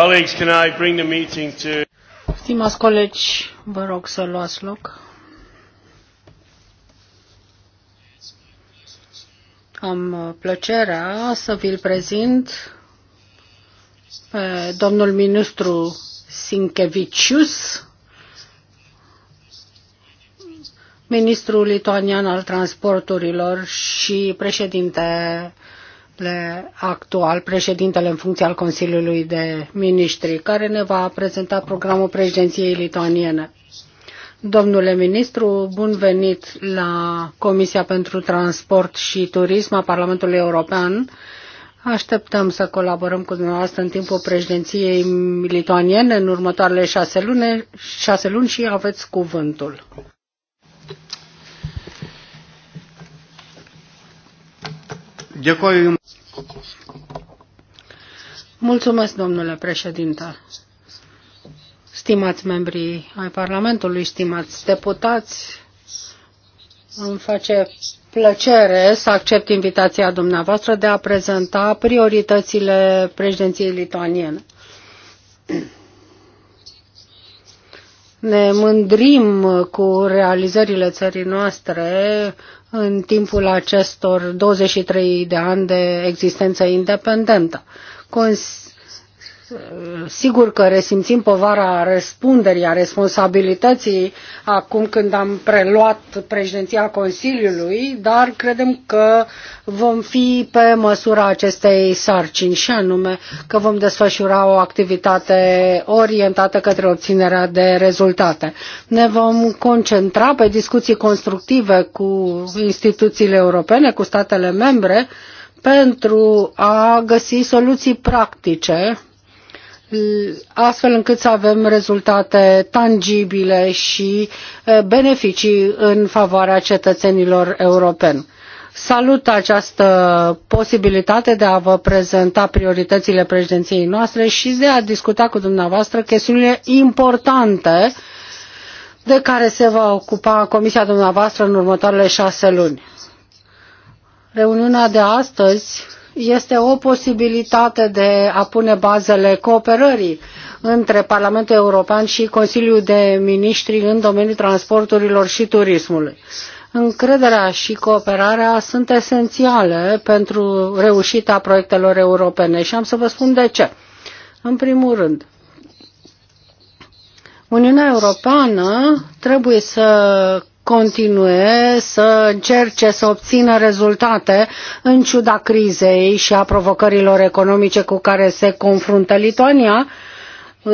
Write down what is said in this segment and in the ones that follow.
Colleagues, can I bring the meeting to... Stimați colegi, vă rog să luați loc. Am uh, plăcerea să vi-l prezint pe domnul ministru Sinkevicius, ministrul lituanian al transporturilor și președinte actual, președintele în funcție al Consiliului de Ministri, care ne va prezenta programul președinției lituaniene. Domnule ministru, bun venit la Comisia pentru Transport și Turism a Parlamentului European. Așteptăm să colaborăm cu dumneavoastră în timpul președinției lituaniene în următoarele șase luni, șase luni și aveți cuvântul. Mulțumesc, domnule președinte. Stimați membrii ai Parlamentului, stimați deputați, îmi face plăcere să accept invitația dumneavoastră de a prezenta prioritățile președinției lituaniene. Ne mândrim cu realizările țării noastre în timpul acestor 23 de ani de existență independentă. Cons Sigur că resimțim povara răspunderii, a responsabilității acum când am preluat președinția Consiliului, dar credem că vom fi pe măsura acestei sarcini și anume că vom desfășura o activitate orientată către obținerea de rezultate. Ne vom concentra pe discuții constructive cu instituțiile europene, cu statele membre, pentru a găsi soluții practice astfel încât să avem rezultate tangibile și eh, beneficii în favoarea cetățenilor europeni. Salut această posibilitate de a vă prezenta prioritățile președinției noastre și de a discuta cu dumneavoastră chestiunile importante de care se va ocupa comisia dumneavoastră în următoarele șase luni. Reuniunea de astăzi este o posibilitate de a pune bazele cooperării între Parlamentul European și Consiliul de Ministri în domeniul transporturilor și turismului. Încrederea și cooperarea sunt esențiale pentru reușita proiectelor europene și am să vă spun de ce. În primul rând, Uniunea Europeană trebuie să continue să încerce să obțină rezultate în ciuda crizei și a provocărilor economice cu care se confruntă Lituania,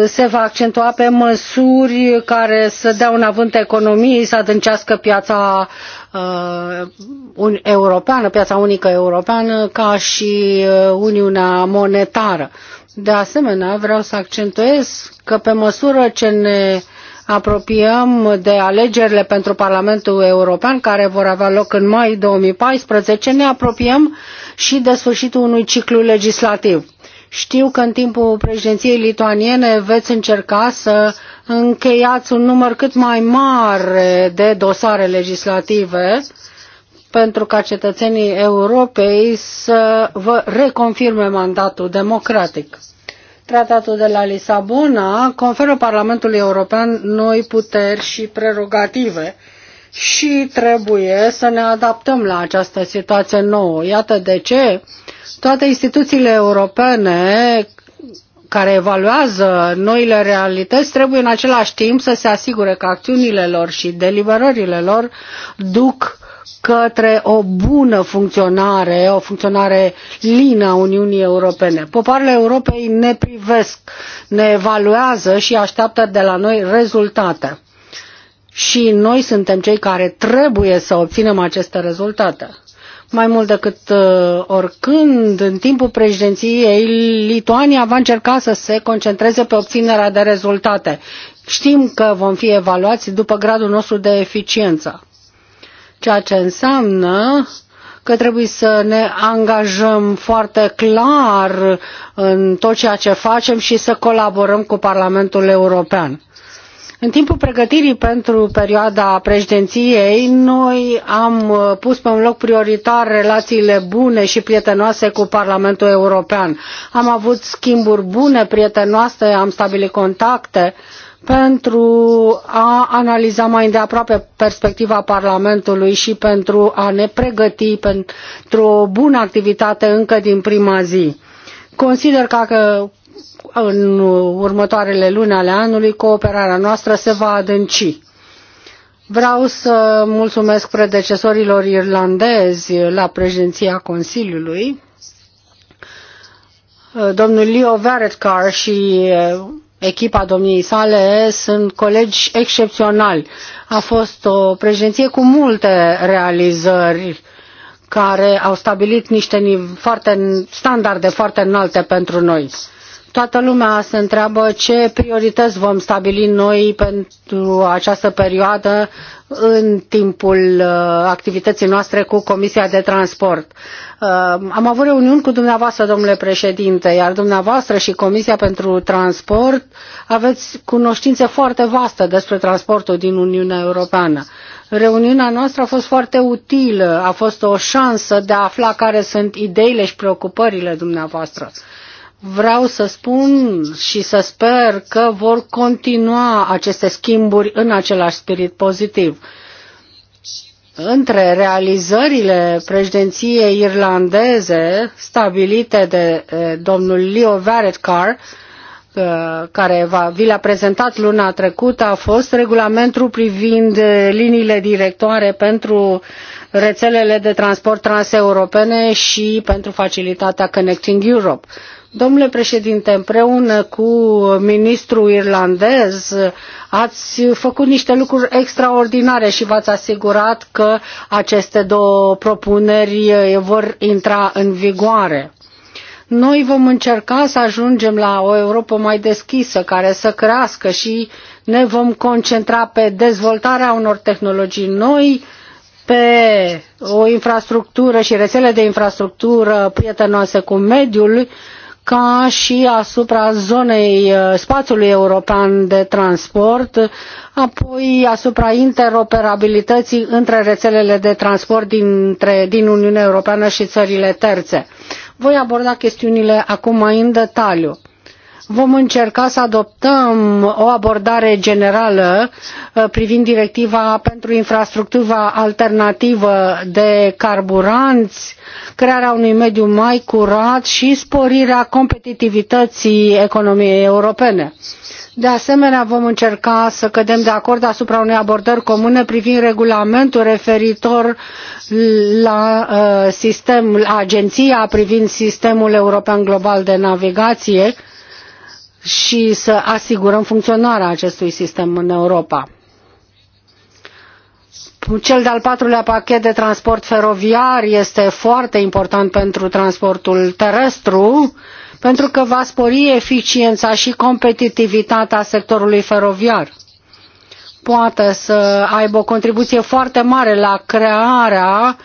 se va accentua pe măsuri care să dea un avânt economiei, să adâncească piața uh, europeană, piața unică europeană, ca și uh, Uniunea Monetară. De asemenea, vreau să accentuez că pe măsură ce ne uh, apropiem de alegerile pentru Parlamentul European, care vor avea loc în mai 2014, ne apropiem și de sfârșitul unui ciclu legislativ. Știu că în timpul președinției lituaniene veți încerca să încheiați un număr cât mai mare de dosare legislative pentru ca cetățenii Europei să vă reconfirme mandatul democratic. Tratatul de la Lisabona conferă Parlamentului European noi puteri și prerogative și trebuie să ne adaptăm la această situație nouă. Iată de ce toate instituțiile europene care evaluează noile realități trebuie în același timp să se asigure că acțiunile lor și deliberările lor duc către o bună funcționare, o funcționare lină a Uniunii Europene. Popoarele Europei ne privesc, ne evaluează și așteaptă de la noi rezultate. Și noi suntem cei care trebuie să obținem aceste rezultate. Mai mult decât uh, oricând, în timpul președinției, Lituania va încerca să se concentreze pe obținerea de rezultate. Știm că vom fi evaluați după gradul nostru de eficiență ceea ce înseamnă că trebuie să ne angajăm foarte clar în tot ceea ce facem și să colaborăm cu Parlamentul European. În timpul pregătirii pentru perioada președinției, noi am uh, pus pe un loc prioritar relațiile bune și prietenoase cu Parlamentul European. Am avut schimburi bune, prietenoase, am stabilit contacte pentru a analiza mai îndeaproape perspectiva Parlamentului și pentru a ne pregăti pentru o bună activitate încă din prima zi. Consider că în următoarele luni ale anului cooperarea noastră se va adânci. Vreau să mulțumesc predecesorilor irlandezi la președinția Consiliului, domnul Leo Varadkar și echipa domniei sale sunt colegi excepționali. A fost o președinție cu multe realizări care au stabilit niște foarte standarde foarte înalte pentru noi. Toată lumea se întreabă ce priorități vom stabili noi pentru această perioadă în timpul uh, activității noastre cu Comisia de Transport. Uh, am avut reuniuni cu dumneavoastră, domnule președinte, iar dumneavoastră și Comisia pentru Transport aveți cunoștințe foarte vaste despre transportul din Uniunea Europeană. Reuniunea noastră a fost foarte utilă, a fost o șansă de a afla care sunt ideile și preocupările dumneavoastră. Uh, Vreau să spun și să sper că vor continua aceste schimburi în același spirit pozitiv. Între realizările președinției irlandeze stabilite de domnul Leo Varadkar, care va, vi l-a prezentat luna trecută a fost regulamentul privind liniile directoare pentru rețelele de transport transeuropene și pentru facilitatea Connecting Europe. Domnule președinte, împreună cu ministrul irlandez ați făcut niște lucruri extraordinare și v-ați asigurat că aceste două propuneri vor intra în vigoare. Noi vom încerca să ajungem la o Europa mai deschisă, care să crească și ne vom concentra pe dezvoltarea unor tehnologii noi, pe o infrastructură și rețele de infrastructură prietenoase cu mediul ca și asupra zonei uh, spațiului european de transport, apoi asupra interoperabilității între rețelele de transport dintre, din Uniunea Europeană și țările terțe. Voi aborda chestiunile acum mai în detaliu vom încerca să adoptăm o abordare generală uh, privind directiva pentru infrastructura alternativă de carburanți, crearea unui mediu mai curat și sporirea competitivității economiei europene. De asemenea, vom încerca să cădem de acord asupra unei abordări comune privind regulamentul referitor la uh, agenția privind sistemul european global de navigație, uh, și să asigurăm funcționarea acestui sistem în Europa. Cel de-al patrulea pachet de transport feroviar este foarte important pentru transportul terestru, pentru că va spori eficiența și competitivitatea sectorului feroviar. Poate să aibă o contribuție foarte mare la crearea uh,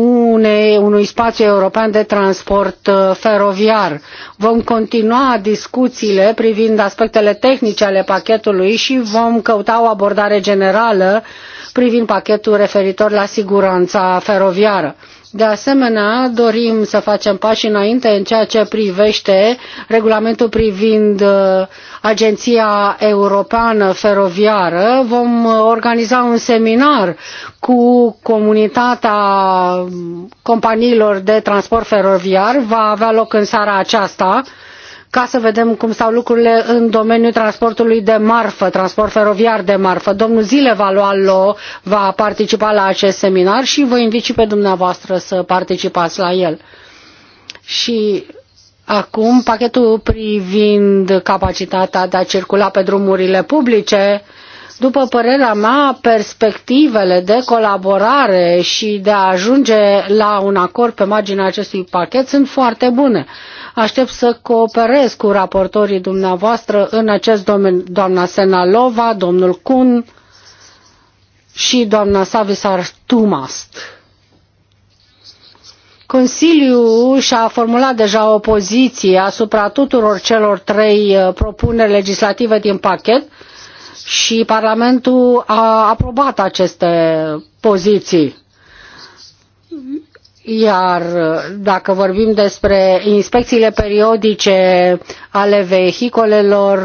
unei, unui spațiu european de transport uh, feroviar. Vom continua discuțiile privind aspectele tehnice ale pachetului și vom căuta o abordare generală privind pachetul referitor la siguranța feroviară. De asemenea, dorim să facem pași înainte în ceea ce privește regulamentul privind uh, Agenția Europeană Feroviară. Vom uh, organiza un seminar cu comunitatea um, companiilor de transport feroviar. Va avea loc în seara aceasta ca să vedem cum stau lucrurile în domeniul transportului de marfă, transport feroviar de marfă. Domnul Zile va lua lo, va participa la acest seminar și vă invit și pe dumneavoastră să participați la el. Și acum pachetul privind capacitatea de a circula pe drumurile publice, după părerea mea, perspectivele de colaborare și de a ajunge la un acord pe marginea acestui pachet sunt foarte bune. Aștept să cooperez cu raportorii dumneavoastră în acest domeniu, doamna Senalova, domnul Kun și doamna Savisar Tumast. Consiliul și-a formulat deja o poziție asupra tuturor celor trei uh, propuneri legislative din pachet, și Parlamentul a aprobat aceste poziții. Iar dacă vorbim despre inspecțiile periodice ale vehicolelor,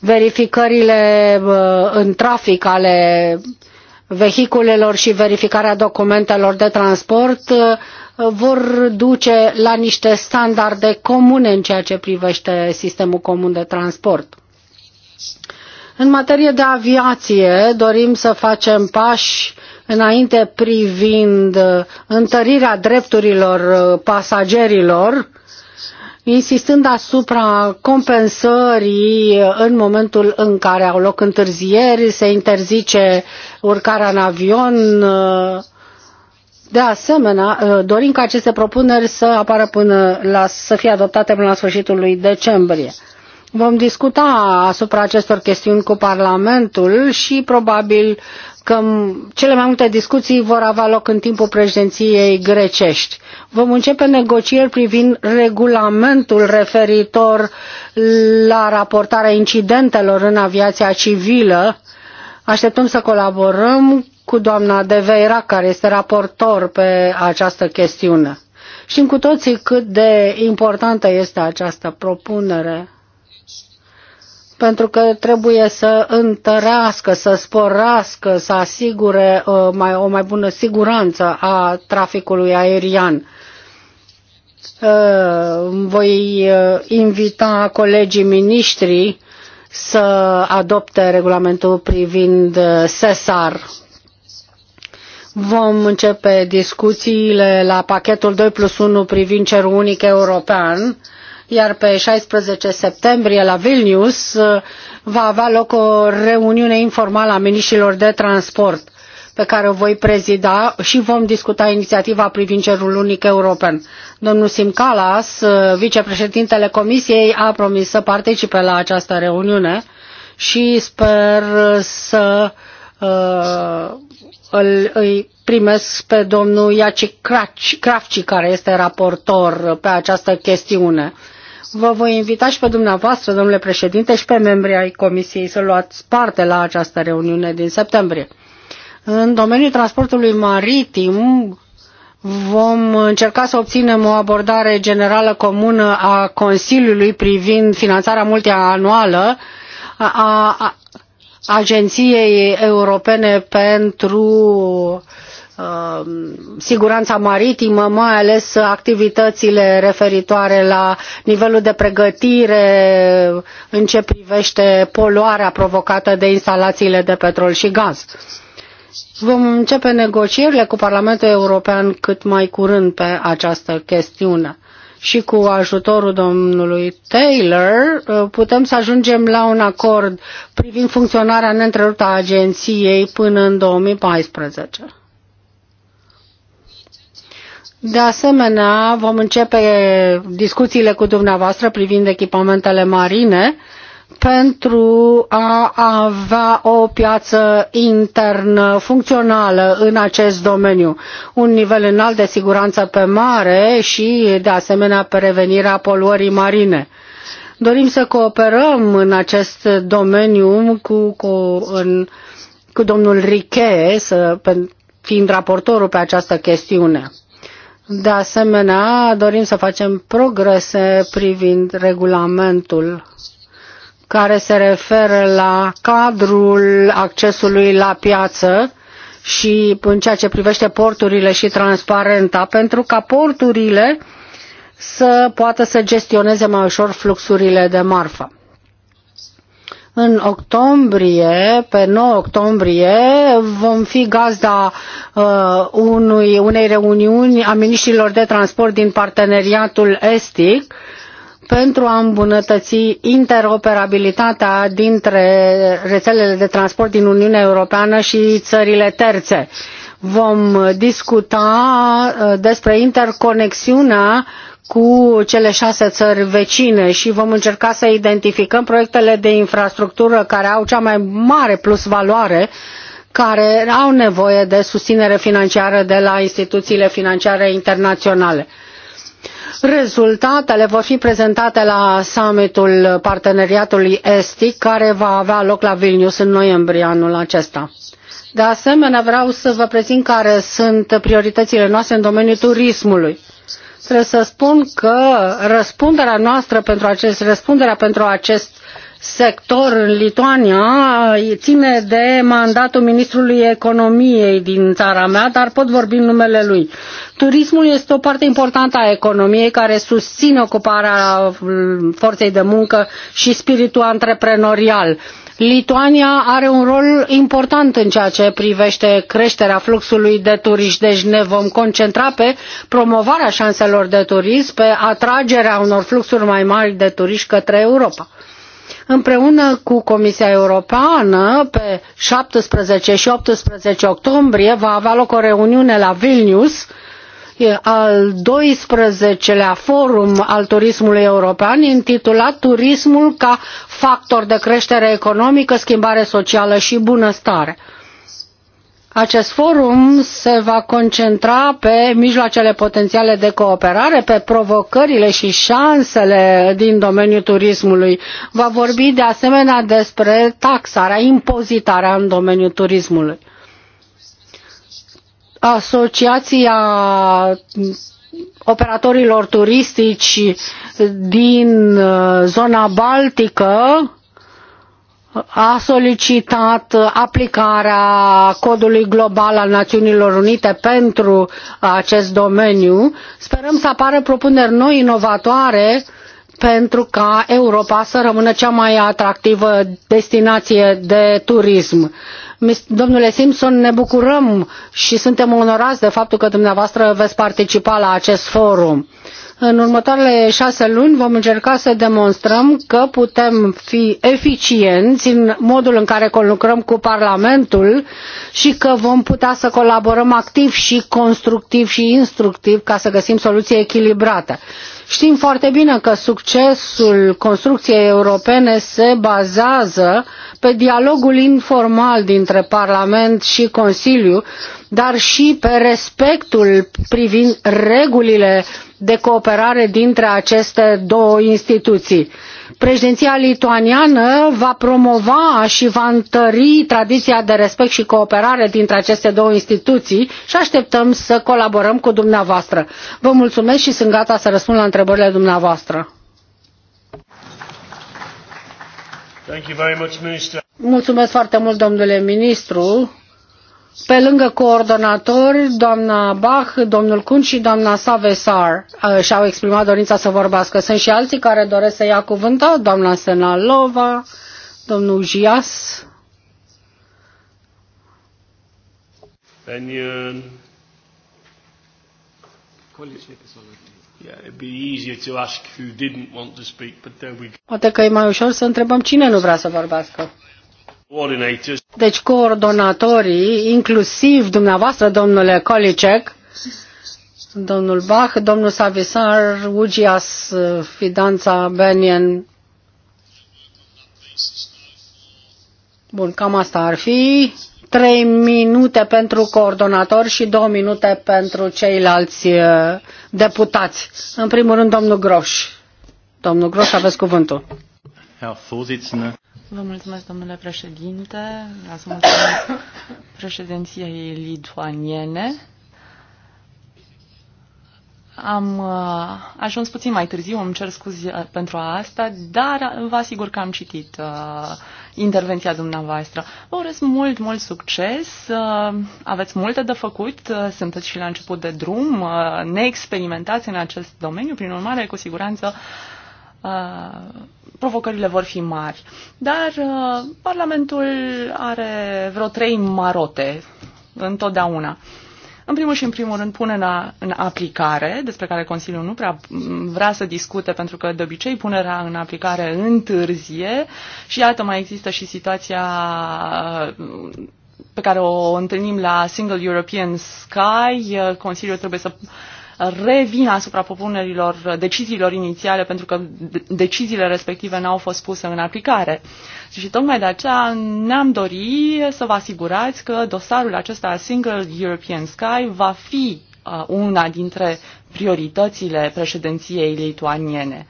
verificările uh, în trafic ale vehiculelor și verificarea documentelor de transport uh, vor duce la niște standarde comune în ceea ce privește sistemul comun de transport. În materie de aviație, dorim să facem pași înainte privind uh, întărirea drepturilor uh, pasagerilor, insistând asupra compensării uh, în momentul în care au loc întârzieri, se interzice urcarea în avion. De asemenea, dorim ca aceste propuneri să apară până la, să fie adoptate până la sfârșitul lui decembrie. Vom discuta asupra acestor chestiuni cu Parlamentul și probabil că cele mai multe discuții vor avea loc în timpul președinției grecești. Vom începe negocieri privind regulamentul referitor la raportarea incidentelor în aviația civilă. Așteptăm să colaborăm cu doamna De care este raportor pe această chestiune. Știm cu toții cât de importantă este această propunere pentru că trebuie să întărească, să sporească, să asigure o uh, mai, o mai bună siguranță a traficului aerian. Uh, voi uh, invita colegii miniștri să adopte regulamentul privind SESAR. Vom începe discuțiile la pachetul 2 plus 1 privind cerul unic european iar pe 16 septembrie la Vilnius uh, va avea loc o reuniune informală a miniștrilor de transport pe care o voi prezida și vom discuta inițiativa privind cerul unic european. Domnul Simcalas, uh, vicepreședintele Comisiei, a promis să participe la această reuniune și sper uh, să uh, îl, îi primesc pe domnul Iaci Crafci, care este raportor pe această chestiune. Uh, Vă voi invita și pe dumneavoastră, domnule președinte, și pe membrii ai comisiei să luați parte la această reuniune din septembrie. În domeniul transportului maritim vom încerca să obținem o abordare generală comună a Consiliului privind finanțarea multianuală a Agenției Europene pentru Um, siguranța maritimă, mai ales activitățile referitoare la nivelul de pregătire în ce privește poluarea provocată de instalațiile de petrol și gaz. Vom începe negocierile cu Parlamentul European cât mai curând pe această chestiune. Și cu ajutorul domnului Taylor uh, putem să ajungem la un acord privind funcționarea neîntreruptă a agenției până în 2014. De asemenea, vom începe discuțiile cu dumneavoastră privind echipamentele marine pentru a avea o piață internă funcțională în acest domeniu, un nivel înalt de siguranță pe mare și, de asemenea, prevenirea poluării marine. Dorim să cooperăm în acest domeniu cu, cu, în, cu domnul Riche, să, fiind raportorul pe această chestiune. De asemenea, dorim să facem progrese privind regulamentul care se referă la cadrul accesului la piață și în ceea ce privește porturile și transparenta, pentru ca porturile să poată să gestioneze mai ușor fluxurile de marfă. În octombrie, pe 9 octombrie, vom fi gazda uh, unui, unei reuniuni a ministrilor de transport din parteneriatul estic pentru a îmbunătăți interoperabilitatea dintre rețelele de transport din Uniunea Europeană și țările terțe. Vom discuta uh, despre interconexiunea uh, cu cele șase țări vecine și vom încerca să identificăm proiectele de infrastructură care au cea mai mare plus valoare, care au nevoie de susținere financiară de la instituțiile financiare internaționale. Rezultatele vor fi prezentate la summitul parteneriatului estic, care va avea loc la Vilnius în noiembrie anul acesta. De asemenea, vreau să vă prezint care sunt prioritățile noastre în domeniul turismului. Trebuie să spun că răspunderea noastră pentru acest, răspunderea pentru acest sector în Lituania ține de mandatul ministrului economiei din țara mea, dar pot vorbi în numele lui. Turismul este o parte importantă a economiei care susține ocuparea mm, forței de muncă și spiritul antreprenorial. Lituania are un rol important în ceea ce privește creșterea fluxului de turiști, deci ne vom concentra pe promovarea șanselor de turism, pe atragerea unor fluxuri mai mari de turiști către Europa. Împreună cu Comisia Europeană, pe 17 și 18 octombrie, va avea loc o reuniune la Vilnius, al 12-lea forum al turismului european intitulat Turismul ca factor de creștere economică, schimbare socială și bunăstare. Acest forum se va concentra pe mijloacele potențiale de cooperare, pe provocările și șansele din domeniul turismului. Va vorbi de asemenea despre taxarea, impozitarea în domeniul turismului. Asociația operatorilor turistici din uh, zona Baltică a solicitat aplicarea codului global al Națiunilor Unite pentru acest domeniu. Sperăm să apară propuneri noi, inovatoare, pentru ca Europa să rămână cea mai atractivă destinație de turism. Domnule Simpson, ne bucurăm și suntem onorați de faptul că dumneavoastră veți participa la acest forum. În următoarele șase luni vom încerca să demonstrăm că putem fi eficienți în modul în care conlucrăm cu Parlamentul și că vom putea să colaborăm activ și constructiv și instructiv ca să găsim soluții echilibrate. Știm foarte bine că succesul construcției europene se bazează pe dialogul informal din între Parlament și Consiliu, dar și pe respectul privind regulile de cooperare dintre aceste două instituții. Președinția lituaniană va promova și va întări tradiția de respect și cooperare dintre aceste două instituții și așteptăm să colaborăm cu dumneavoastră. Vă mulțumesc și sunt gata să răspund la întrebările dumneavoastră. Mulțumesc foarte mult, domnule ministru. Pe lângă coordonatori, doamna Bach, domnul Kun și doamna Savesar uh, și-au exprimat dorința să vorbească. Sunt și alții care doresc să ia cuvântul, doamna Senalova, domnul Jias. Poate că e mai ușor să întrebăm cine nu vrea să vorbească. Deci coordonatorii, inclusiv dumneavoastră, domnule Kolicek, domnul Bach, domnul Savisar, Ugias, Fidanța, Benien. Bun, cam asta ar fi trei minute pentru coordonator și două minute pentru ceilalți uh, deputați. În primul rând, domnul Groș. Domnul Groș, aveți cuvântul. Vă mulțumesc, domnule președinte. Ați mulțumesc președinției lituaniene. Am uh, ajuns puțin mai târziu, îmi cer scuze pentru asta, dar vă asigur că am citit uh, intervenția dumneavoastră. Vă urez mult, mult succes, uh, aveți multe de făcut, uh, sunteți și la început de drum, uh, neexperimentați în acest domeniu, prin urmare, cu siguranță, provocările vor fi mari. Dar Parlamentul are vreo trei marote întotdeauna. În primul și în primul rând, punerea în aplicare, despre care Consiliul nu prea vrea să discute, pentru că de obicei punerea în aplicare întârzie și iată mai există și situația uh, pe care o întâlnim la Single European Sky. Consiliul trebuie să revin asupra propunerilor, deciziilor inițiale, pentru că deciziile respective n-au fost puse în aplicare. Și tocmai de aceea ne-am dorit să vă asigurați că dosarul acesta Single European Sky va fi uh, una dintre prioritățile președinției lituaniene.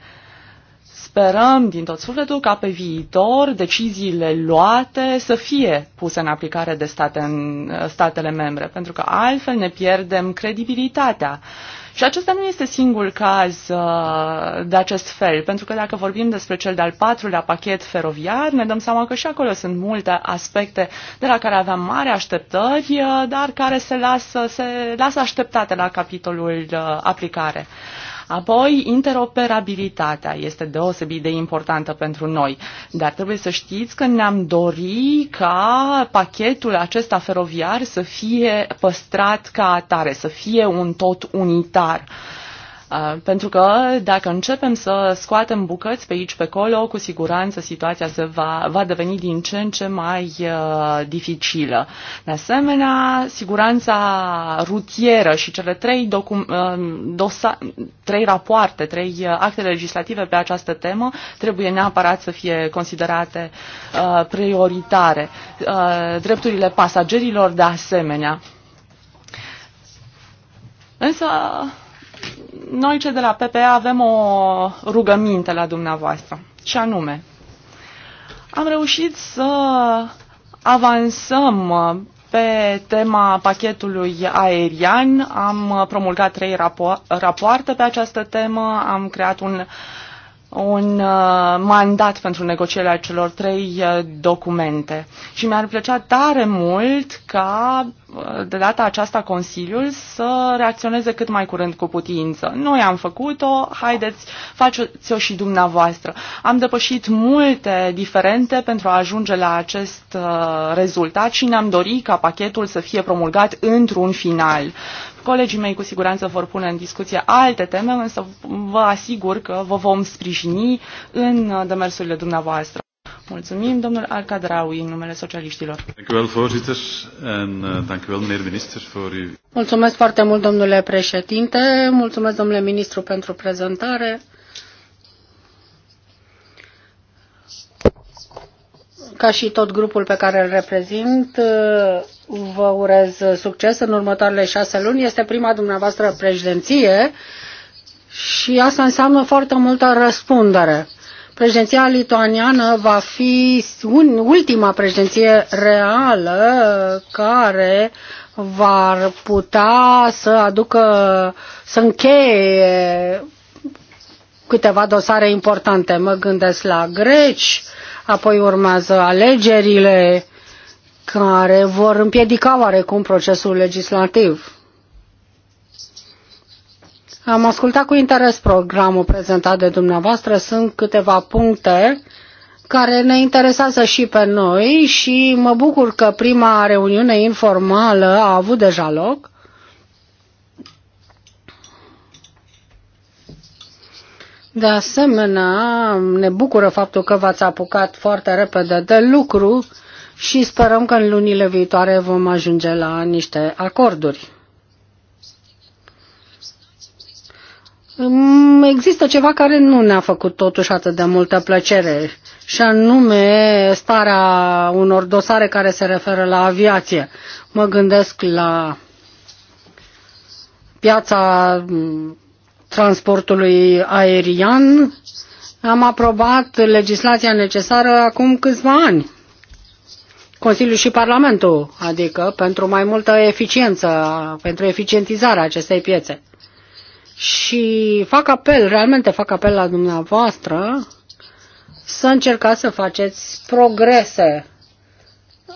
Sperăm din tot sufletul ca pe viitor deciziile luate să fie puse în aplicare de state în, uh, statele membre, pentru că altfel ne pierdem credibilitatea. Și acesta nu este singur caz uh, de acest fel, pentru că dacă vorbim despre cel de-al patrulea pachet feroviar, ne dăm seama că și acolo sunt multe aspecte de la care aveam mari așteptări, uh, dar care se lasă, se lasă așteptate la capitolul uh, aplicare. Apoi, interoperabilitatea este deosebit de importantă pentru noi, dar trebuie să știți că ne-am dori ca pachetul acesta feroviar să fie păstrat ca atare, să fie un tot unitar. Uh, Uh, pentru că dacă începem să scoatem bucăți pe aici, pe acolo, cu siguranță situația se va, va deveni din ce în ce mai uh, dificilă. De asemenea, siguranța rutieră și cele trei, docum, uh, dosa, trei rapoarte, trei acte legislative pe această temă trebuie neapărat să fie considerate prioritare. drepturile pasagerilor de asemenea. Însă, noi cei de la PPA avem o rugăminte la dumneavoastră, și anume, am reușit să avansăm pe tema pachetului aerian, am promulgat trei rapo rapoarte pe această temă, am creat un uh, un uh, mandat pentru negocierea celor trei uh, documente. Și mi-ar plăcea tare mult ca uh, de data aceasta Consiliul să reacționeze cât mai curând cu putință. Noi am făcut-o, haideți, faceți-o și dumneavoastră. Am depășit multe diferente pentru a ajunge la acest rezultat și ne-am dorit ca pachetul să fie promulgat într-un final. Colegii mei cu siguranță vor pune în discuție alte teme, însă vă asigur că vă vom sprijini în demersurile dumneavoastră. Mulțumim, domnul Alcadraui, în numele socialiștilor. Eh, mulțumesc foarte mult, domnule președinte. Mulțumesc, domnule ministru, pentru prezentare. Ca și tot grupul pe care îl reprezint, vă urez succes în următoarele șase luni. Este prima dumneavoastră președinție și asta înseamnă foarte multă răspundere. Președinția lituaniană va fi un, ultima președinție reală care va putea să aducă, să încheie câteva dosare importante. Mă gândesc la greci, apoi urmează alegerile, care vor împiedica oarecum procesul legislativ. Am ascultat cu interes programul prezentat de dumneavoastră. Sunt câteva puncte care ne interesează și pe noi și mă bucur că prima reuniune informală a avut deja loc. De asemenea, ne bucură faptul că v-ați apucat foarte repede de lucru și sperăm că în lunile viitoare vom ajunge la niște acorduri. Mm, există ceva care nu ne-a făcut totuși atât de multă plăcere și anume starea unor dosare care se referă la aviație. Mă gândesc la piața mm, transportului aerian. Am aprobat legislația necesară acum câțiva ani. Consiliul și Parlamentul, adică pentru mai multă eficiență, pentru eficientizarea acestei piețe. Și fac apel, realmente fac apel la dumneavoastră să încercați să faceți progrese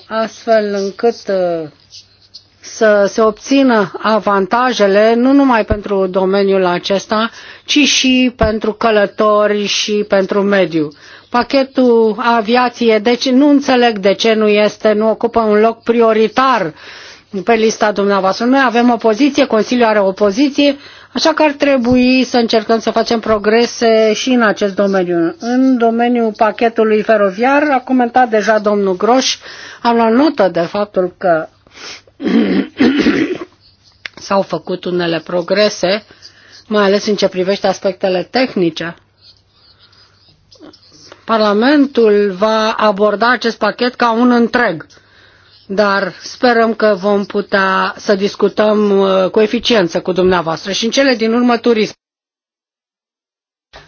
astfel încât uh, să se obțină avantajele nu numai pentru domeniul acesta, ci și pentru călători și pentru mediu pachetul aviație, deci nu înțeleg de ce nu este, nu ocupă un loc prioritar pe lista dumneavoastră. Noi avem o poziție, Consiliul are o poziție, așa că ar trebui să încercăm să facem progrese și în acest domeniu. În domeniul pachetului feroviar, a comentat deja domnul Groș, am luat notă de faptul că s-au făcut unele progrese, mai ales în ce privește aspectele tehnice. Parlamentul va aborda acest pachet ca un întreg, dar sperăm că vom putea să discutăm uh, cu eficiență cu dumneavoastră și în cele din urmă turism.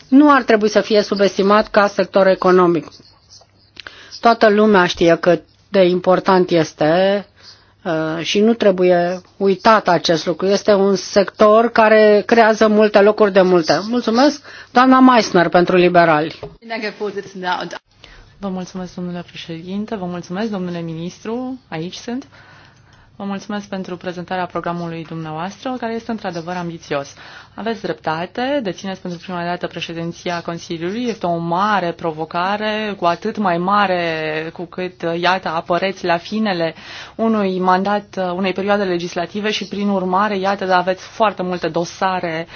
Nu ar trebui să fie subestimat ca sector economic. Toată lumea știe cât de important este Uh, și nu trebuie uitat acest lucru. Este un sector care creează multe locuri de multe. Mulțumesc, doamna Meissner, pentru liberali. Vă mulțumesc, domnule președinte, vă mulțumesc, domnule ministru, aici sunt. Vă mulțumesc pentru prezentarea programului dumneavoastră, care este într-adevăr ambițios. Aveți dreptate, dețineți pentru prima dată președinția Consiliului, este o mare provocare, cu atât mai mare cu cât, iată, apăreți la finele unui mandat, unei perioade legislative și, prin urmare, iată, da, aveți foarte multe dosare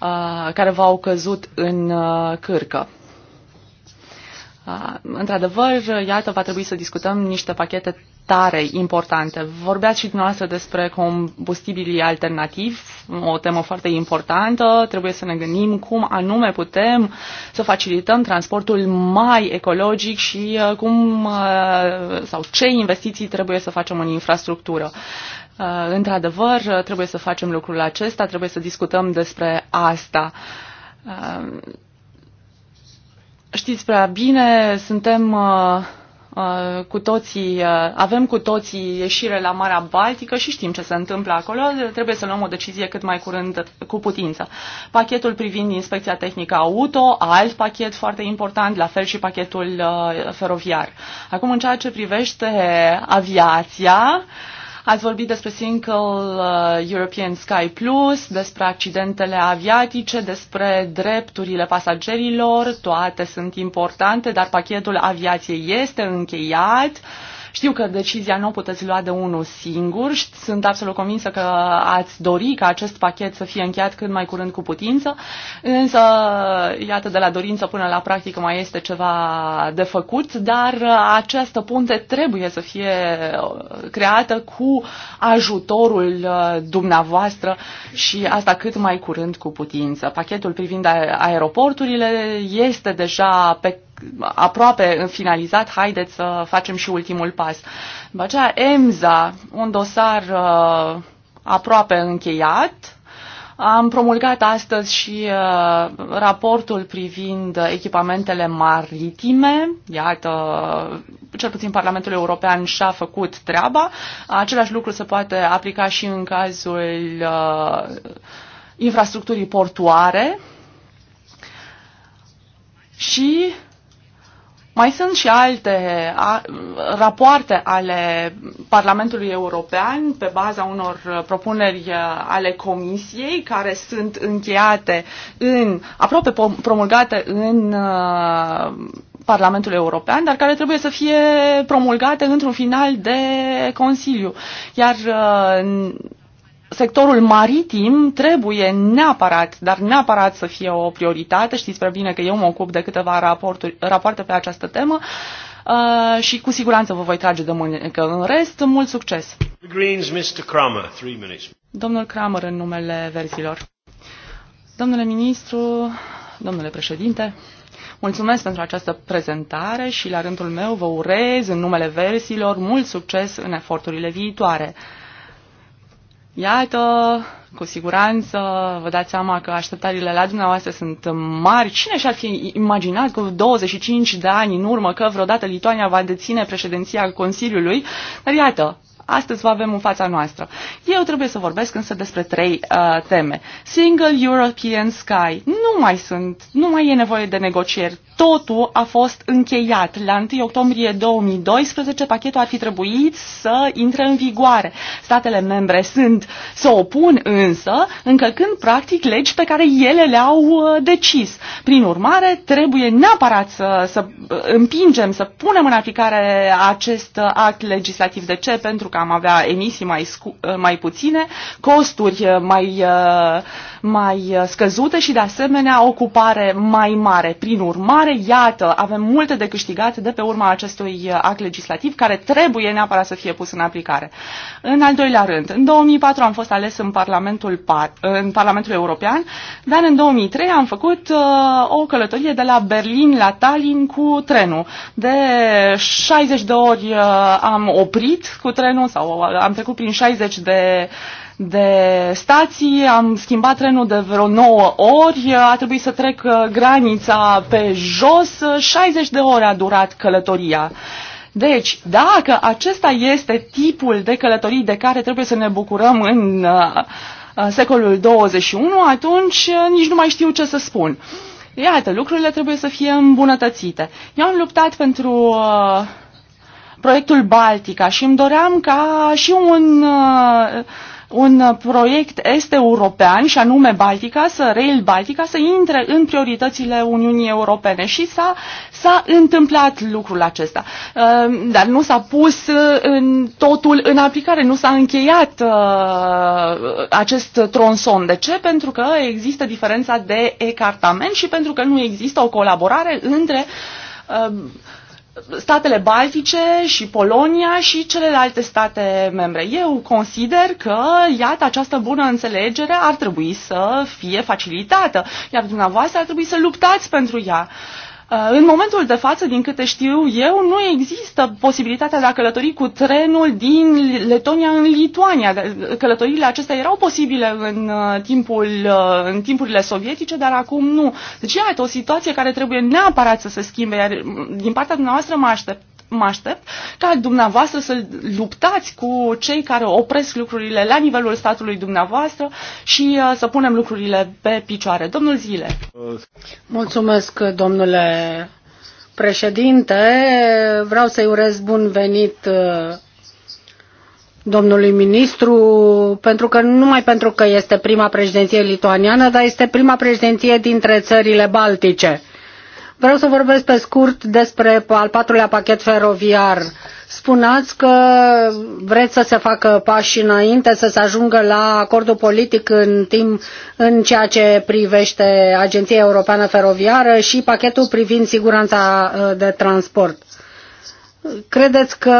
uh, care v-au căzut în uh, cârcă. Într-adevăr, iată, va trebui să discutăm niște pachete tare importante. Vorbeați și dumneavoastră despre combustibilii alternativi, o temă foarte importantă. Trebuie să ne gândim cum anume putem să facilităm transportul mai ecologic și uh, cum uh, sau ce investiții trebuie să facem în infrastructură. Uh, într-adevăr, trebuie să facem lucrul acesta, trebuie să discutăm despre asta Știți prea bine, suntem uh, uh, cu toții, uh, avem cu toții ieșire la Marea Baltică și știm ce se întâmplă acolo. Trebuie să luăm o decizie cât mai curând cu putință. Pachetul privind inspecția tehnică auto, alt pachet foarte important, la fel și pachetul uh, feroviar. Acum, în ceea ce privește aviația, uh, Ați vorbit despre Single uh, European Sky Plus, despre accidentele aviatice, despre drepturile pasagerilor, toate sunt importante, dar pachetul aviației este încheiat. Uh, știu că decizia nu o puteți lua de unul singur. Sunt absolut convinsă că ați dori ca acest pachet să fie încheiat cât mai curând cu putință, însă, iată, de la dorință până la practică mai este ceva de făcut, dar această punte trebuie să fie uh, creată cu ajutorul uh, dumneavoastră și asta cât mai curând cu putință. Pachetul privind aeroporturile este deja pe aproape finalizat, haideți să facem și ultimul pas. După aceea, EMSA, un dosar uh, aproape încheiat. Am promulgat astăzi și uh, raportul privind echipamentele maritime. Iată, cel puțin Parlamentul European și-a făcut treaba. Același lucru se poate aplica și în cazul uh, infrastructurii portoare. Și mai sunt și alte a, rapoarte ale Parlamentului European pe baza unor propuneri uh, ale Comisiei care sunt încheiate în, aproape promulgate în uh, Parlamentul European, dar care trebuie să fie promulgate într-un final de Consiliu. Iar uh, sectorul maritim trebuie neapărat, dar neapărat să fie o prioritate. Știți prea bine că eu mă ocup de câteva rapoarte pe această temă uh, și cu siguranță vă voi trage de mânecă. În rest, mult succes! Greens, Mr. Kramer, three minutes. Domnul Kramer în numele verzilor. Domnule ministru, domnule președinte, Mulțumesc pentru această prezentare și la rândul meu vă urez în numele versilor mult succes în eforturile viitoare. Iată, cu siguranță vă dați seama că așteptările la dumneavoastră sunt mari. Cine și-ar fi imaginat cu 25 de ani în urmă că vreodată Lituania va deține președinția Consiliului? Dar iată, astăzi vă avem în fața noastră. Eu trebuie să vorbesc însă despre trei uh, teme. Single European Sky. Nu mai sunt, nu mai e nevoie de negocieri totul a fost încheiat. La 1 octombrie 2012 pachetul ar fi trebuit să intre în vigoare. Statele membre sunt să opun însă, încălcând practic legi pe care ele le-au uh, decis. Prin urmare, trebuie neapărat să, să uh, împingem, să punem în aplicare acest uh, act legislativ. De ce? Pentru că am avea emisii mai, scu- mai puține, costuri mai, mai scăzute și de asemenea ocupare mai mare. Prin urmare, continuare, iată, avem multe de câștigat de pe urma acestui uh, act legislativ care trebuie neapărat să fie pus în aplicare. În al doilea rând, în 2004 am fost ales în Parlamentul, în Parlamentul European, dar în 2003 am făcut uh, o călătorie de la Berlin la Tallinn cu trenul. De 60 de ori uh, am oprit cu trenul sau am trecut prin 60 de de stații, am schimbat trenul de vreo 9 ori, a trebuit să trec uh, granița pe jos, 60 uh, de ore a durat călătoria. Deci, dacă acesta este tipul de călătorii de care trebuie să ne bucurăm în uh, secolul 21, atunci nici nu mai știu ce să spun. Iată, lucrurile trebuie să fie îmbunătățite. Eu am luptat pentru uh, proiectul Baltica și îmi doream ca și un uh, un uh, proiect est-european și anume Baltica, să Rail Baltica, să intre în prioritățile Uniunii Europene și s-a, s-a întâmplat lucrul acesta. Uh, dar nu s-a pus uh, în totul în aplicare, nu s-a încheiat acest tronson. De ce? Pentru că există diferența de ecartament și pentru că nu există o colaborare între statele baltice și Polonia și celelalte state membre. Eu consider că, iată, această bună înțelegere ar trebui să fie facilitată, iar dumneavoastră ar trebui să luptați pentru ea. Uh, Uh, în momentul de față, din câte știu eu, nu există posibilitatea de a călători cu trenul din Letonia în Lituania. Călătoriile acestea erau posibile în, uh, timpul, uh, în timpurile sovietice, dar acum nu. Deci, iată, o situație care trebuie neapărat să se schimbe, iar din partea dumneavoastră mă aștept mă aștept ca dumneavoastră să luptați cu cei care opresc lucrurile la nivelul statului dumneavoastră și uh, să punem lucrurile pe picioare. Domnul Zile. Mulțumesc, domnule președinte. Vreau să-i urez bun venit uh, domnului ministru, pentru că nu numai pentru că este prima președinție lituaniană, dar este prima președinție dintre țările baltice Vreau să vorbesc pe scurt despre al patrulea pachet feroviar. Spuneați că vreți să se facă pași înainte, să se ajungă la acordul politic în timp în ceea ce privește Agenția Europeană Feroviară și pachetul privind siguranța uh, de transport. Credeți că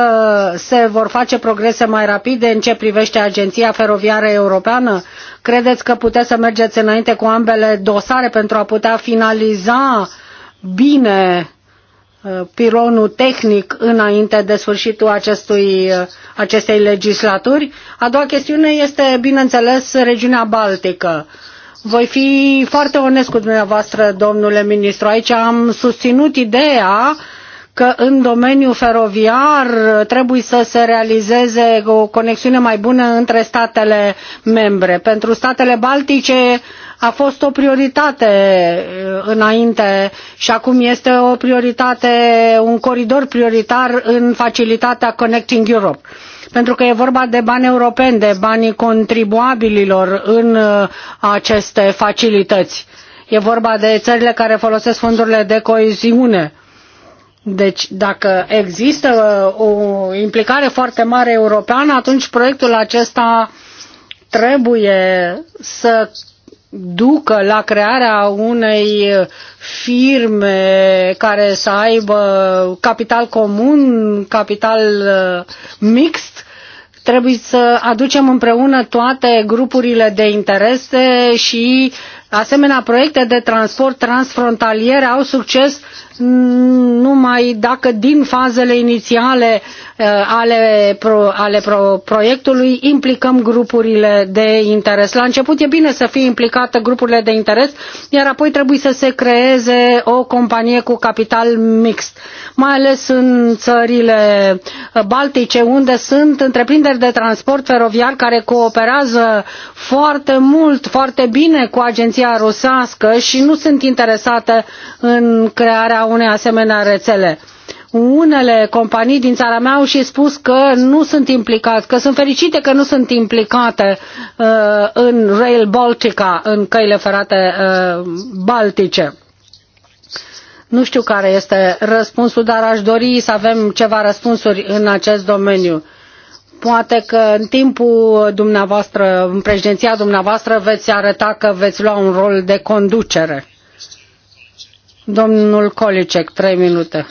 se vor face progrese mai rapide în ce privește Agenția Feroviară Europeană? Credeți că puteți să mergeți înainte cu ambele dosare pentru a putea finaliza uh, bine uh, pilonul tehnic înainte de sfârșitul acestui, uh, acestei legislaturi. A doua chestiune este, bineînțeles, regiunea Baltică. Voi fi foarte onest cu dumneavoastră, domnule ministru. Aici am susținut ideea uh, că în domeniul feroviar trebuie să se realizeze o conexiune mai bună între statele membre. Pentru statele baltice a fost o prioritate uh, înainte și acum este o prioritate, un coridor prioritar în facilitatea Connecting Europe pentru că e vorba de bani europeni, de banii contribuabililor în uh, aceste facilități. E vorba de țările care folosesc fondurile de coeziune. Deci dacă există uh, o implicare foarte mare europeană, atunci proiectul acesta trebuie să ducă la crearea unei firme care să aibă capital comun, capital uh, mixt, trebuie să aducem împreună toate grupurile de interese și asemenea proiecte de transport transfrontalier au succes numai dacă din fazele inițiale uh, ale, pro, ale pro, proiectului implicăm grupurile de interes. La început e bine să fie implicate grupurile de interes, iar apoi trebuie să se creeze o companie cu capital mixt, mai ales în țările baltice, unde sunt întreprinderi de transport feroviar care cooperează foarte mult, foarte bine cu agenția rusească și nu sunt interesate în crearea unei asemenea rețele. Unele companii din țara mea au și spus că nu sunt implicate, că sunt fericite că nu sunt implicate uh, în Rail Baltica, în căile ferate uh, baltice. Nu știu care este răspunsul, dar aș dori să avem ceva răspunsuri în acest domeniu. Poate că în timpul dumneavoastră, în președinția dumneavoastră, veți arăta că veți lua un rol de conducere. Domnul Kolicek, trei minute.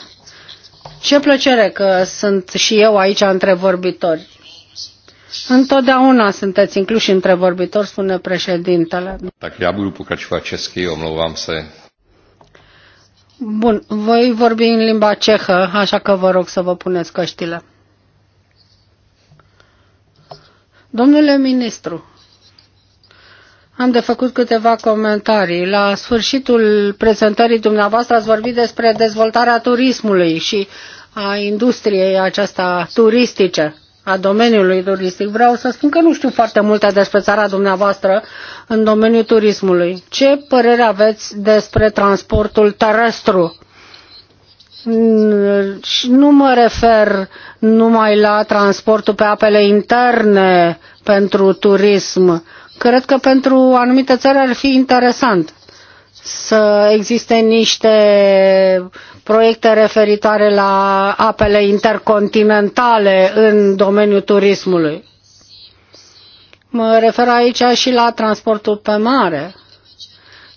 Ce plăcere că sunt și eu aici între vorbitori. Întotdeauna sunteți incluși între vorbitori, spune președintele. Tak já budu pokračovat česky, omlouvám să... Bun, voi vorbi în limba cehă, așa că vă rog să vă puneți căștile. Domnule ministru, am de făcut câteva comentarii. La sfârșitul prezentării dumneavoastră ați vorbit despre dezvoltarea turismului și a industriei aceasta turistice, a domeniului turistic. Vreau să spun că nu știu foarte multe despre țara dumneavoastră în domeniul turismului. Ce părere aveți despre transportul terestru? Și nu mă refer numai la transportul pe apele interne pentru turism, Cred că pentru anumite țări ar fi interesant să existe niște proiecte referitoare la apele intercontinentale în domeniul turismului. Mă refer aici și la transportul pe mare.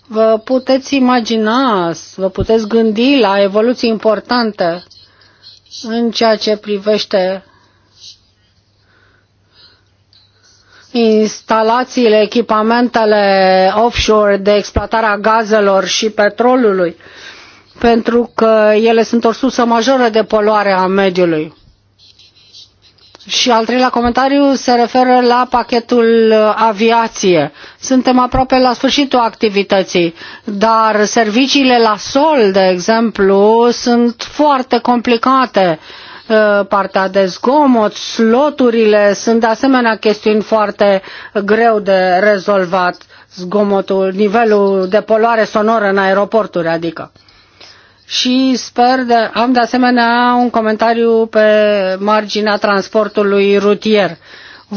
Vă puteți imagina, vă puteți gândi la evoluții importante în ceea ce privește instalațiile, echipamentele offshore de exploatare a gazelor și petrolului, pentru că ele sunt o sursă majoră de poluare a mediului. Și al treilea comentariu se referă la pachetul aviație. Suntem aproape la sfârșitul activității, dar serviciile la sol, de exemplu, sunt foarte complicate. Uh, Uh, partea de zgomot, sloturile sunt de asemenea chestiuni foarte greu de rezolvat, zgomotul, nivelul de poluare sonoră în aeroporturi, adică. Și sper de, am de asemenea un comentariu pe marginea transportului rutier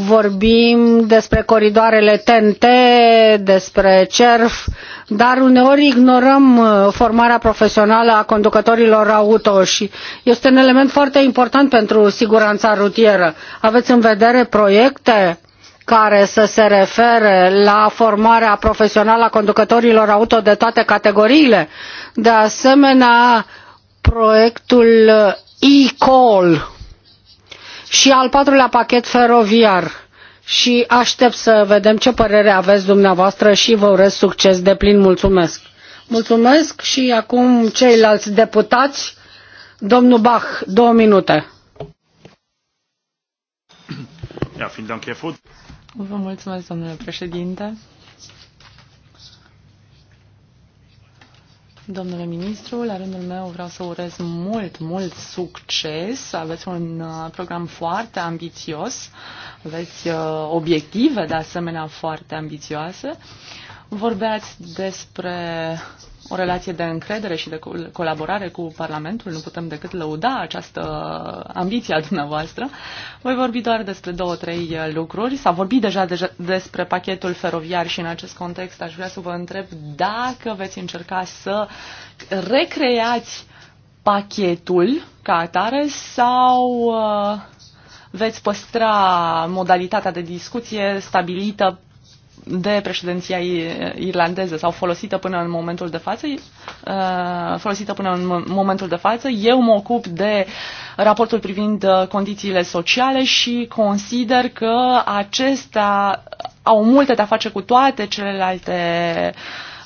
vorbim despre coridoarele TNT, despre CERF, dar uneori ignorăm uh, formarea profesională a conducătorilor auto și este un element foarte important pentru siguranța rutieră. Aveți în vedere proiecte care să se refere la formarea profesională a conducătorilor auto de toate categoriile. De asemenea, proiectul uh, e-call și al patrulea pachet feroviar. Și aștept să vedem ce părere aveți dumneavoastră și vă urez succes de plin. Mulțumesc! Mulțumesc și acum ceilalți deputați. Domnul Bach, două minute. Vă mulțumesc, domnule președinte. Domnule ministru, la rândul meu vreau să urez mult, mult succes. Aveți un uh, program foarte ambițios, aveți uh, obiective de asemenea foarte ambițioase. Vorbeați despre o relație de încredere și de colaborare cu Parlamentul. Nu putem decât lăuda această ambiție a dumneavoastră. Voi vorbi doar despre două, trei uh, lucruri. S-a vorbit deja, de- despre pachetul feroviar și în acest context aș vrea să vă întreb dacă veți încerca să recreați pachetul ca atare sau uh, veți păstra modalitatea de discuție stabilită de președinția irlandeză sau folosită până în momentul de față, uh, folosită până în momentul de față. Eu mă ocup de raportul privind uh, condițiile sociale și consider că acestea au multe de a face cu toate celelalte uh,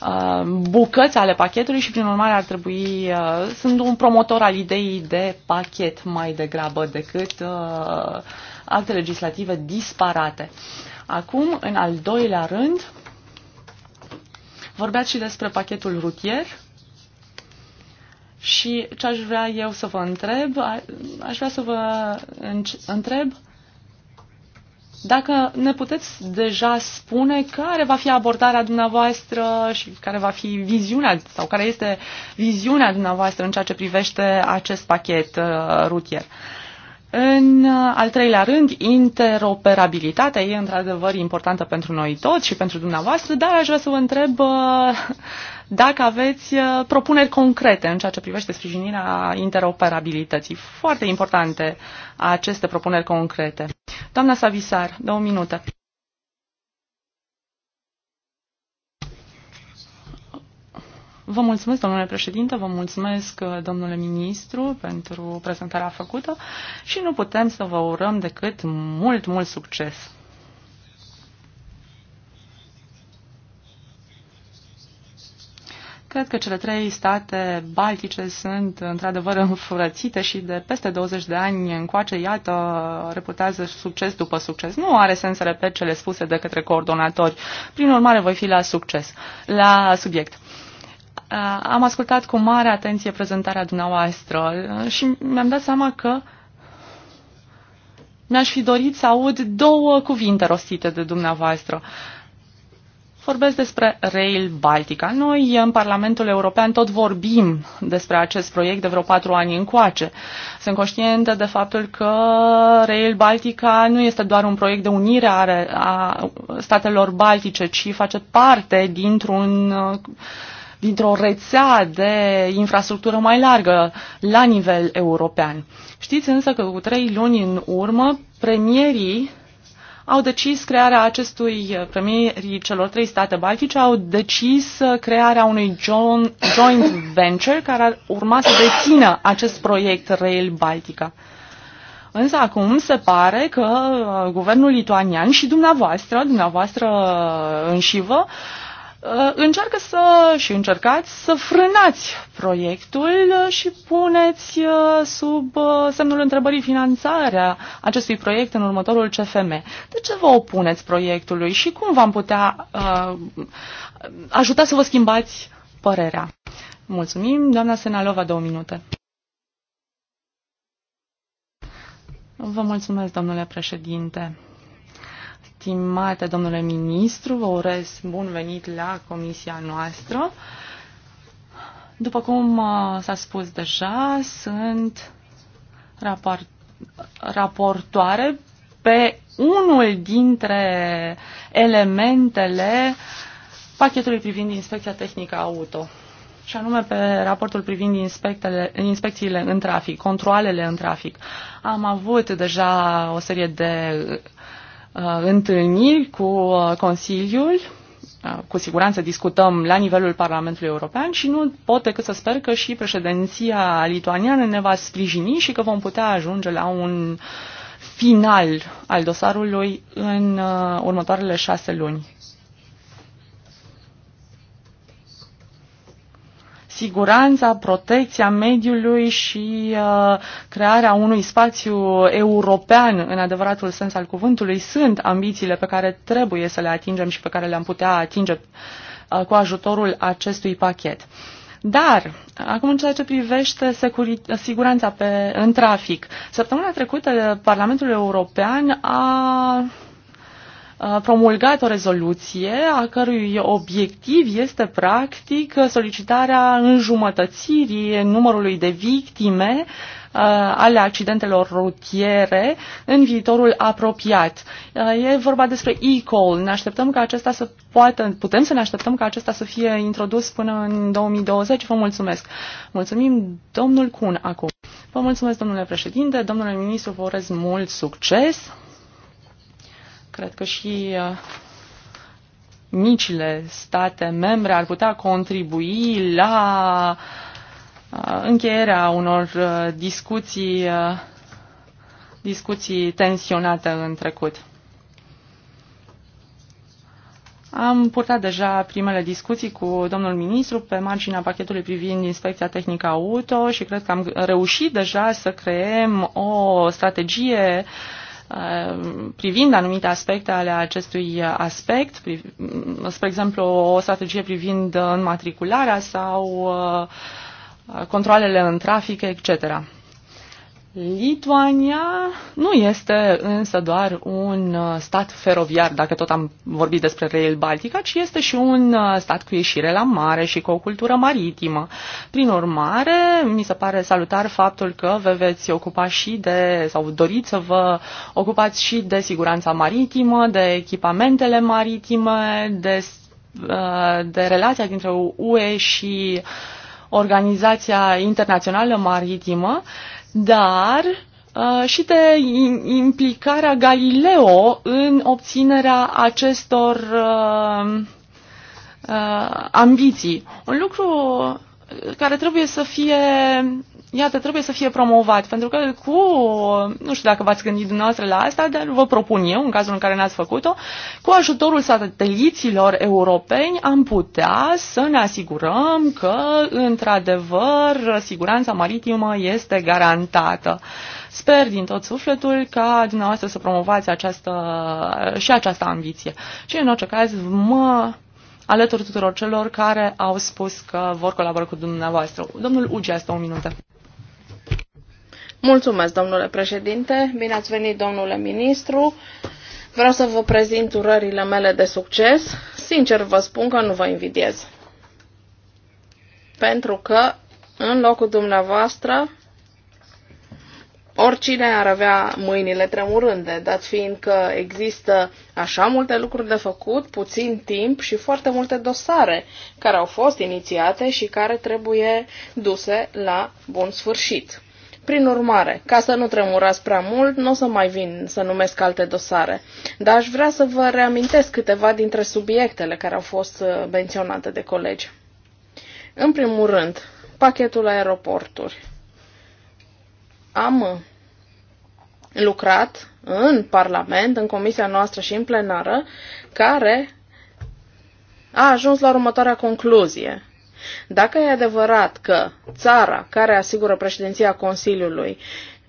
Uh, bucăți ale pachetului și, prin urmare, ar trebui... Uh, sunt un promotor al ideii de pachet mai degrabă decât uh, acte legislative disparate. Acum, în al doilea rând, vorbeați și despre pachetul rutier. Și ce aș vrea eu să vă întreb, aș vrea să vă întreb dacă ne puteți deja spune care va fi abordarea dumneavoastră și care va fi viziunea sau care este viziunea dumneavoastră în ceea ce privește acest pachet uh, rutier. În uh, al treilea rând, interoperabilitatea e într-adevăr importantă pentru noi toți și pentru dumneavoastră, dar aș vrea să vă întreb uh, dacă aveți uh, propuneri concrete în ceea ce privește sprijinirea interoperabilității. Foarte importante aceste propuneri concrete. Doamna Savisar, două minute. Vă mulțumesc, domnule președinte, vă mulțumesc, uh, domnule ministru, pentru prezentarea făcută și nu putem să vă urăm decât mult, mult succes. Cred că cele trei state baltice sunt într-adevăr înfurățite și de peste 20 de ani încoace, iată, reputează succes după succes. Nu are sens să repet cele spuse de către coordonatori. Prin urmare, voi fi la succes, la subiect. Uh, am ascultat cu mare atenție prezentarea dumneavoastră uh, și mi-am dat seama că mi-aș fi dorit să aud două cuvinte rostite de dumneavoastră. Vorbesc despre Rail Baltica. Noi în Parlamentul European tot vorbim despre acest proiect de vreo patru ani încoace. Sunt conștientă de faptul că Rail Baltica nu este doar un proiect de unire a statelor baltice, ci face parte dintr-un uh, dintr-o rețea de infrastructură mai largă la nivel european. Știți însă că cu trei luni în urmă, premierii au decis crearea acestui, premierii celor trei state baltice au decis crearea unui joint venture care ar urma să dețină acest proiect Rail Baltica. Însă acum se pare că uh, guvernul lituanian și dumneavoastră, dumneavoastră uh, înșivă, Uh, încearcă să și încercați să frânați proiectul și puneți uh, sub uh, semnul întrebării finanțarea acestui proiect în următorul CFM. De ce vă opuneți proiectului și cum v-am putea uh, ajuta să vă schimbați părerea? Mulțumim, doamna Senalova, două minute. Vă mulțumesc, domnule președinte. Stimate domnule ministru, vă urez bun venit la comisia noastră. După cum uh, s-a spus deja, sunt raport, raportoare pe unul dintre elementele pachetului privind inspecția tehnică auto și anume pe raportul privind inspecțiile în trafic, controlele în trafic. Am avut deja o serie de Uh, întâlniri cu uh, Consiliul, uh, cu siguranță discutăm la nivelul Parlamentului European și nu pot decât să sper că și președinția lituaniană ne va sprijini și că vom putea ajunge la un final al dosarului în următoarele șase luni. siguranța, protecția mediului și uh, crearea unui spațiu european în adevăratul sens al cuvântului sunt ambițiile pe care trebuie să le atingem și pe care le-am putea atinge uh, cu ajutorul acestui pachet. Dar, acum în ceea ce privește siguranța pe, în trafic, săptămâna trecută Parlamentul European a Uh, promulgat o rezoluție a cărui obiectiv este practic solicitarea înjumătățirii numărului de victime uh, ale accidentelor rutiere în viitorul apropiat. Uh, e vorba despre e-call. Ne așteptăm ca acesta să poată, putem să ne așteptăm ca acesta să fie introdus până în 2020. Vă mulțumesc. Mulțumim, domnul Cun, acum. Vă mulțumesc, domnule președinte, domnule ministru, vă urez mult succes. Cred că și uh, micile state membre ar putea contribui la uh, încheierea unor uh, discuții, discuții tensionate în trecut. Am purtat deja primele discuții cu domnul ministru pe marginea pachetului privind inspecția tehnică auto și cred că am reușit deja să creăm o strategie uh, Uh, privind anumite aspecte ale acestui aspect, mm, spre exemplu o strategie privind înmatricularea sau uh, controlele în trafic, etc. Lituania nu este însă doar un uh, stat feroviar, dacă tot am vorbit despre Rail Baltica, ci este și un uh, stat cu ieșire la mare și cu o cultură maritimă. Prin urmare, mi se pare salutar faptul că vă veți ocupa și de, sau doriți să vă ocupați și de siguranța maritimă, de echipamentele maritime, de, uh, de relația dintre UE și Organizația Internațională Maritimă dar uh, și de implicarea Galileo în obținerea acestor uh, uh, ambiții. Un lucru care trebuie să fie iată, trebuie să fie promovat, pentru că cu, nu știu dacă v-ați gândit dumneavoastră la asta, dar vă propun eu, în cazul în care n-ați făcut-o, cu ajutorul sateliților europeni am putea să ne asigurăm că, într-adevăr, siguranța maritimă este garantată. Sper din tot sufletul ca dumneavoastră să promovați această, și această ambiție. Și, în orice caz, mă alături tuturor celor care au spus că vor colabora cu dumneavoastră. Domnul Ugi, asta o minută. Mulțumesc, domnule președinte. Bine ați venit, domnule ministru. Vreau să vă prezint urările mele de succes. Sincer vă spun că nu vă invidiez. Pentru că, în locul dumneavoastră, oricine ar avea mâinile tremurânde, dat fiind că există așa multe lucruri de făcut, puțin timp și foarte multe dosare care au fost inițiate și care trebuie duse la bun sfârșit. Prin urmare, ca să nu tremurați prea mult, nu o să mai vin să numesc alte dosare, dar aș vrea să vă reamintesc câteva dintre subiectele care au fost uh, menționate de colegi. În primul rând, pachetul aeroporturi. Am uh, lucrat în Parlament, în comisia noastră și în plenară, care a ajuns la următoarea concluzie. Dacă e adevărat că țara care asigură președinția Consiliului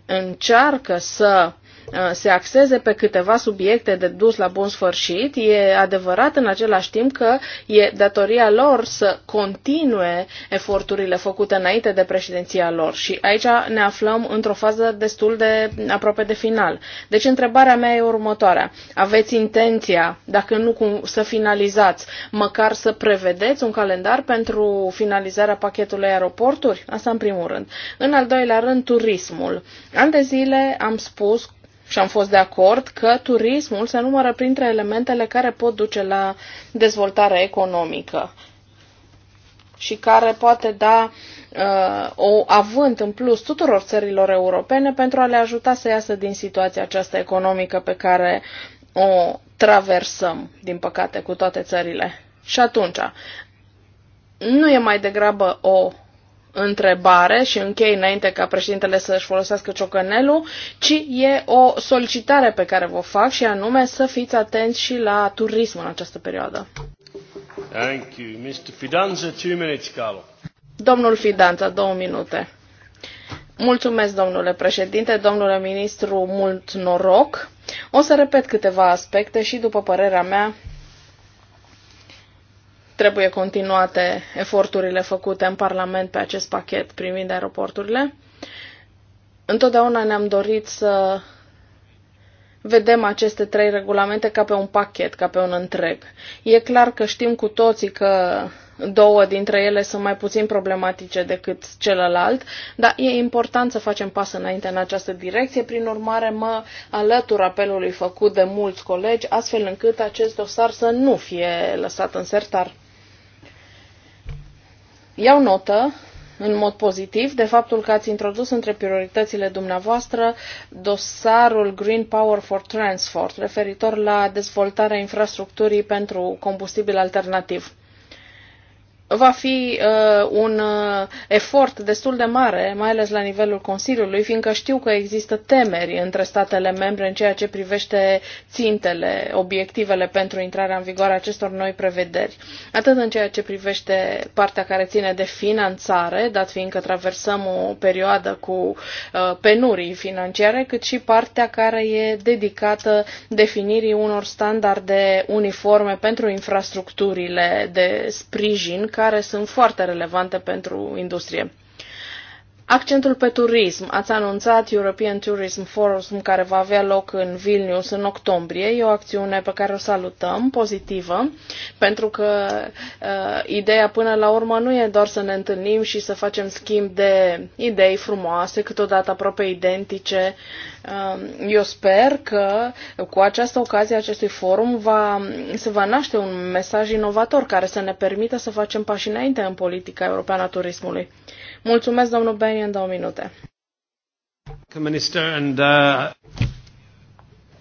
încearcă să Uh, se axeze pe câteva subiecte de dus la bun sfârșit, e adevărat în același timp că e datoria lor să continue eforturile făcute înainte de președinția lor și aici ne aflăm într-o fază destul de aproape de final. Deci întrebarea mea e următoarea. Aveți intenția, dacă nu cum să finalizați, măcar să prevedeți un calendar pentru finalizarea pachetului aeroporturi? Asta în primul rând. În al doilea rând, turismul. An de zile am spus și am fost de acord că turismul se numără printre elementele care pot duce la dezvoltare economică și care poate da uh, o avânt în plus tuturor țărilor europene pentru a le ajuta să iasă din situația aceasta economică pe care o traversăm, din păcate, cu toate țările. Și atunci, nu e mai degrabă o întrebare și închei înainte ca președintele să-și folosească ciocănelul, ci e o solicitare pe care vă fac și anume să fiți atenți și la turism în această perioadă. Thank you. Mr. Fidanza, two minutes, Carlo. Domnul Fidanza, două minute. Mulțumesc, domnule președinte, domnule ministru, mult noroc. O să repet câteva aspecte și, după părerea mea, Trebuie continuate eforturile făcute în Parlament pe acest pachet privind aeroporturile. Întotdeauna ne-am dorit să vedem aceste trei regulamente ca pe un pachet, ca pe un întreg. E clar că știm cu toții că două dintre ele sunt mai puțin problematice decât celălalt, dar e important să facem pas înainte în această direcție. Prin urmare, mă alătur apelului făcut de mulți colegi, astfel încât acest dosar să nu fie lăsat în sertar. Iau notă în mod pozitiv de faptul că ați introdus între prioritățile dumneavoastră dosarul Green Power for Transport referitor la dezvoltarea infrastructurii pentru combustibil alternativ va fi uh, un uh, efort destul de mare, mai ales la nivelul Consiliului, fiindcă știu că există temeri între statele membre în ceea ce privește țintele, obiectivele pentru intrarea în vigoare acestor noi prevederi. Atât în ceea ce privește partea care ține de finanțare, dat fiindcă traversăm o perioadă cu uh, penurii financiare, cât și partea care e dedicată definirii unor standarde uniforme pentru infrastructurile de sprijin, care sunt foarte relevante pentru industrie. Accentul pe turism. Ați anunțat European Tourism Forum care va avea loc în Vilnius în octombrie. E o acțiune pe care o salutăm, pozitivă, pentru că uh, ideea până la urmă nu e doar să ne întâlnim și să facem schimb de idei frumoase, câteodată aproape identice, Um, eu sper că cu această ocazie acestui forum va, se va naște un mesaj inovator care să ne permită să facem pași înainte în politica europeană a turismului. Mulțumesc, domnul Beni, în două minute. Uh,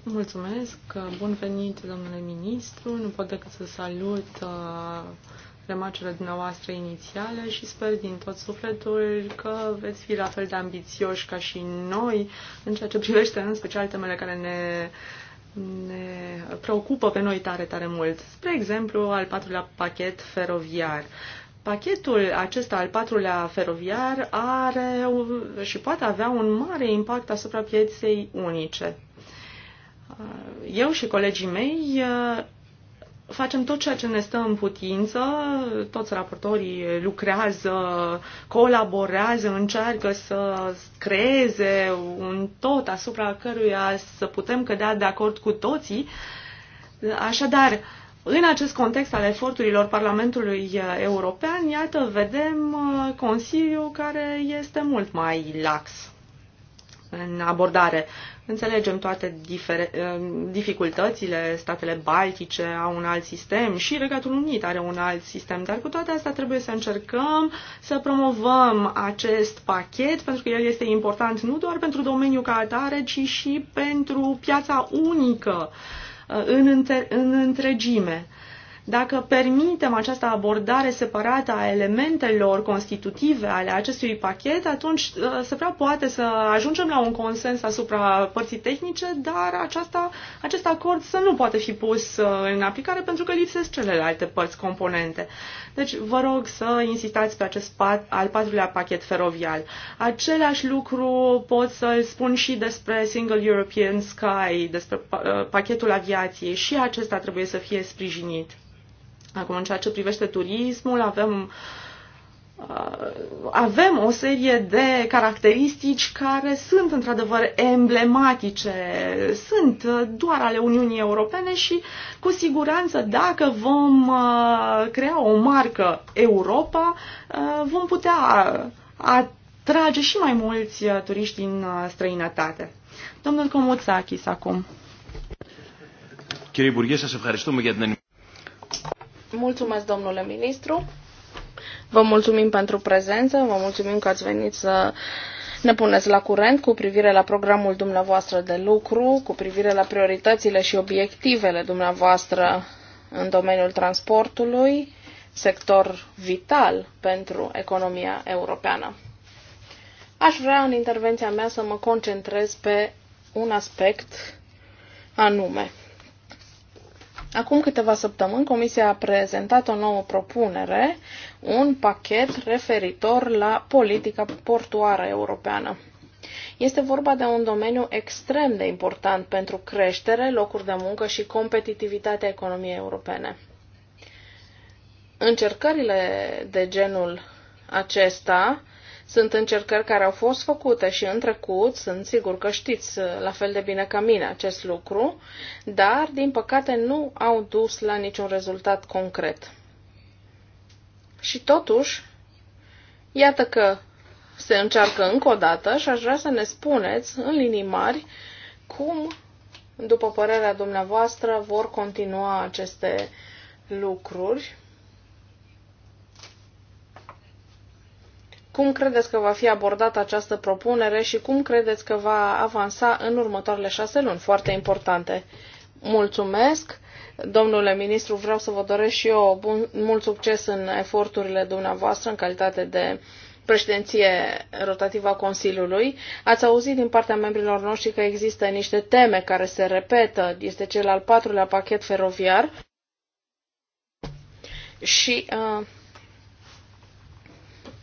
Mulțumesc, bun venit, domnule ministru. Nu pot decât să salut uh, remarcele dumneavoastră inițiale și sper din tot sufletul că veți fi la fel de ambițioși ca și noi în ceea ce privește în special temele care ne, ne preocupă pe noi tare, tare mult. Spre exemplu, al patrulea pachet feroviar. Pachetul acesta al patrulea feroviar are și poate avea un mare impact asupra pieței unice. Eu și colegii mei facem tot ceea ce ne stă în putință, toți raportorii lucrează, colaborează, încearcă să creeze un tot asupra căruia să putem cădea de acord cu toții. Așadar, în acest context al eforturilor Parlamentului European, iată, vedem uh, Consiliul care este mult mai lax în abordare. Înțelegem toate uh, dificultățile, statele baltice au un alt sistem și Regatul Unit are un alt sistem, dar cu toate astea trebuie să încercăm să promovăm acest pachet pentru că el este important nu doar pentru domeniul ca atare, ci și pentru piața unică uh, în, între, în întregime. Dacă permitem această abordare separată a elementelor constitutive ale acestui pachet, atunci ă, se prea poate să ajungem la un consens asupra părții tehnice, dar aceasta, acest acord să nu poate fi pus ă, în aplicare pentru că lipsesc celelalte părți componente. Deci vă rog să insistați pe acest pat, al patrulea pachet feroviar. Același lucru pot să-l spun și despre Single European Sky, despre ă, pachetul aviației și acesta trebuie să fie sprijinit. Acum, în ceea ce privește turismul, avem, uh, avem o serie de caracteristici care sunt într-adevăr emblematice, sunt uh, doar ale Uniunii Europene și, cu siguranță, dacă vom uh, crea o marcă Europa, vom putea atrage și mai mulți turiști din străinătate. Domnul Comuțachis acum. Κύριε Υπουργέ, să vă για pentru Mulțumesc, domnule ministru. Vă mulțumim pentru prezență, vă mulțumim că ați venit să ne puneți la curent cu privire la programul dumneavoastră de lucru, cu privire la prioritățile și obiectivele dumneavoastră în domeniul transportului, sector vital pentru economia europeană. Aș vrea în intervenția mea să mă concentrez pe un aspect anume, Acum câteva săptămâni, Comisia a prezentat o nouă propunere, un pachet referitor la politica portuară europeană. Este vorba de un domeniu extrem de important pentru creștere, locuri de muncă și competitivitatea economiei europene. Încercările de genul acesta sunt încercări care au fost făcute și în trecut, sunt sigur că știți uh, la fel de bine ca mine acest lucru, dar, din păcate, nu au dus la niciun rezultat concret. Și totuși, iată că se încearcă încă o dată și aș vrea să ne spuneți, în linii mari, cum, după părerea dumneavoastră, vor continua aceste lucruri Cum credeți că va fi abordată această propunere și cum credeți că va avansa în următoarele șase luni? Foarte importante. Mulțumesc! Domnule ministru, vreau să vă doresc și eu bun, mult succes în eforturile dumneavoastră în calitate de președinție rotativă a Consiliului. Ați auzit din partea membrilor noștri că există niște teme care se repetă. Este cel al patrulea pachet feroviar. Și uh,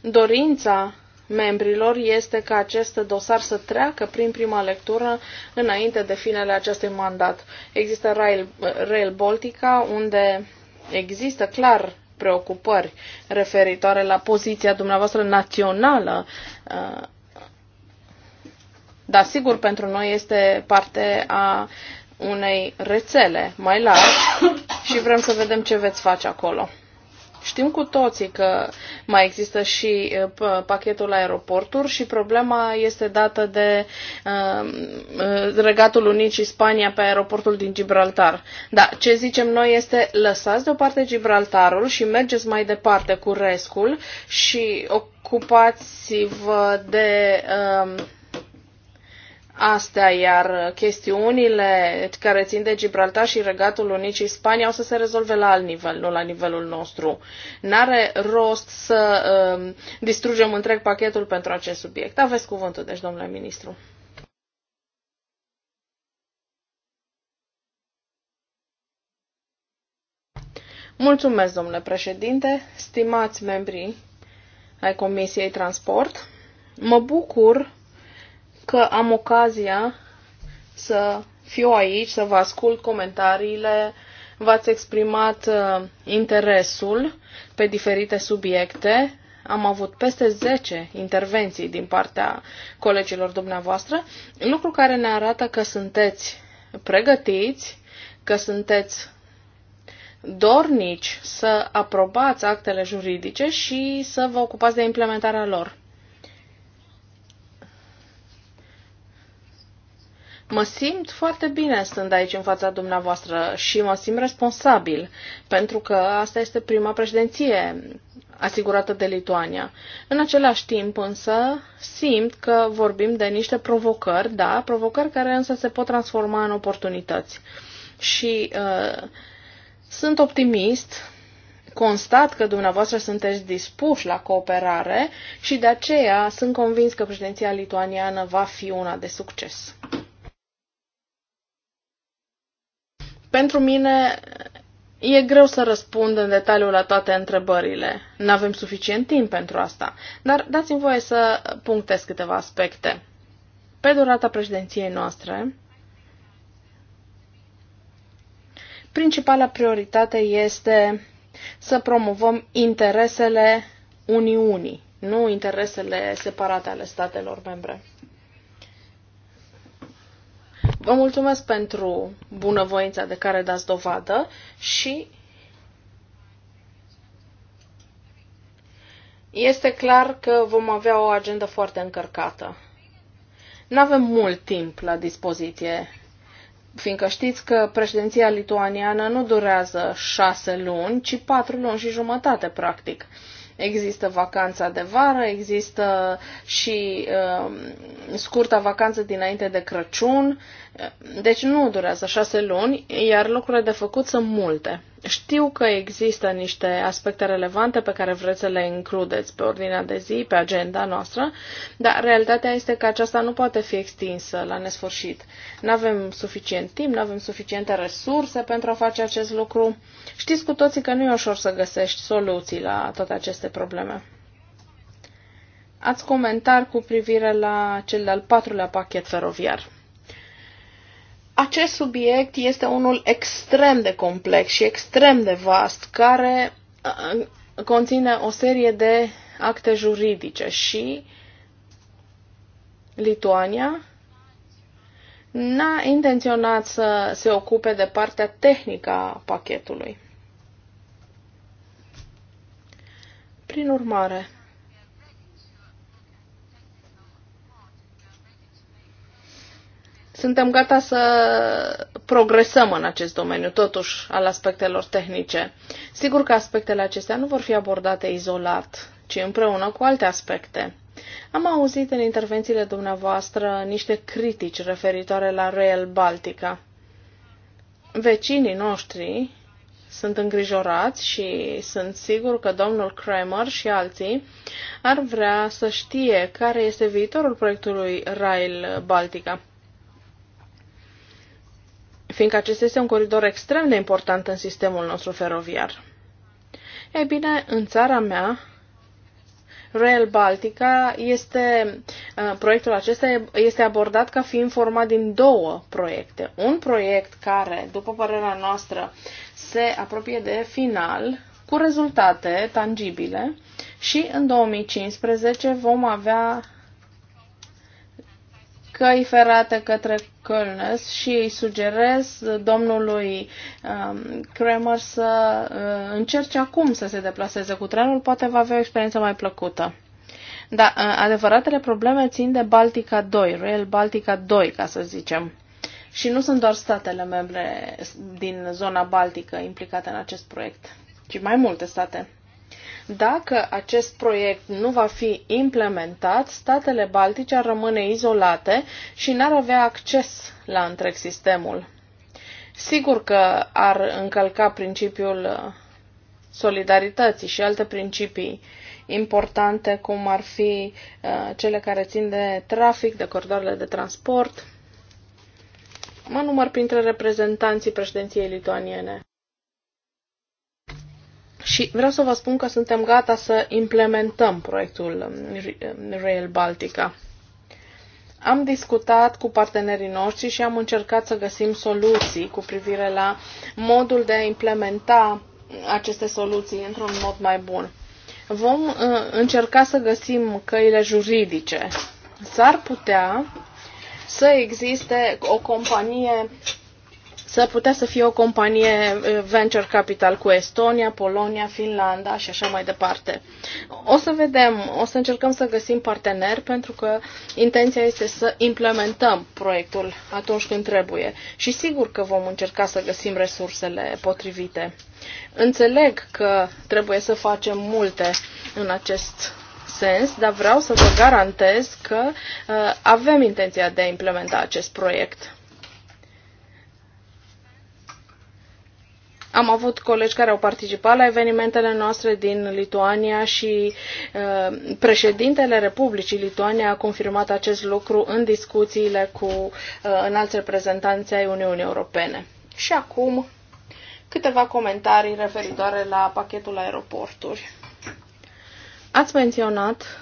Dorința membrilor este ca acest dosar să treacă prin prima lectură înainte de finele acestui mandat. Există Rail, Rail Baltica, unde există clar preocupări referitoare la poziția dumneavoastră națională. Uh, dar sigur, pentru noi este parte a unei rețele mai largi și vrem să vedem ce veți face acolo. Știm cu toții că mai există și uh, pachetul aeroporturi și problema este dată de uh, uh, Regatul Unit și Spania pe aeroportul din Gibraltar. Da, ce zicem noi este lăsați deoparte Gibraltarul și mergeți mai departe cu rescul și ocupați-vă de uh, astea, iar chestiunile care țin de Gibraltar și Regatul Unit și Spania o să se rezolve la alt nivel, nu la nivelul nostru. N-are rost să uh, distrugem întreg pachetul pentru acest subiect. Aveți cuvântul, deci, domnule ministru. Mulțumesc, domnule președinte, stimați membrii ai Comisiei Transport. Mă bucur că am ocazia să fiu aici, să vă ascult comentariile, v-ați exprimat uh, interesul pe diferite subiecte. Am avut peste 10 intervenții din partea colegilor dumneavoastră, lucru care ne arată că sunteți pregătiți, că sunteți dornici să aprobați actele juridice și să vă ocupați de implementarea lor. Mă simt foarte bine stând aici în fața dumneavoastră și mă simt responsabil, pentru că asta este prima președinție asigurată de Lituania. În același timp însă simt că vorbim de niște provocări, da, provocări care însă se pot transforma în oportunități. Și uh, sunt optimist, constat că dumneavoastră sunteți dispuși la cooperare și de aceea sunt convins că președinția lituaniană va fi una de succes. Pentru mine e greu să răspund în detaliu la toate întrebările. Nu avem suficient timp pentru asta, dar dați-mi voie să punctez câteva aspecte. Pe durata președinției noastre, principala prioritate este să promovăm interesele Uniunii, nu interesele separate ale statelor membre. Vă mulțumesc pentru bunăvoința de care dați dovadă și este clar că vom avea o agendă foarte încărcată. Nu avem mult timp la dispoziție, fiindcă știți că președinția lituaniană nu durează șase luni, ci patru luni și jumătate, practic. Există vacanța de vară, există și uh, scurta vacanță dinainte de Crăciun, deci nu durează șase luni, iar lucrurile de făcut sunt multe. Știu că există niște aspecte relevante pe care vreți să le includeți pe ordinea de zi, pe agenda noastră, dar realitatea este că aceasta nu poate fi extinsă la nesfârșit. Nu avem suficient timp, nu avem suficiente resurse pentru a face acest lucru. Știți cu toții că nu e ușor să găsești soluții la toate aceste probleme. Ați comentar cu privire la cel de-al patrulea pachet feroviar. Acest subiect este unul extrem de complex și extrem de vast, care conține o serie de acte juridice și Lituania n-a intenționat să se ocupe de partea tehnică a pachetului. Prin urmare, Suntem gata să progresăm în acest domeniu, totuși, al aspectelor tehnice. Sigur că aspectele acestea nu vor fi abordate izolat, ci împreună cu alte aspecte. Am auzit în intervențiile dumneavoastră niște critici referitoare la Rail Baltica. Vecinii noștri sunt îngrijorați și sunt sigur că domnul Kramer și alții ar vrea să știe care este viitorul proiectului Rail Baltica fiindcă acesta este un coridor extrem de important în sistemul nostru feroviar. Ei bine, în țara mea, Rail Baltica este, uh, proiectul acesta este abordat ca fiind format din două proiecte. Un proiect care, după părerea noastră, se apropie de final cu rezultate tangibile și în 2015 vom avea căi ferate către Kölnes și îi sugerez domnului um, Kramer să uh, încerce acum să se deplaseze cu trenul, poate va avea o experiență mai plăcută. Da, uh, adevăratele probleme țin de Baltica 2, Rail Baltica 2, ca să zicem. Și nu sunt doar statele membre din zona Baltică implicate în acest proiect, ci mai multe state. Dacă acest proiect nu va fi implementat, statele baltice ar rămâne izolate și n-ar avea acces la întreg sistemul. Sigur că ar încălca principiul uh, solidarității și alte principii importante, cum ar fi uh, cele care țin de trafic, de coridoarele de transport. Mă număr printre reprezentanții președinției lituaniene. Și vreau să vă spun că suntem gata să implementăm proiectul um, um, Rail Baltica. Am discutat cu partenerii noștri și am încercat să găsim soluții cu privire la modul de a implementa aceste soluții într-un mod mai bun. Vom uh, încerca să găsim căile juridice. S-ar putea să existe o companie S-ar putea să fie o companie eh, venture capital cu Estonia, Polonia, Finlanda și așa mai departe. O să vedem, o să încercăm să găsim parteneri pentru că intenția este să implementăm proiectul atunci când trebuie și sigur că vom încerca să găsim resursele potrivite. Înțeleg că trebuie să facem multe în acest sens, dar vreau să vă garantez că uh, avem intenția de a implementa acest proiect. Am avut colegi care au participat la evenimentele noastre din Lituania și uh, președintele Republicii Lituania a confirmat acest lucru în discuțiile cu uh, înalți reprezentanți ai Uniunii Europene. Și acum câteva comentarii referitoare la pachetul aeroporturi. Ați menționat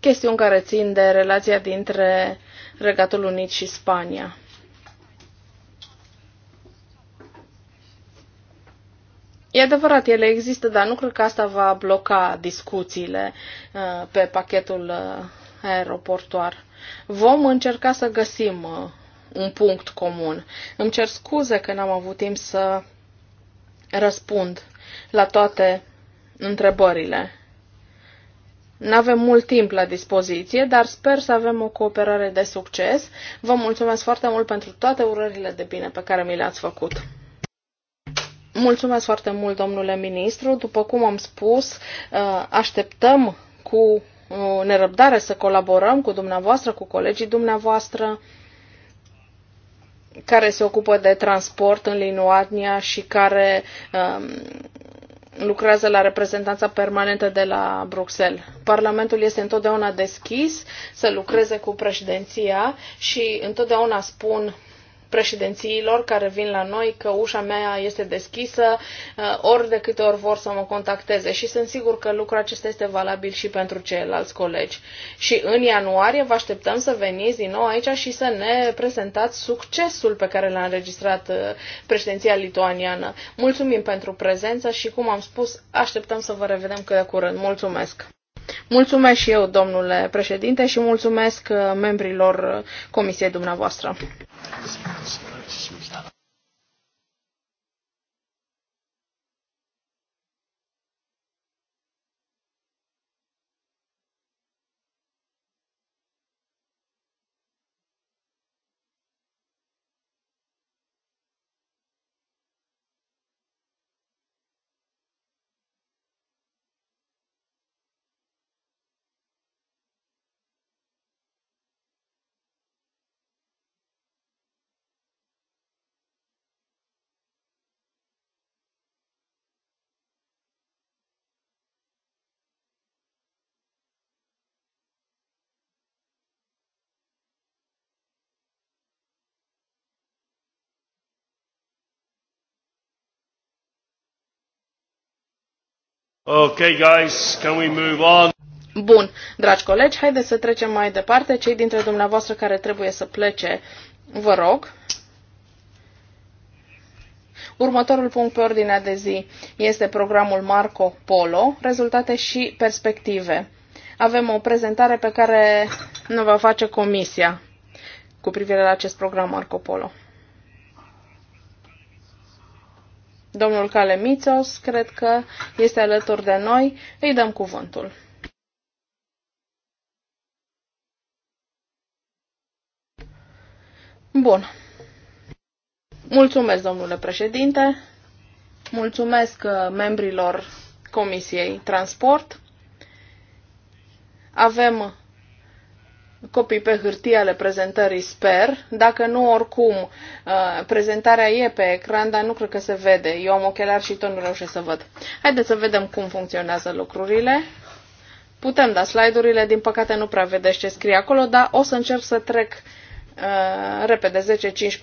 chestiuni care țin de relația dintre Regatul Unit și Spania. E adevărat, ele există, dar nu cred că asta va bloca discuțiile uh, pe pachetul uh, aeroportuar. Vom încerca să găsim uh, un punct comun. Îmi cer scuze că n-am avut timp să răspund la toate întrebările. Nu avem mult timp la dispoziție, dar sper să avem o cooperare de succes. Vă mulțumesc foarte mult pentru toate urările de bine pe care mi le-ați făcut. Mulțumesc foarte mult, domnule ministru. După cum am spus, uh, așteptăm cu uh, nerăbdare să colaborăm cu dumneavoastră, cu colegii dumneavoastră care se ocupă de transport în Linoadnia și care um, lucrează la reprezentanța permanentă de la Bruxelles. Parlamentul este întotdeauna deschis să lucreze cu președinția și întotdeauna spun președințiilor care vin la noi că ușa mea este deschisă uh, ori de câte ori vor să mă contacteze și sunt sigur că lucrul acesta este valabil și pentru ceilalți colegi. Și în ianuarie vă așteptăm să veniți din nou aici și să ne prezentați succesul pe care l-a înregistrat uh, președinția lituaniană. Mulțumim pentru prezență și, cum am spus, așteptăm să vă revedem cât de curând. Mulțumesc! Mulțumesc și eu, domnule președinte, și mulțumesc uh, membrilor uh, comisiei dumneavoastră. Okay, guys, can we move on? Bun, dragi colegi, haideți să trecem mai departe. Cei dintre dumneavoastră care trebuie să plece, vă rog. Următorul punct pe ordinea de zi este programul Marco Polo, rezultate și perspective. Avem o prezentare pe care ne va face comisia cu privire la acest program Marco Polo. Domnul Calemițos, cred că este alături de noi. Îi dăm cuvântul. Bun. Mulțumesc, domnule președinte. Mulțumesc uh, membrilor Comisiei Transport. Avem copii pe hârtie ale prezentării, sper. Dacă nu, oricum, uh, prezentarea e pe ecran, dar nu cred că se vede. Eu am ochelari și tot nu reușesc să văd. Haideți să vedem cum funcționează lucrurile. Putem da slide-urile, din păcate nu prea vedeți ce scrie acolo, dar o să încerc să trec uh, repede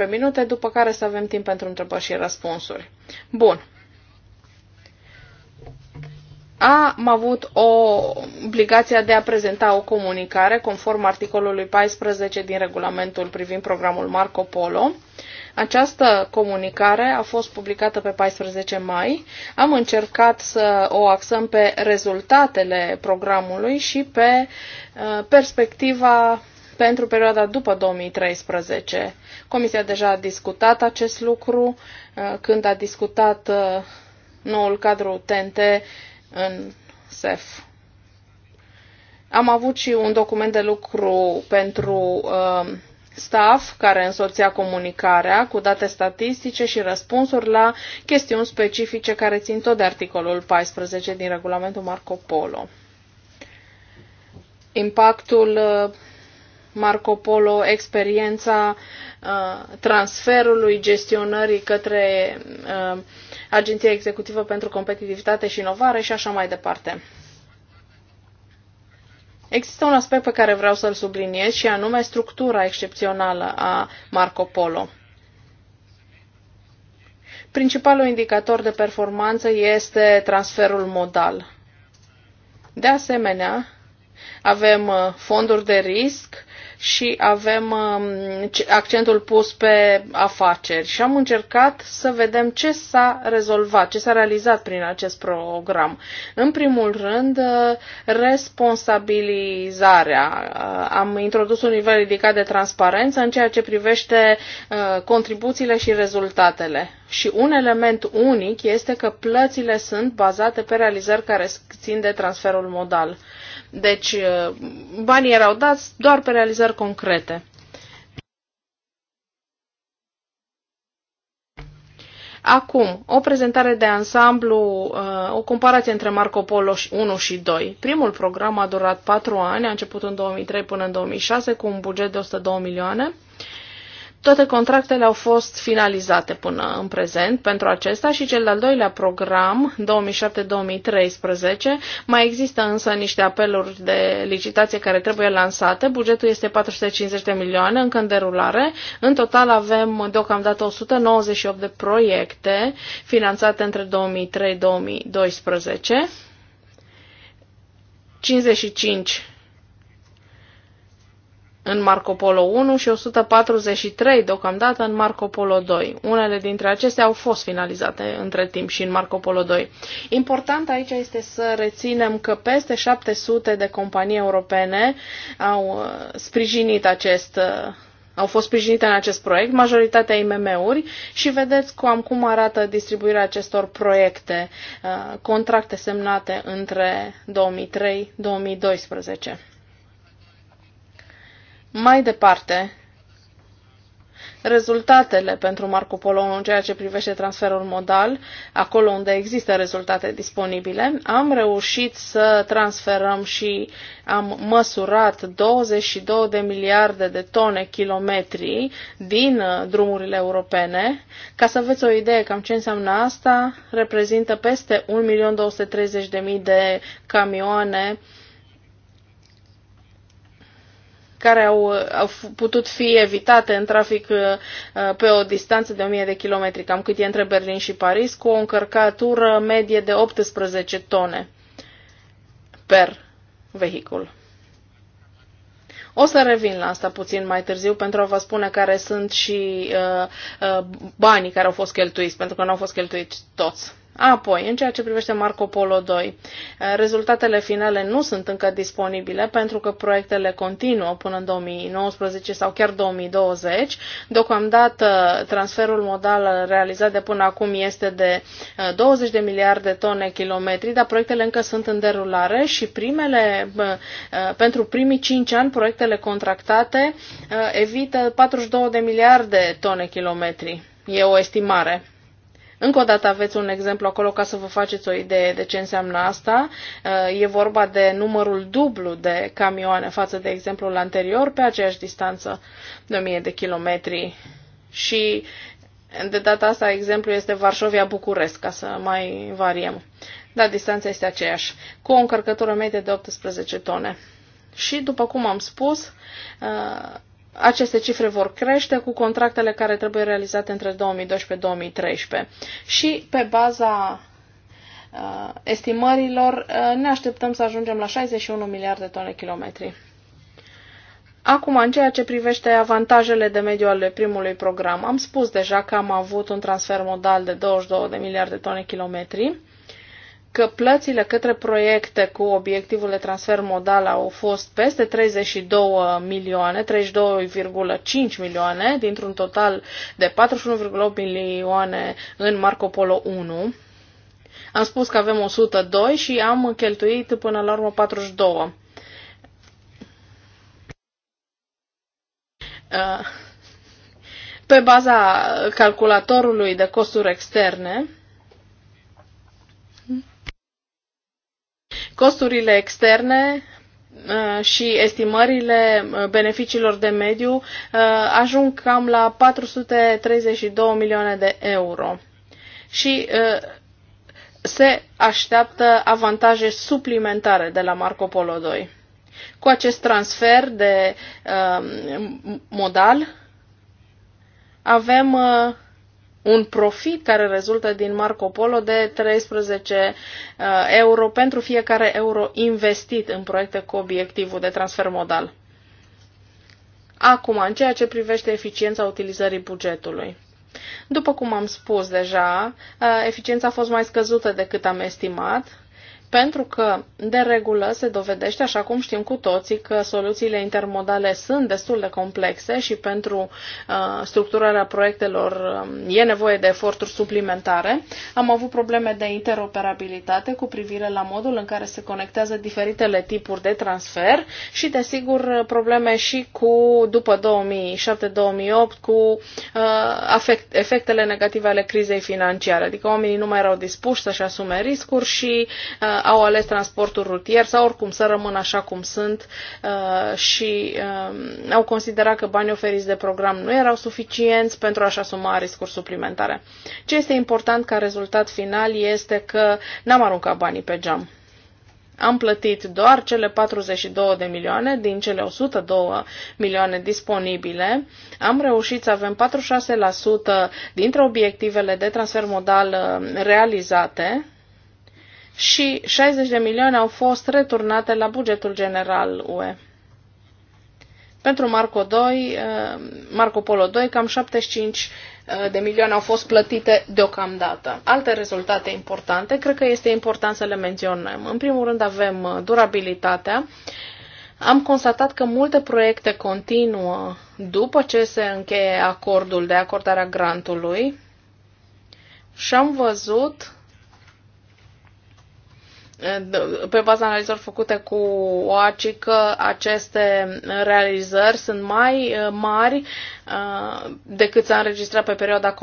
10-15 minute, după care să avem timp pentru întrebări și răspunsuri. Bun, am avut o obligația de a prezenta o comunicare conform articolului 14 din regulamentul privind programul Marco Polo. Această comunicare a fost publicată pe 14 mai. Am încercat să o axăm pe rezultatele programului și pe uh, perspectiva pentru perioada după 2013. Comisia deja a discutat acest lucru uh, când a discutat uh, noul cadru TNT în SEF. Am avut și un document de lucru pentru uh, staff care însoțea comunicarea cu date statistice și răspunsuri la chestiuni specifice care țin tot de articolul 14 din regulamentul Marco Polo. Impactul uh, Marco Polo, experiența uh, transferului, gestionării către uh, Agenția Executivă pentru Competitivitate și Inovare și așa mai departe. Există un aspect pe care vreau să-l subliniez și anume structura excepțională a Marco Polo. Principalul indicator de performanță este transferul modal. De asemenea, avem uh, fonduri de risc și avem um, accentul pus pe afaceri și am încercat să vedem ce s-a rezolvat, ce s-a realizat prin acest program. În primul rând, uh, responsabilizarea. Uh, am introdus un nivel ridicat de transparență în ceea ce privește uh, contribuțiile și rezultatele. Și un element unic este că plățile sunt bazate pe realizări care țin de transferul modal. Deci uh, banii erau dați doar pe realizări concrete. Acum, o prezentare de ansamblu, uh, o comparație între Marco Polo 1 și 2. Primul program a durat 4 ani, a început în 2003 până în 2006 cu un buget de 102 milioane. Toate contractele au fost finalizate până în prezent pentru acesta și cel de-al doilea program, 2007-2013. Mai există însă niște apeluri de licitație care trebuie lansate. Bugetul este 450 de milioane, încă în derulare. În total avem deocamdată 198 de proiecte finanțate între 2003-2012. 55 în Marco Polo 1 și 143 deocamdată în Marco Polo 2. Unele dintre acestea au fost finalizate între timp și în Marco Polo 2. Important aici este să reținem că peste 700 de companii europene au uh, sprijinit acest uh, au fost sprijinite în acest proiect, majoritatea IMM-uri și vedeți cum, cum arată distribuirea acestor proiecte, uh, contracte semnate între 2003-2012. Mai departe, rezultatele pentru Marco Polo în ceea ce privește transferul modal, acolo unde există rezultate disponibile, am reușit să transferăm și am măsurat 22 de miliarde de tone kilometri din uh, drumurile europene. Ca să aveți o idee cam ce înseamnă asta, reprezintă peste 1.230.000 de camioane care au, au putut fi evitate în trafic uh, pe o distanță de 1000 de kilometri, cam cât e între Berlin și Paris, cu o încărcătură medie de 18 tone per vehicul. O să revin la asta puțin mai târziu pentru a vă spune care sunt și uh, uh, banii care au fost cheltuiți, pentru că nu au fost cheltuiți toți. Apoi, în ceea ce privește Marco Polo 2, eh, rezultatele finale nu sunt încă disponibile pentru că proiectele continuă până în 2019 sau chiar 2020. Deocamdată, transferul modal realizat de până acum este de 20 eh, de miliarde tone kilometri, dar proiectele încă sunt în derulare și primele, eh, pentru primii 5 ani, proiectele contractate evită 42 de miliarde tone kilometri. E o estimare. Încă o dată aveți un exemplu acolo ca să vă faceți o idee de ce înseamnă asta. Uh, e vorba de numărul dublu de camioane față de exemplul anterior pe aceeași distanță de 1000 de kilometri. Și de data asta exemplu este varșovia bucurești ca să mai variem. Da, distanța este aceeași, cu o încărcătură medie de 18 tone. Și, după cum am spus, uh, aceste cifre vor crește cu contractele care trebuie realizate între 2012-2013. Și pe baza uh, estimărilor uh, ne așteptăm să ajungem la 61 miliarde de tone kilometri. Acum, în ceea ce privește avantajele de mediu ale primului program, am spus deja că am avut un transfer modal de 22 de miliarde de tone kilometri că plățile către proiecte cu obiectivul de transfer modal au fost peste 32 milioane, 32,5 milioane, dintr-un total de 41,8 milioane în Marco Polo 1. Am spus că avem 102 și am cheltuit până la urmă 42. Uh, pe baza calculatorului de costuri externe, Costurile externe uh, și estimările uh, beneficiilor de mediu uh, ajung cam la 432 milioane de euro. Și se așteaptă avantaje suplimentare de la Marco Polo 2. Cu acest transfer de uh, modal avem uh, un profit care rezultă din Marco Polo de 13 uh, euro pentru fiecare euro investit în proiecte cu obiectivul de transfer modal. Acum, în ceea ce privește eficiența utilizării bugetului. După cum am spus deja, uh, eficiența a fost mai scăzută decât am estimat, pentru că, de regulă, se dovedește, așa cum știm cu toții, că soluțiile intermodale sunt destul de complexe și pentru uh, structurarea proiectelor uh, e nevoie de eforturi suplimentare. Am avut probleme de interoperabilitate cu privire la modul în care se conectează diferitele tipuri de transfer și, desigur, probleme și cu, după 2007-2008, cu uh, afect, efectele negative ale crizei financiare. Adică oamenii nu mai erau dispuși să-și asume riscuri și uh, au ales transportul rutier sau oricum să rămână așa cum sunt uh, și uh, au considerat că banii oferiți de program nu erau suficienți pentru a-și asuma riscuri suplimentare. Ce este important ca rezultat final este că n-am aruncat banii pe geam. Am plătit doar cele 42 de milioane din cele 102 milioane disponibile. Am reușit să avem 46% dintre obiectivele de transfer modal uh, realizate, și 60 de milioane au fost returnate la bugetul general UE. Pentru Marco, 2, uh, Marco Polo 2, cam 75 uh, de milioane au fost plătite deocamdată. Alte rezultate importante, cred că este important să le menționăm. În primul rând avem uh, durabilitatea. Am constatat că multe proiecte continuă după ce se încheie acordul de acordare a grantului și am văzut pe baza analizelor făcute cu OACI că aceste realizări sunt mai uh, mari uh, decât s-a înregistrat pe perioada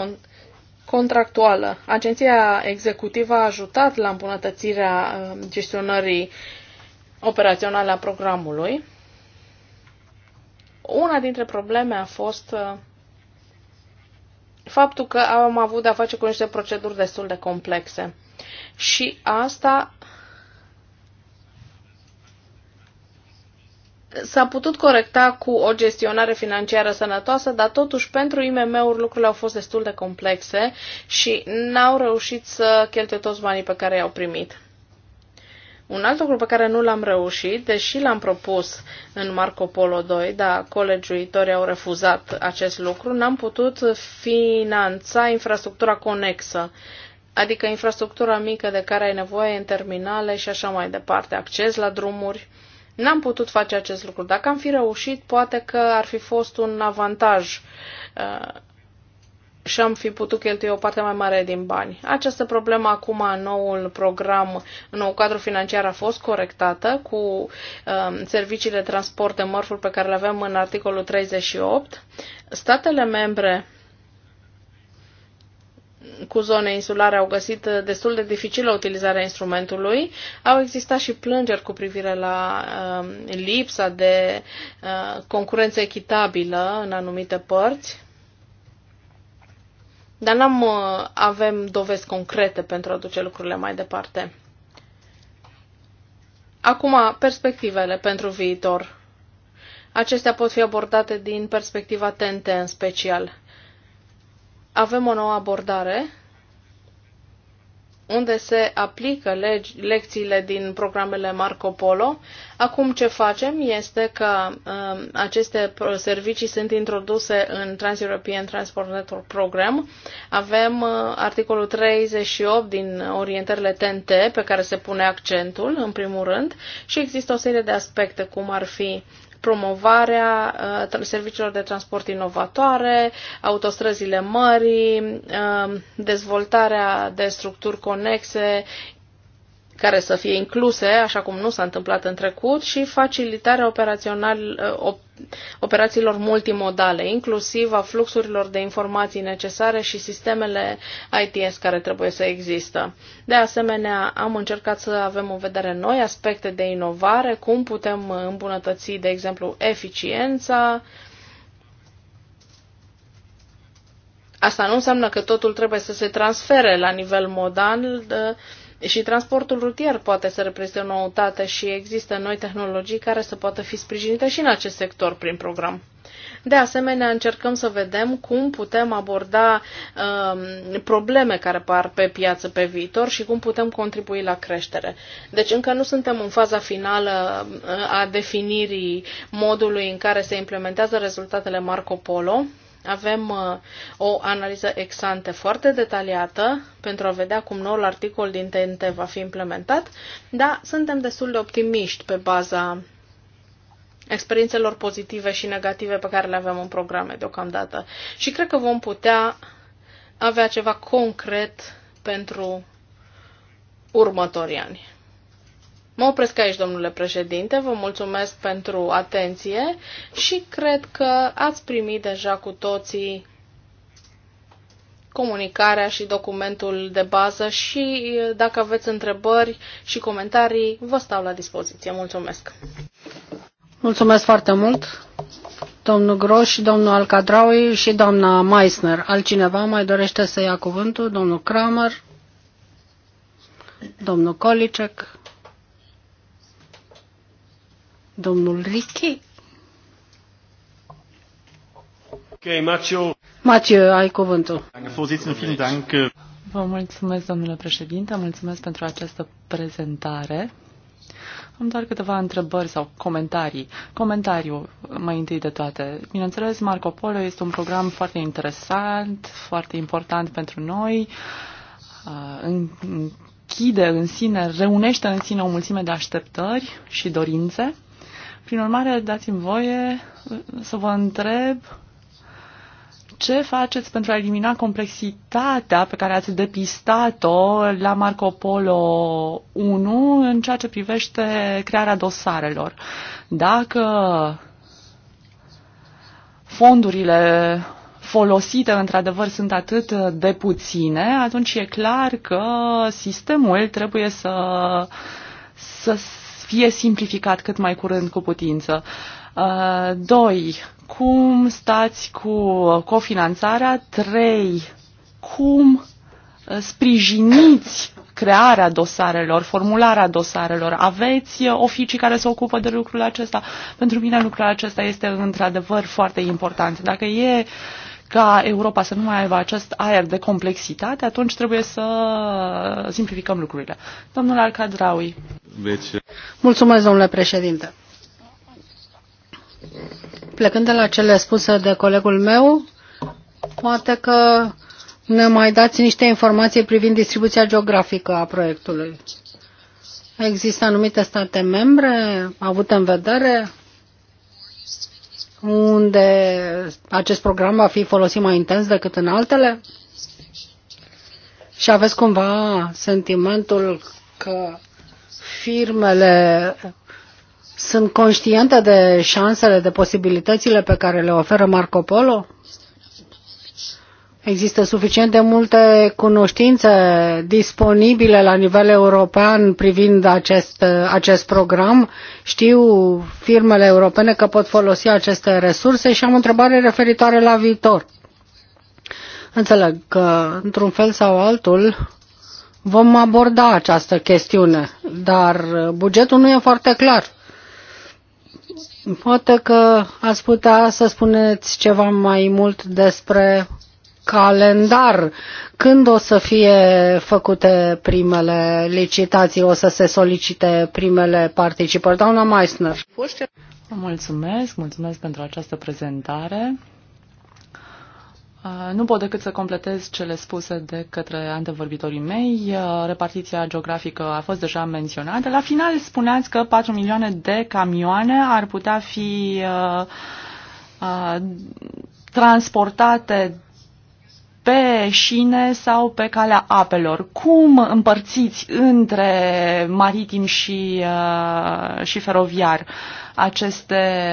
contractuală. Agenția executivă a ajutat la îmbunătățirea uh, gestionării operaționale a programului. Una dintre probleme a fost faptul că am avut de-a face cu niște proceduri destul de complexe. Și asta s-a putut corecta cu o gestionare financiară sănătoasă, dar totuși pentru IMM-uri lucrurile au fost destul de complexe și n-au reușit să cheltuie toți banii pe care i-au primit. Un alt lucru pe care nu l-am reușit, deși l-am propus în Marco Polo 2, dar colegiuitorii au refuzat acest lucru, n-am putut finanța infrastructura conexă, adică infrastructura mică de care ai nevoie în terminale și așa mai departe, acces la drumuri, N-am putut face acest lucru. Dacă am fi reușit, poate că ar fi fost un avantaj uh, și am fi putut cheltui o parte mai mare din bani. Această problemă acum în noul program, în nou cadru financiar a fost corectată cu uh, serviciile transport de mărfuri pe care le avem în articolul 38. Statele membre cu zone insulare au găsit destul de dificilă utilizarea instrumentului. Au existat și plângeri cu privire la uh, lipsa de uh, concurență echitabilă în anumite părți. Dar nu uh, avem dovezi concrete pentru a duce lucrurile mai departe. Acum, perspectivele pentru viitor. Acestea pot fi abordate din perspectiva TNT în special avem o nouă abordare unde se aplică legi, lecțiile din programele Marco Polo. Acum ce facem este că um, aceste servicii sunt introduse în Trans-European Transport Network Program. Avem uh, articolul 38 din orientările TNT pe care se pune accentul, în primul rând, și există o serie de aspecte, cum ar fi uh, promovarea uh, serviciilor de transport inovatoare, autostrăzile mării, uh, dezvoltarea de structuri conexe, care să fie incluse, așa cum nu s-a întâmplat în trecut, și facilitarea operațional, uh, op, operațiilor multimodale, inclusiv a fluxurilor de informații necesare și sistemele ITS care trebuie să există. De asemenea, am încercat să avem în vedere noi aspecte de inovare, cum putem îmbunătăți, de exemplu, eficiența, Asta nu înseamnă că totul trebuie să se transfere la nivel modal, și transportul rutier poate să reprezinte o noutate și există noi tehnologii care să poată fi sprijinite și în acest sector prin program. De asemenea, încercăm să vedem cum putem aborda um, uh, probleme care par pe piață pe viitor și cum putem contribui la creștere. Deci încă nu suntem în faza finală uh, a definirii modului în care se implementează rezultatele Marco Polo, avem uh, o analiză ex-ante foarte detaliată pentru a vedea cum noul articol din TNT va fi implementat, dar suntem destul de optimiști pe baza experiențelor pozitive și negative pe care le avem în programe deocamdată. Și cred că vom putea avea ceva concret pentru următorii ani. Mă opresc aici, domnule președinte, vă mulțumesc pentru atenție și cred că ați primit deja cu toții comunicarea și documentul de bază și eh, dacă aveți întrebări și comentarii, vă stau la dispoziție. Mulțumesc! Mulțumesc foarte mult, domnul Groș, domnul Alcadraui și doamna Meissner. Altcineva mai dorește să ia cuvântul? Domnul Kramer, domnul Kolicek. Domnul Ricky. Ok, Maciu. Maciu, ai cuvântul. Vă mulțumesc, domnule președinte, mulțumesc pentru această prezentare. Am doar câteva întrebări sau comentarii. Comentariu mai întâi de toate. Bineînțeles, Marco Polo este un program foarte interesant, foarte important pentru noi. Uh, închide în sine, reunește în sine o mulțime de așteptări și dorințe. Prin urmare, dați-mi voie uh, să vă întreb ce faceți pentru a elimina complexitatea pe care ați depistat-o la Marco Polo 1 în ceea ce privește crearea dosarelor? Dacă fondurile folosite într-adevăr sunt atât de puține, atunci e clar că sistemul trebuie să să fie simplificat cât mai curând cu putință. Uh, doi, cum stați cu cofinanțarea? Trei, cum uh, sprijiniți crearea dosarelor, formularea dosarelor. Aveți oficii care se ocupă de lucrul acesta. Pentru mine lucrul acesta este într-adevăr foarte important. Dacă e uh, ca Europa să nu mai aibă acest aer de complexitate, atunci trebuie să simplificăm lucrurile. Domnul Alcadraui. Deci... Mulțumesc, domnule președinte. Plecând de la cele spuse de colegul meu, poate că ne mai dați niște informații privind distribuția geografică a proiectului. Există anumite state membre avute în vedere unde acest program va fi folosit mai intens decât în altele? Și aveți cumva sentimentul că firmele sunt conștiente de șansele, de posibilitățile pe care le oferă Marco Polo? Există suficient de multe cunoștințe disponibile la nivel european privind acest, acest program. Știu firmele europene că pot folosi aceste resurse și am o întrebare referitoare la viitor. Înțeleg că, într-un fel sau altul, vom aborda această chestiune, dar bugetul nu e foarte clar. Poate că ați putea să spuneți ceva mai mult despre calendar când o să fie făcute primele licitații, o să se solicite primele participări. Doamna Meissner. mulțumesc, mulțumesc pentru această prezentare. Uh, nu pot decât să completez cele spuse de către antevorbitorii mei. Uh, repartiția geografică a fost deja menționată. La final spuneați că 4 milioane de camioane ar putea fi uh, transportate pe șine sau pe calea apelor. Cum împărțiți între maritim și, uh, și feroviar aceste,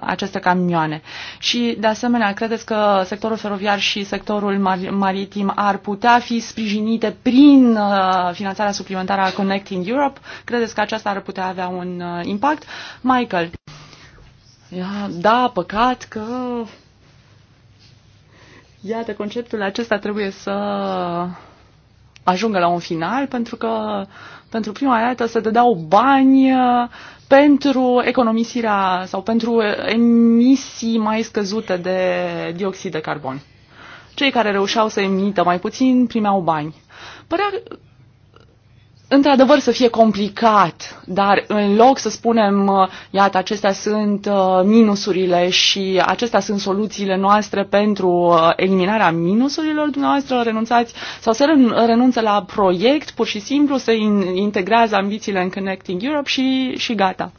aceste camioane? Și, de asemenea, credeți că sectorul feroviar și sectorul mar- maritim ar putea fi sprijinite prin uh, finanțarea suplimentară a Connecting Europe? Credeți că aceasta ar putea avea un uh, impact? Michael. Da, păcat că Iată, conceptul acesta trebuie să ajungă la un final pentru că pentru prima dată se dădeau bani uh, pentru economisirea sau pentru emisii mai scăzute de dioxid de carbon. Cei care reușeau să emită mai puțin primeau bani. Părea într-adevăr să fie complicat, dar în loc să spunem, iată, acestea sunt uh, minusurile și acestea sunt soluțiile noastre pentru uh, eliminarea minusurilor dumneavoastră, renunțați sau să renunță la proiect, pur și simplu se integrează ambițiile în Connecting Europe și, și gata.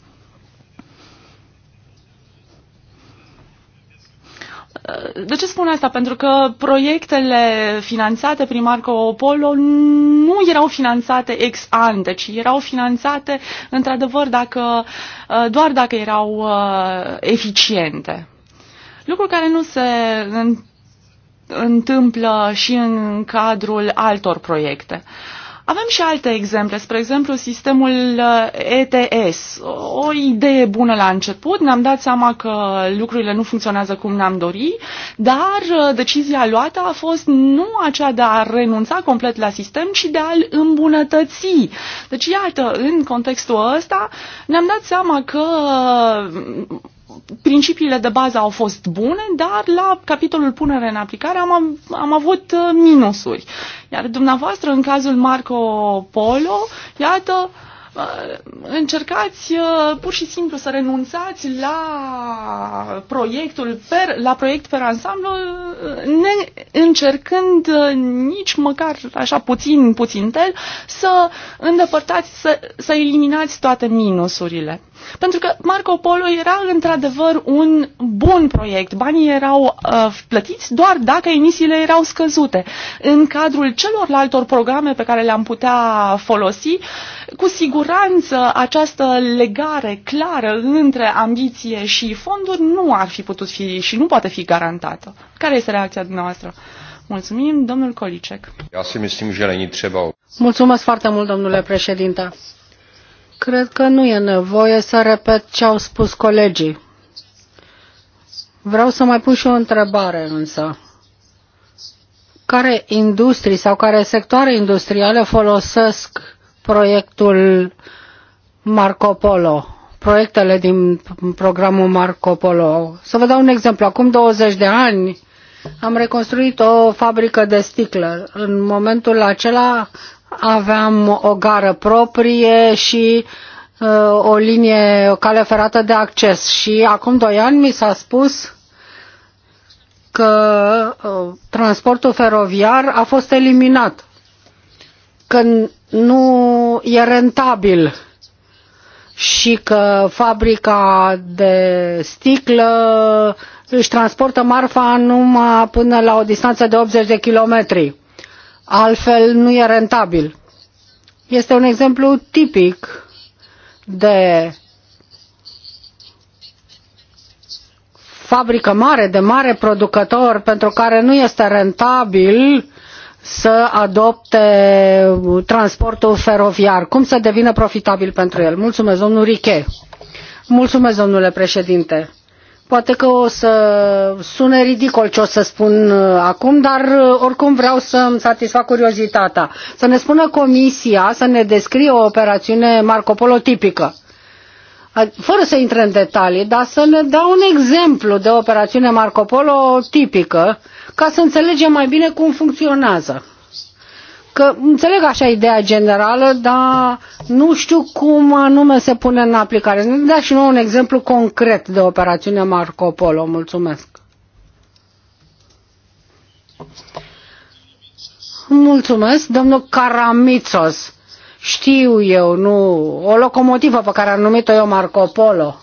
De ce spun asta? Pentru că proiectele finanțate prin Marco Polo nu erau finanțate ex ante, ci erau finanțate, într-adevăr, dacă, uh, doar dacă erau uh, eficiente. Lucru care nu se întâmplă și în cadrul altor proiecte. Uh, avem și alte exemple, spre exemplu sistemul uh, ETS. O idee bună la început, ne-am dat seama că lucrurile nu funcționează cum ne-am dori, dar uh, decizia luată a fost nu aceea de a renunța complet la sistem, ci de a-l îmbunătăți. Deci, iată, în contextul ăsta, ne-am dat seama că principiile de bază au fost bune, dar la capitolul punere în aplicare am, am avut uh, minusuri. Iar dumneavoastră, în cazul Marco Polo, iată, uh, încercați uh, pur și simplu să renunțați la proiectul per, la proiect per ansamblu, ne încercând nici măcar așa puțin, puțin tel, să îndepărtați, să, să eliminați toate minusurile. Pentru că Marco Polo era într-adevăr un bun proiect. Banii erau uh, plătiți doar dacă emisiile erau scăzute. În cadrul celorlaltor programe pe care le-am putea folosi, cu siguranță această legare clară între ambiție și fonduri nu ar fi putut fi și nu poate fi garantată. Care este reacția dumneavoastră? Mulțumim, domnul Colicec. Mulțumesc foarte mult, domnule președinte. Cred că nu e nevoie să repet ce au spus colegii. Vreau să mai pun și o întrebare însă. Care industrii sau care sectoare industriale folosesc proiectul Marco Polo, proiectele din programul Marco Polo? Să vă dau un exemplu. Acum 20 de ani am reconstruit o fabrică de sticlă. În momentul acela aveam o gară proprie și uh, o linie, o cale ferată de acces. Și acum doi ani mi s-a spus că uh, transportul feroviar a fost eliminat, că nu e rentabil și că fabrica de sticlă își transportă marfa numai până la o distanță de 80 de kilometri altfel nu e rentabil. Este un exemplu tipic de fabrică mare, de mare producător, pentru care nu este rentabil să adopte transportul feroviar. Cum să devină profitabil pentru el? Mulțumesc, domnul Riche. Mulțumesc, domnule președinte. Poate că o să sune ridicol ce o să spun uh, acum, dar uh, oricum vreau să îmi satisfac curiozitatea. Să ne spună comisia să ne descrie o operațiune Marco Polo tipică. Fără să intre în detalii, dar să ne dea un exemplu de operațiune Marco Polo tipică, ca să înțelegem mai bine cum funcționează că înțeleg așa ideea generală, dar nu știu cum anume se pune în aplicare. Ne dea și nouă un exemplu concret de operațiune Marco Polo. Mulțumesc. Mulțumesc, domnul Karamitsos. Știu eu, nu, o locomotivă pe care am numit-o eu Marco Polo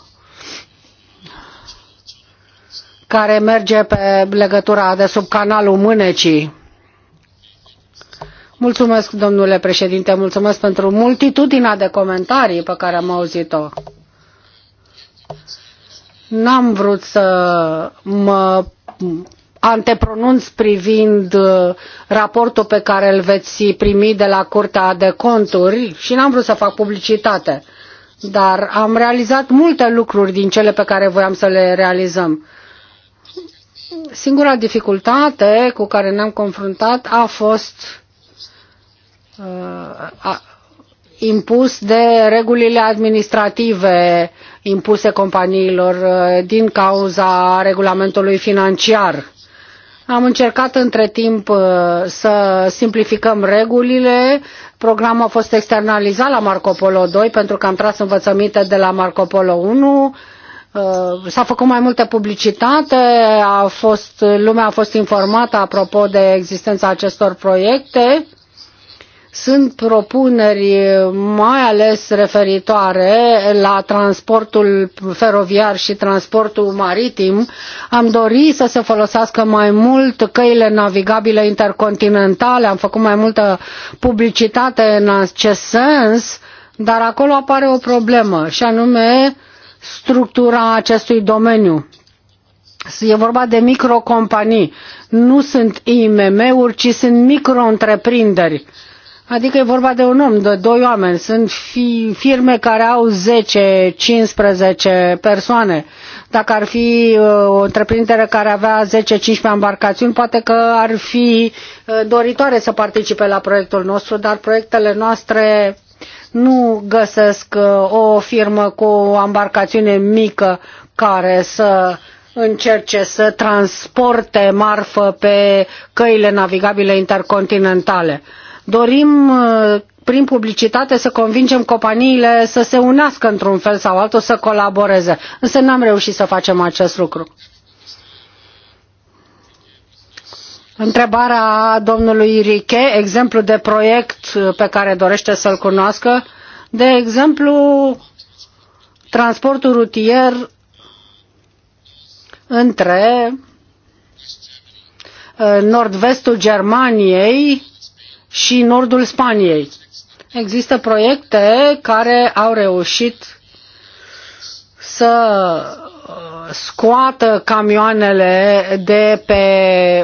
care merge pe legătura de sub canalul Mânecii Mulțumesc, domnule președinte, mulțumesc pentru multitudinea de comentarii pe care am auzit-o. N-am vrut să mă antepronunț privind uh, raportul pe care îl veți primi de la Curtea de Conturi și n-am vrut să fac publicitate, dar am realizat multe lucruri din cele pe care voiam să le realizăm. Singura dificultate cu care ne-am confruntat a fost impus de regulile administrative impuse companiilor uh, din cauza regulamentului financiar. Am încercat între timp uh, să simplificăm regulile. Programul a fost externalizat la Marco Polo 2 pentru că am tras învățăminte de la Marco Polo 1. Uh, s-a făcut mai multă publicitate, a fost, lumea a fost informată apropo de existența acestor proiecte sunt propuneri mai ales referitoare la transportul feroviar și transportul maritim. Am dorit să se folosească mai mult căile navigabile intercontinentale, am făcut mai multă publicitate în acest sens, dar acolo apare o problemă și anume structura acestui domeniu. E vorba de microcompanii. Nu sunt IMM-uri, ci sunt micro-întreprinderi Adică e vorba de un om, de doi oameni. Sunt fi, firme care au 10-15 persoane. Dacă ar fi uh, o întreprindere care avea 10-15 embarcațiuni, poate că ar fi uh, doritoare să participe la proiectul nostru, dar proiectele noastre nu găsesc uh, o firmă cu o embarcațiune mică care să încerce să transporte marfă pe căile navigabile intercontinentale dorim uh, prin publicitate să convingem companiile să se unească într-un fel sau altul, să colaboreze. Însă n-am reușit să facem acest lucru. Întrebarea domnului Riche, exemplu de proiect pe care dorește să-l cunoască, de exemplu, transportul rutier între uh, nord-vestul Germaniei și nordul Spaniei. Există proiecte care au reușit să uh, scoată camioanele de pe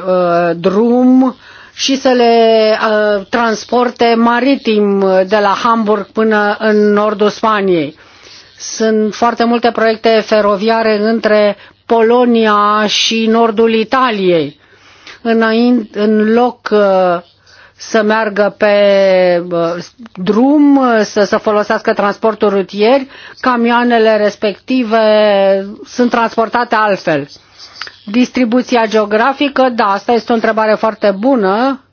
uh, drum și să le uh, transporte maritim de la Hamburg până în nordul Spaniei. Sunt foarte multe proiecte feroviare între Polonia și nordul Italiei. Înainte, în loc uh, să meargă pe drum, să, să folosească transportul rutier, camioanele respective sunt transportate altfel. Distribuția geografică, da, asta este o întrebare foarte bună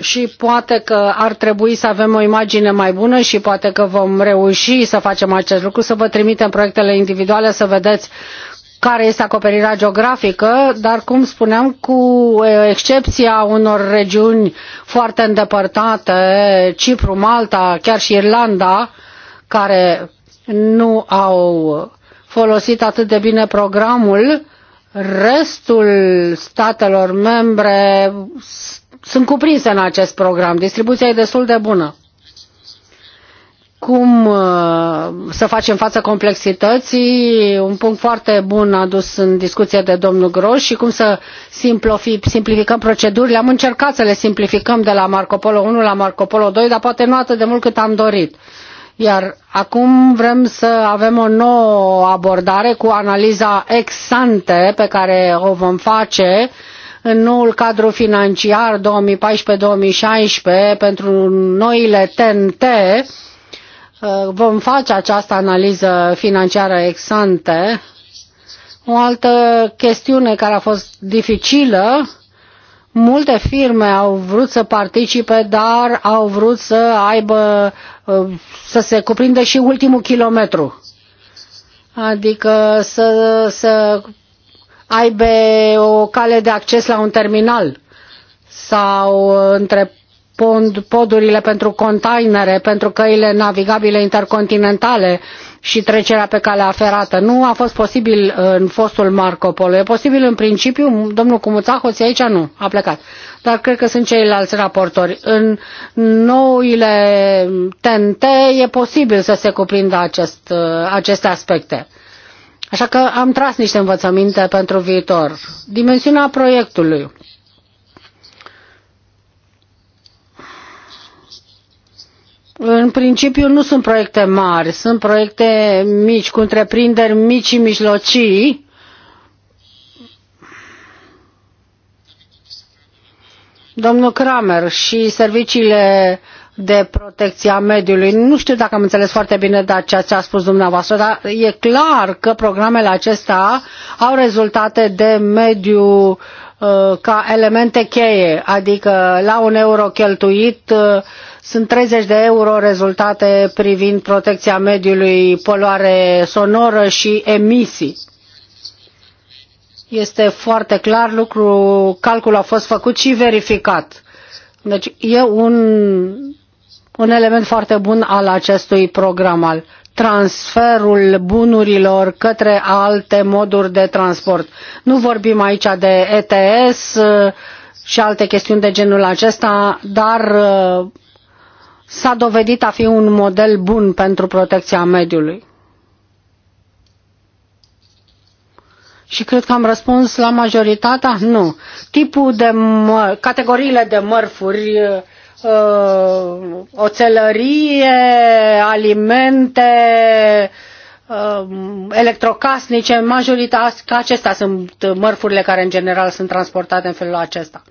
și poate că ar trebui să avem o imagine mai bună și poate că vom reuși să facem acest lucru, să vă trimitem proiectele individuale, să vedeți care este acoperirea geografică, dar, cum spuneam, cu excepția unor regiuni foarte îndepărtate, Cipru, Malta, chiar și Irlanda, care nu au folosit atât de bine programul, restul statelor membre sunt cuprinse în acest program. Distribuția e destul de bună cum uh, să facem față complexității, un punct foarte bun adus în discuție de domnul Groș și cum să simplificăm procedurile. Am încercat să le simplificăm de la Marco Polo 1 la Marco Polo 2, dar poate nu atât de mult cât am dorit. Iar acum vrem să avem o nouă abordare cu analiza ex ante pe care o vom face în noul cadru financiar 2014-2016 pentru noile TNT, Uh, vom face această analiză financiară ex ante. O altă chestiune care a fost dificilă, multe firme au vrut să participe, dar au vrut să aibă, uh, să se cuprindă și ultimul kilometru. Adică să, să aibă o cale de acces la un terminal sau între pond, podurile pentru containere, pentru căile navigabile intercontinentale și trecerea pe calea ferată. Nu a fost posibil uh, în fostul Marco Polo. E posibil în principiu, domnul Cumuțahoț aici nu, a plecat. Dar cred că sunt ceilalți raportori. În noile TNT e posibil să se cuprindă acest, uh, aceste aspecte. Așa că am tras niște învățăminte pentru viitor. Dimensiunea proiectului. În principiu nu sunt proiecte mari, sunt proiecte mici, cu întreprinderi mici și mijlocii. Domnul Kramer și serviciile de protecție a mediului. Nu știu dacă am înțeles foarte bine dar ceea ce a spus dumneavoastră, dar e clar că programele acestea au rezultate de mediu Uh, ca elemente cheie, adică la un euro cheltuit uh, sunt 30 de euro rezultate privind protecția mediului, poluare sonoră și emisii. Este foarte clar lucru, calculul a fost făcut și verificat. Deci e un, un element foarte bun al acestui program, al transferul bunurilor către alte moduri de transport. Nu vorbim aici de ETS uh, și alte chestiuni de genul acesta, dar uh, s-a dovedit a fi un model bun pentru protecția mediului. Și cred că am răspuns la majoritatea? Nu. Tipul de mă, categoriile de mărfuri uh, uh, oțelărie, alimente, uh, electrocasnice, majoritatea acestea sunt mărfurile care în general sunt transportate în felul acesta.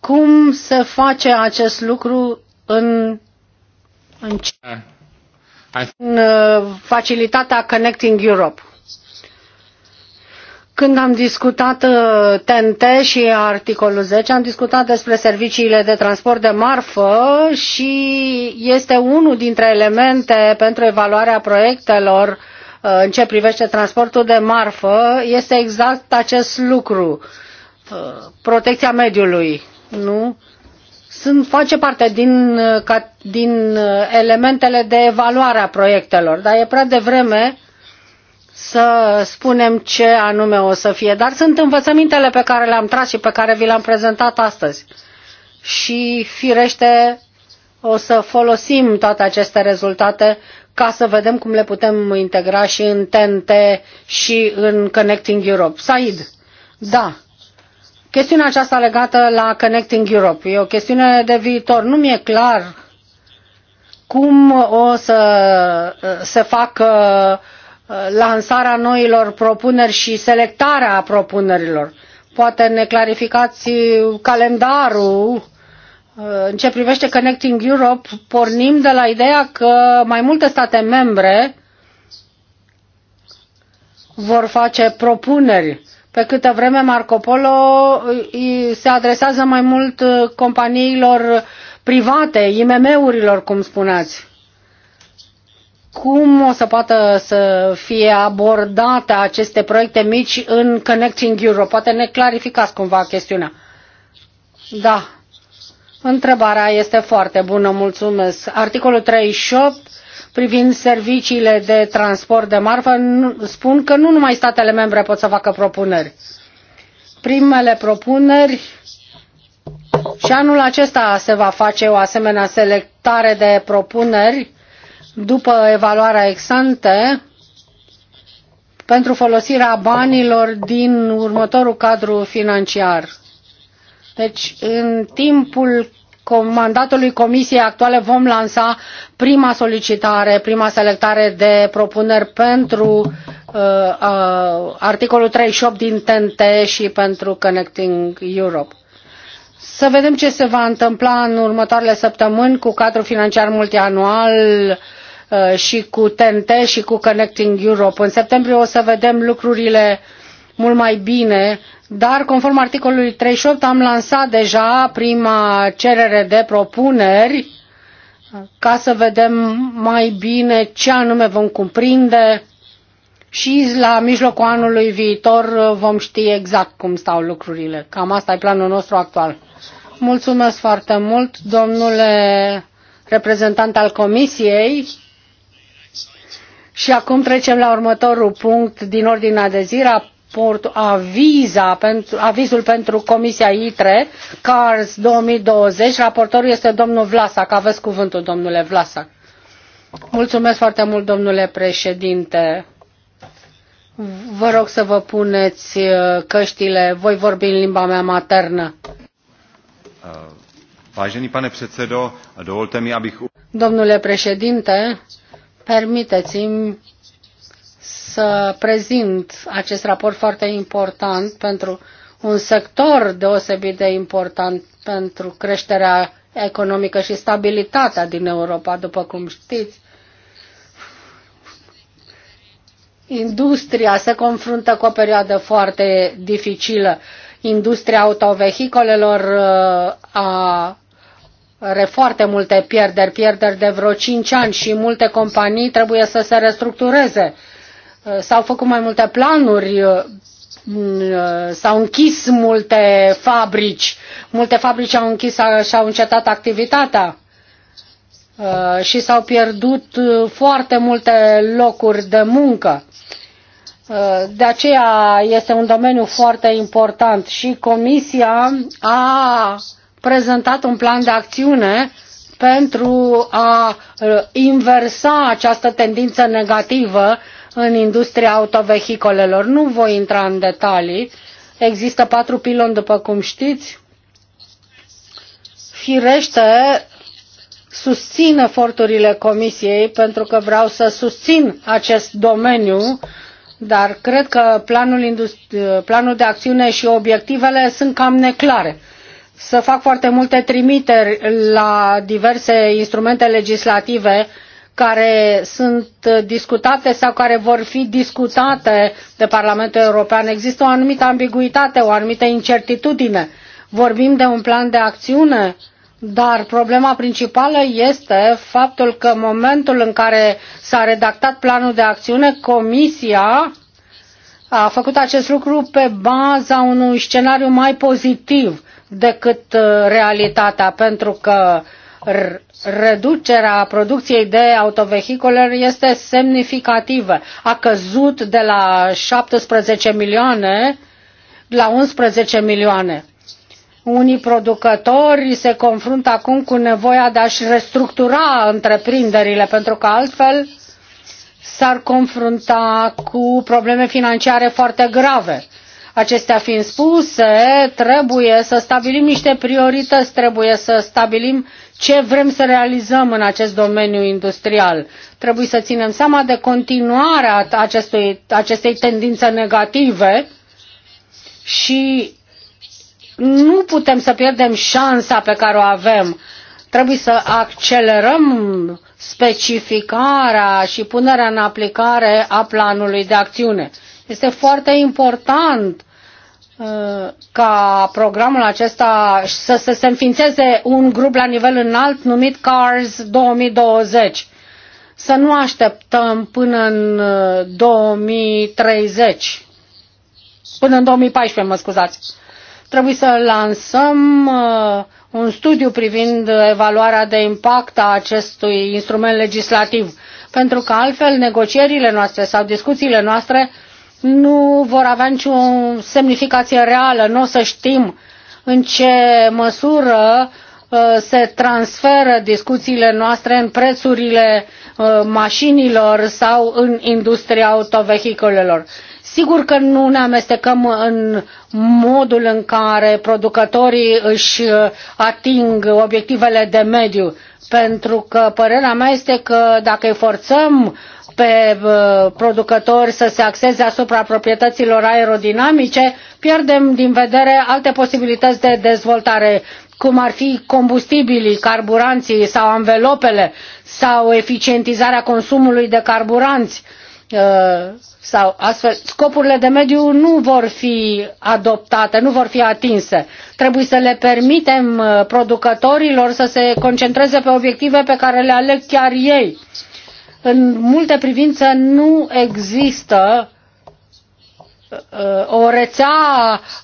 Cum se face acest lucru în, în, ah, în uh, facilitatea Connecting Europe? Când am discutat TNT uh, și articolul 10, am discutat despre serviciile de transport de marfă și este unul dintre elemente pentru evaluarea proiectelor uh, în ce privește transportul de marfă, este exact acest lucru, uh, protecția mediului, nu? Sunt, face parte din, ca, din elementele de evaluare a proiectelor, dar e prea devreme să spunem ce anume o să fie, dar sunt învățămintele pe care le-am tras și pe care vi le-am prezentat astăzi. Și firește o să folosim toate aceste rezultate ca să vedem cum le putem integra și în TNT și în Connecting Europe. Said, da, chestiunea aceasta legată la Connecting Europe e o chestiune de viitor. Nu mi-e clar cum o să se facă uh, Uh, lansarea noilor propuneri și selectarea propunerilor. Poate ne clarificați calendarul uh, în ce privește Connecting Europe, pornim de la ideea că mai multe state membre vor face propuneri. Pe câtă vreme Marco Polo uh, se adresează mai mult companiilor private, IMM-urilor, cum spuneați cum o să poată să fie abordate aceste proiecte mici în Connecting Europe? Poate ne clarificați cumva chestiunea. Da. Întrebarea este foarte bună, mulțumesc. Articolul 38 privind serviciile de transport de marfă spun că nu numai statele membre pot să facă propuneri. Primele propuneri și anul acesta se va face o asemenea selectare de propuneri după evaluarea exante pentru folosirea banilor din următorul cadru financiar. Deci, în timpul mandatului comisiei actuale vom lansa prima solicitare, prima selectare de propuneri pentru uh, uh, articolul 38 din TNT și pentru Connecting Europe. Să vedem ce se va întâmpla în următoarele săptămâni cu cadrul financiar multianual uh, Uh, și cu TNT și cu Connecting Europe. În septembrie o să vedem lucrurile mult mai bine, dar conform articolului 38 am lansat deja prima cerere de propuneri ca să vedem mai bine ce anume vom cuprinde și la mijlocul anului viitor vom ști exact cum stau lucrurile. Cam asta e planul nostru actual. Mulțumesc foarte mult, domnule reprezentant al Comisiei. Și acum trecem la următorul punct din ordinea de zi, raport, aviza, pentru, avizul pentru Comisia ITRE, CARS 2020. Raportorul este domnul Vlasac. Aveți cuvântul, domnule Vlasac. Mulțumesc foarte mult, domnule președinte. Vă rog să vă puneți uh, căștile. Voi vorbi în limba mea maternă. Vážený pane předsedo, dovolte mi, abych... Domnule președinte, Permiteți-mi să prezint acest raport foarte important pentru un sector deosebit de important pentru creșterea economică și stabilitatea din Europa, după cum știți. Industria se confruntă cu o perioadă foarte dificilă. Industria autovehicolelor uh, a are foarte multe pierderi, pierderi de vreo 5 ani și multe companii trebuie să se restructureze. Uh, s-au făcut mai multe planuri, uh, mm, uh, s-au închis multe fabrici, multe fabrici au închis și au încetat activitatea și s-au pierdut foarte multe locuri de muncă. De aceea este un domeniu foarte important și Comisia a prezentat un plan de acțiune pentru a uh, inversa această tendință negativă în industria autovehicolelor. Nu voi intra în detalii. Există patru piloni, după cum știți. Firește, susțin eforturile Comisiei pentru că vreau să susțin acest domeniu, dar cred că planul, planul de acțiune și obiectivele sunt cam neclare să fac foarte multe trimiteri la diverse instrumente legislative care sunt discutate sau care vor fi discutate de Parlamentul European. Există o anumită ambiguitate, o anumită incertitudine. Vorbim de un plan de acțiune, dar problema principală este faptul că în momentul în care s-a redactat planul de acțiune, Comisia a făcut acest lucru pe baza unui scenariu mai pozitiv decât uh, realitatea, pentru că reducerea producției de autovehicule este semnificativă. A căzut de la 17 milioane la 11 milioane. Unii producători se confruntă acum cu nevoia de a-și restructura întreprinderile, pentru că altfel s-ar confrunta cu probleme financiare foarte grave. Acestea fiind spuse, trebuie să stabilim niște priorități, trebuie să stabilim ce vrem să realizăm în acest domeniu industrial. Trebuie să ținem seama de continuarea acestui, acestei tendințe negative și nu putem să pierdem șansa pe care o avem. Trebuie să accelerăm specificarea și punerea în aplicare a planului de acțiune. Este foarte important uh, ca programul acesta să, să se înființeze un grup la nivel înalt numit CARS 2020. Să nu așteptăm până în 2030, uh, până în 2014, mă scuzați. Trebuie să lansăm uh, un studiu privind evaluarea de impact a acestui instrument legislativ, pentru că altfel negocierile noastre sau discuțiile noastre uh, nu vor avea nicio semnificație reală, nu o să știm în ce măsură Uh, se transferă discuțiile noastre în prețurile uh, mașinilor sau în industria autovehiculelor. Sigur că nu ne amestecăm în modul în care producătorii își uh, ating obiectivele de mediu, pentru că părerea mea este că dacă îi forțăm pe producători să se axeze asupra proprietăților aerodinamice, pierdem din vedere alte posibilități de dezvoltare cum ar fi combustibilii, carburanții sau anvelopele sau eficientizarea consumului de carburanți uh, sau astfel, scopurile de mediu nu vor fi adoptate, nu vor fi atinse. Trebuie să le permitem uh, producătorilor să se concentreze pe obiective pe care le aleg chiar ei. În multe privințe nu există o rețea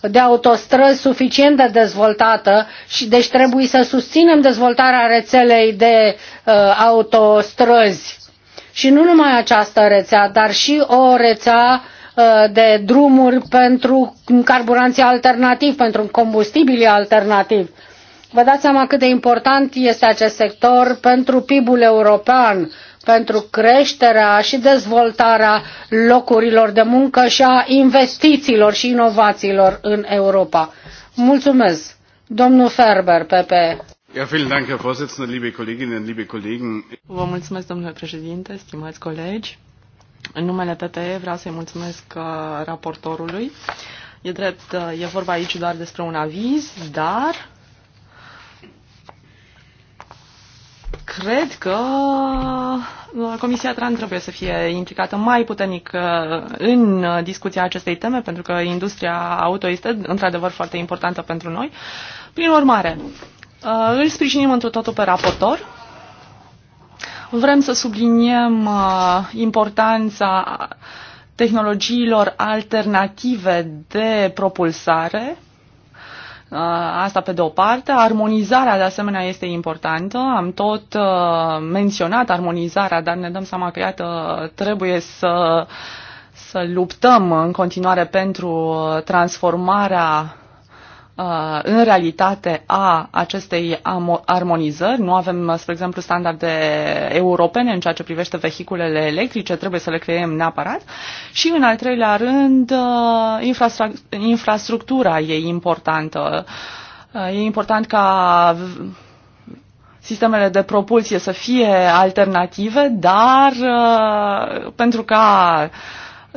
de autostrăzi suficient de dezvoltată și deci trebuie să susținem dezvoltarea rețelei de uh, autostrăzi. Și nu numai această rețea, dar și o rețea uh, de drumuri pentru carburanții alternativi, pentru combustibili alternativi. Vă dați seama cât de important este acest sector pentru PIB-ul european, pentru creșterea și dezvoltarea locurilor de muncă și a investițiilor și inovațiilor în Europa. Mulțumesc. Domnul Ferber, Kollegen. Vă mulțumesc, domnule președinte, stimați colegi. În numele PPE vreau să-i mulțumesc uh, raportorului. E drept, uh, e vorba aici doar despre un aviz, dar cred că uh, Comisia Tran trebuie să fie implicată mai puternic uh, în uh, discuția acestei teme, pentru că industria auto este într-adevăr foarte importantă pentru noi. Prin urmare, îl sprijinim într totul pe raportor. Vrem să subliniem importanța tehnologiilor alternative de propulsare Uh, asta pe de o parte. Armonizarea de asemenea este importantă. Am tot uh, menționat armonizarea, dar ne dăm seama că, iată, trebuie să, să luptăm în continuare pentru uh, transformarea Uh, în realitate a acestei armonizări. Nu avem, uh, spre exemplu, standarde europene în ceea ce privește vehiculele electrice, trebuie să le creăm neapărat. Și, în al treilea rând, uh, infrastructura e importantă. E important ca sistemele de propulsie să fie alternative, dar pentru ca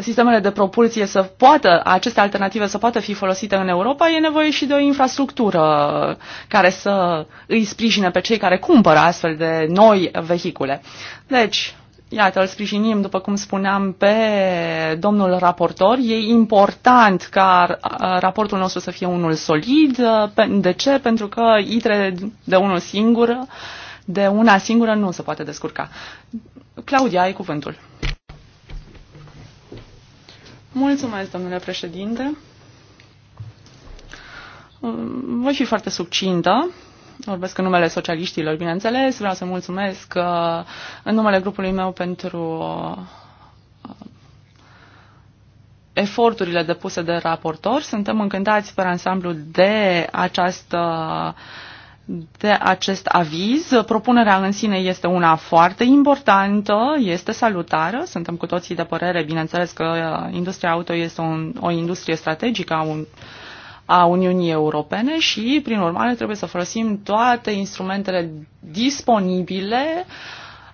sistemele de propulsie să poată, aceste alternative să poată fi folosite în Europa, e nevoie și de o infrastructură care să îi sprijine pe cei care cumpără astfel de noi vehicule. Deci, Iată, îl sprijinim, după cum spuneam, pe domnul raportor. E important ca raportul nostru să fie unul solid. De ce? Pentru că ITRE de unul singur, de una singură, nu se poate descurca. Claudia, ai cuvântul. Mulțumesc, domnule președinte. Voi fi foarte succintă. Vorbesc în numele socialiștilor, bineînțeles. Vreau să mulțumesc uh, în numele grupului meu pentru uh, eforturile depuse de raportor. Suntem încântați pe ansamblu de această de acest aviz. Propunerea în sine este una foarte importantă, este salutară. Suntem cu toții de părere, bineînțeles, că uh, industria auto este un, o industrie strategică a, un, a Uniunii Europene și, prin urmare, trebuie să folosim toate instrumentele disponibile uh,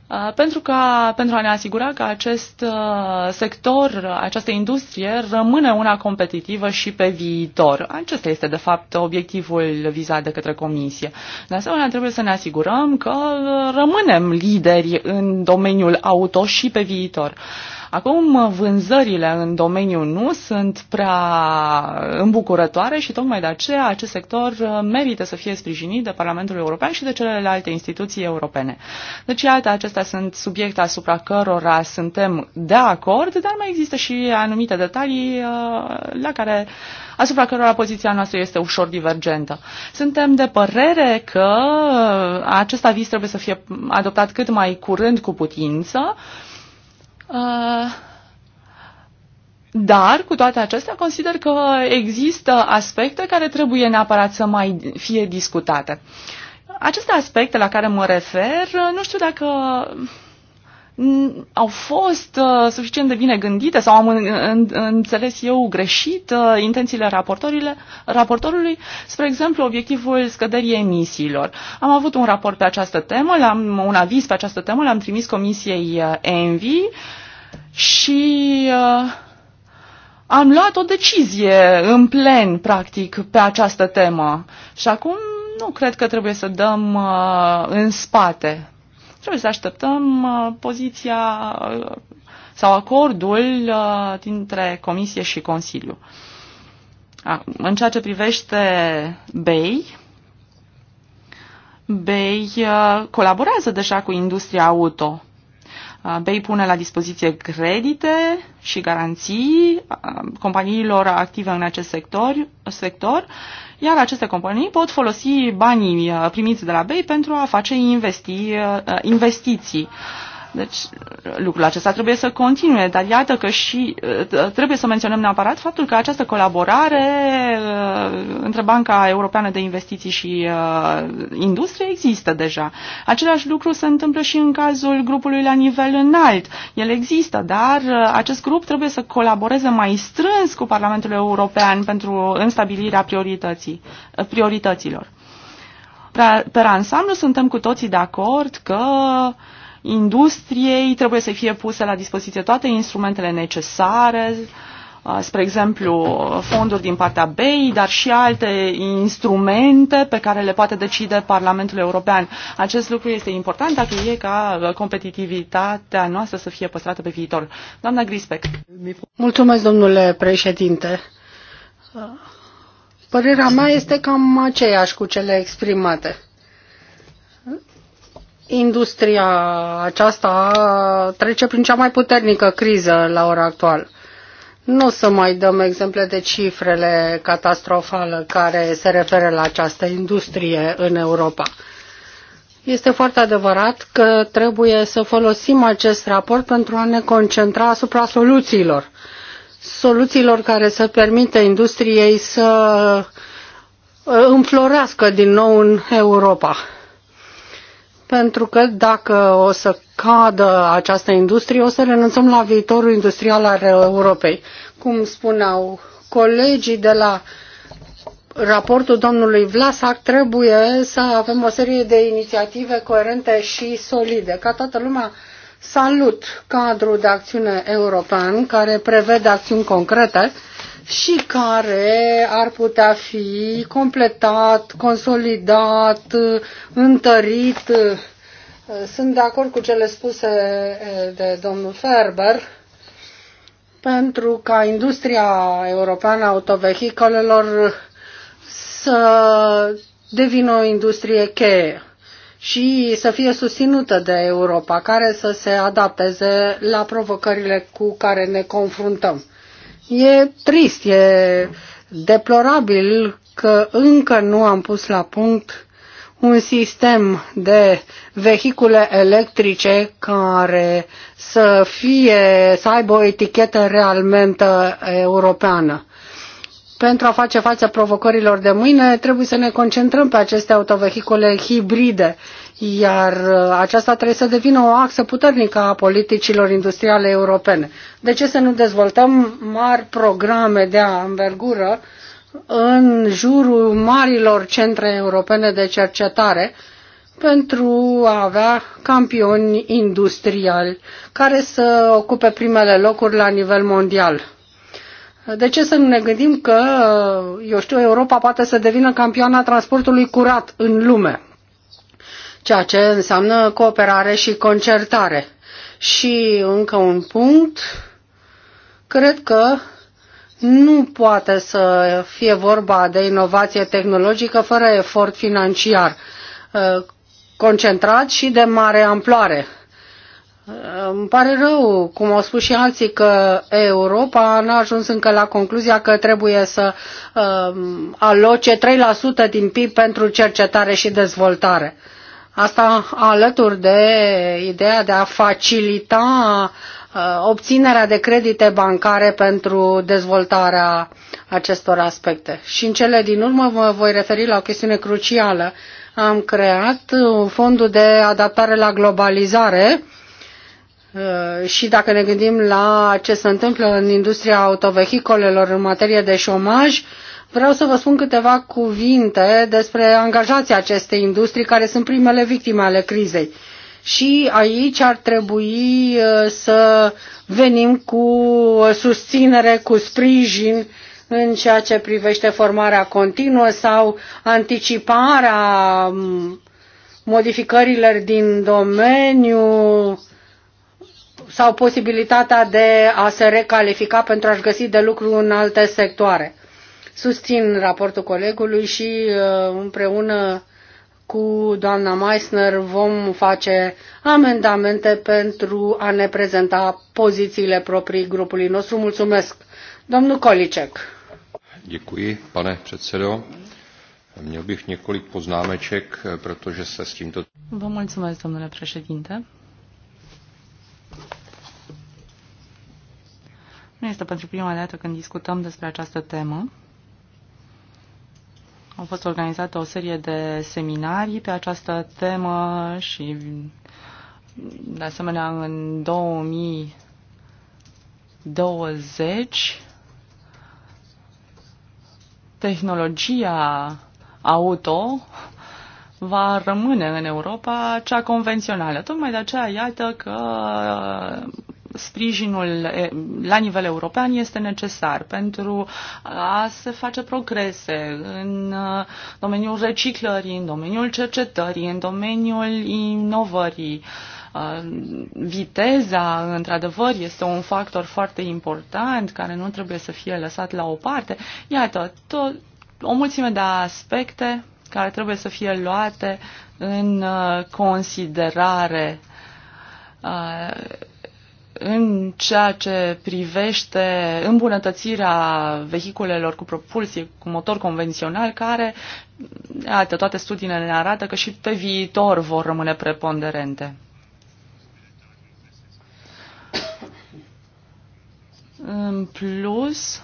Uh, pentru, ca, pentru a ne asigura că acest uh, sector, această industrie rămâne una competitivă și pe viitor. Acesta este, de fapt, obiectivul vizat de către Comisie. De asemenea, trebuie să ne asigurăm că uh, rămânem lideri în domeniul auto și pe viitor. Uh, Acum vânzările în domeniu nu sunt prea îmbucurătoare și tocmai de aceea acest sector uh, merită să fie sprijinit de Parlamentul European și de celelalte instituții europene. Deci, iată, acestea sunt subiecte asupra cărora suntem de acord, dar mai există și anumite detalii uh, la care, asupra cărora poziția noastră este ușor divergentă. Suntem de părere că uh, acest aviz trebuie să fie adoptat cât mai curând cu putință, Uh, dar, cu toate acestea, consider că există aspecte care trebuie neapărat să mai fie discutate. Aceste aspecte la care mă refer, nu știu dacă au fost uh, suficient de bine gândite sau am în, în, înțeles eu greșit uh, intențiile raportorului, spre exemplu, obiectivul scăderii emisiilor. Am avut un raport pe această temă, am un aviz pe această temă, l-am trimis Comisiei uh, ENVI și uh, am luat o decizie în plen, practic, pe această temă. Și acum nu cred că trebuie să dăm uh, în spate Trebuie să așteptăm uh, poziția uh, sau acordul uh, dintre Comisie și Consiliu. În ceea ce privește BEI, BEI colaborează deja cu industria auto. BEI pune la dispoziție credite și garanții companiilor active în acest sector, sector iar aceste companii pot folosi banii uh, primiți de la BEI pentru a face investi, uh, uh, investiții. Deci lucrul acesta trebuie să continue, dar iată că și ă, trebuie să menționăm neapărat faptul că această colaborare ă, între Banca Europeană de Investiții și ă, Industrie există deja. Același lucru se întâmplă și în cazul grupului la nivel înalt. El există, dar acest grup trebuie să colaboreze mai strâns cu Parlamentul European pentru înstabilirea priorității, priorităților. Pe ansamblu suntem cu toții de acord că uh, industriei trebuie să fie puse la dispoziție toate instrumentele necesare, spre exemplu fonduri din partea BEI, dar și alte instrumente pe care le poate decide Parlamentul European. Acest lucru este important dacă e ca competitivitatea noastră să fie păstrată pe viitor. Doamna Grisbeck. Mulțumesc, domnule președinte. Părerea mea este cam aceeași cu cele exprimate industria aceasta trece prin cea mai puternică criză la ora actuală. Nu o să mai dăm exemple de cifrele catastrofale care se referă la această industrie în Europa. Este foarte adevărat că trebuie să folosim acest raport pentru a ne concentra asupra soluțiilor. Soluțiilor care să permită industriei să uh, înflorească din nou în Europa pentru că dacă o să cadă această industrie, o să renunțăm la viitorul industrial al Europei. Cum spuneau colegii de la raportul domnului Vlasac, trebuie să avem o serie de inițiative coerente și solide. Ca toată lumea, salut cadrul de acțiune european care prevede acțiuni concrete și care ar putea fi completat, consolidat, întărit. Sunt de acord cu cele spuse de domnul Ferber pentru ca industria europeană a autovehicolelor să devină o industrie cheie și să fie susținută de Europa, care să se adapteze la provocările cu care ne confruntăm. E trist, e deplorabil că încă nu am pus la punct un sistem de vehicule electrice care să fie, să aibă o etichetă realmente europeană. Pentru a face față provocărilor de mâine, trebuie să ne concentrăm pe aceste autovehicule hibride iar uh, aceasta trebuie să devină o axă puternică a politicilor industriale europene. De ce să nu dezvoltăm mari programe de anvergură în jurul marilor centre europene de cercetare pentru a avea campioni industriali care să ocupe primele locuri la nivel mondial? De ce să nu ne gândim că, eu știu, Europa poate să devină campioana transportului curat în lume? ceea ce înseamnă cooperare și concertare. Și încă un punct, cred că nu poate să fie vorba de inovație tehnologică fără efort financiar uh, concentrat și de mare amploare. Uh, îmi pare rău, cum au spus și alții, că Europa n-a ajuns încă la concluzia că trebuie să uh, aloce 3% din PIB pentru cercetare și dezvoltare. Uh, Asta alături de ideea de a facilita uh, obținerea de credite bancare pentru dezvoltarea acestor aspecte. Și în cele din urmă mă voi referi la o chestiune crucială. Am creat fondul de adaptare la globalizare uh, și dacă ne gândim la ce se întâmplă în industria autovehicolelor în materie de șomaj, Vreau să vă spun câteva cuvinte despre angajații acestei industrii care sunt primele victime ale crizei. Și aici ar trebui uh, să venim cu susținere, cu sprijin în ceea ce privește formarea continuă sau anticiparea um, modificărilor din domeniu sau posibilitatea de a se recalifica pentru a-și găsi de lucru în alte sectoare. Susțin raportul colegului și uh, împreună cu doamna Meissner vom face amendamente pentru a ne prezenta pozițiile proprii grupului nostru. Mulțumesc. Domnul Kolicek. Děkuji, pane předsedo. Měl bych několik poznámeček, eh, protože se s tímto... Vám mulțumesc, domnule președinte. Nu este pentru prima dată când discutăm despre această temă. Au fost organizate o serie de seminarii pe această temă și, de asemenea, în 2020 tehnologia auto va rămâne în Europa cea convențională. Tocmai de aceea, iată că sprijinul la nivel european este necesar pentru a se face progrese în uh, domeniul reciclării, în domeniul cercetării, în domeniul inovării. Uh, viteza, într-adevăr, este un factor foarte important care nu trebuie să fie lăsat la o parte. Iată, tot, o mulțime de aspecte care trebuie să fie luate în uh, considerare în ceea ce privește îmbunătățirea vehiculelor cu propulsie, cu motor convențional, care, iată, toate studiile ne arată că și pe viitor vor rămâne preponderente. În plus,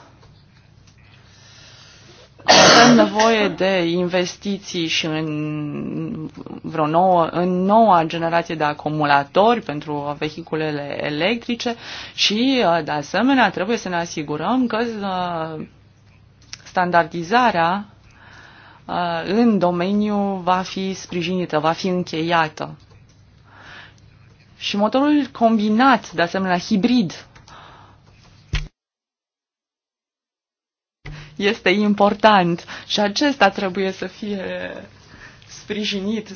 avem nevoie de investiții și în vreo nouă, în noua generație de acumulatori pentru vehiculele electrice și, de asemenea, trebuie să ne asigurăm că uh, standardizarea uh, în domeniu va fi sprijinită, va fi încheiată. Și motorul combinat, de asemenea hibrid, este important și acesta trebuie să fie sprijinit.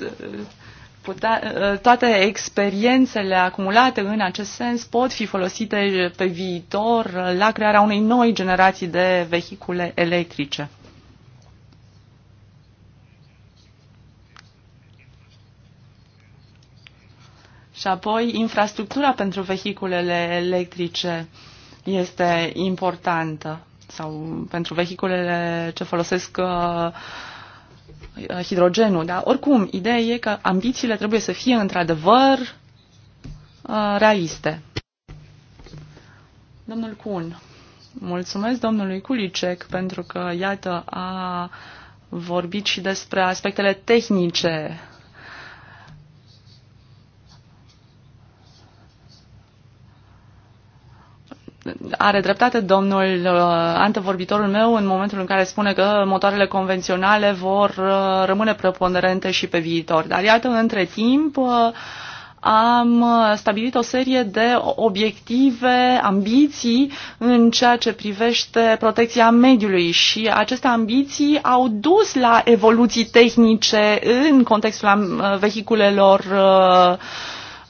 Putea, toate experiențele acumulate în acest sens pot fi folosite pe viitor la crearea unei noi generații de vehicule electrice. Și apoi infrastructura pentru vehiculele electrice este importantă sau pentru vehiculele ce folosesc uh, uh, hidrogenul. Dar oricum, ideea e că ambițiile trebuie să fie într-adevăr uh, realiste. Domnul Kuhn, mulțumesc domnului Kulicek pentru că, iată, a vorbit și despre aspectele tehnice are dreptate domnul uh, antevorbitorul meu în momentul în care spune că motoarele convenționale vor uh, rămâne preponderente și pe viitor. Dar iată, între timp uh, am stabilit o serie de obiective, ambiții în ceea ce privește protecția mediului și aceste ambiții au dus la evoluții tehnice în contextul vehiculelor uh,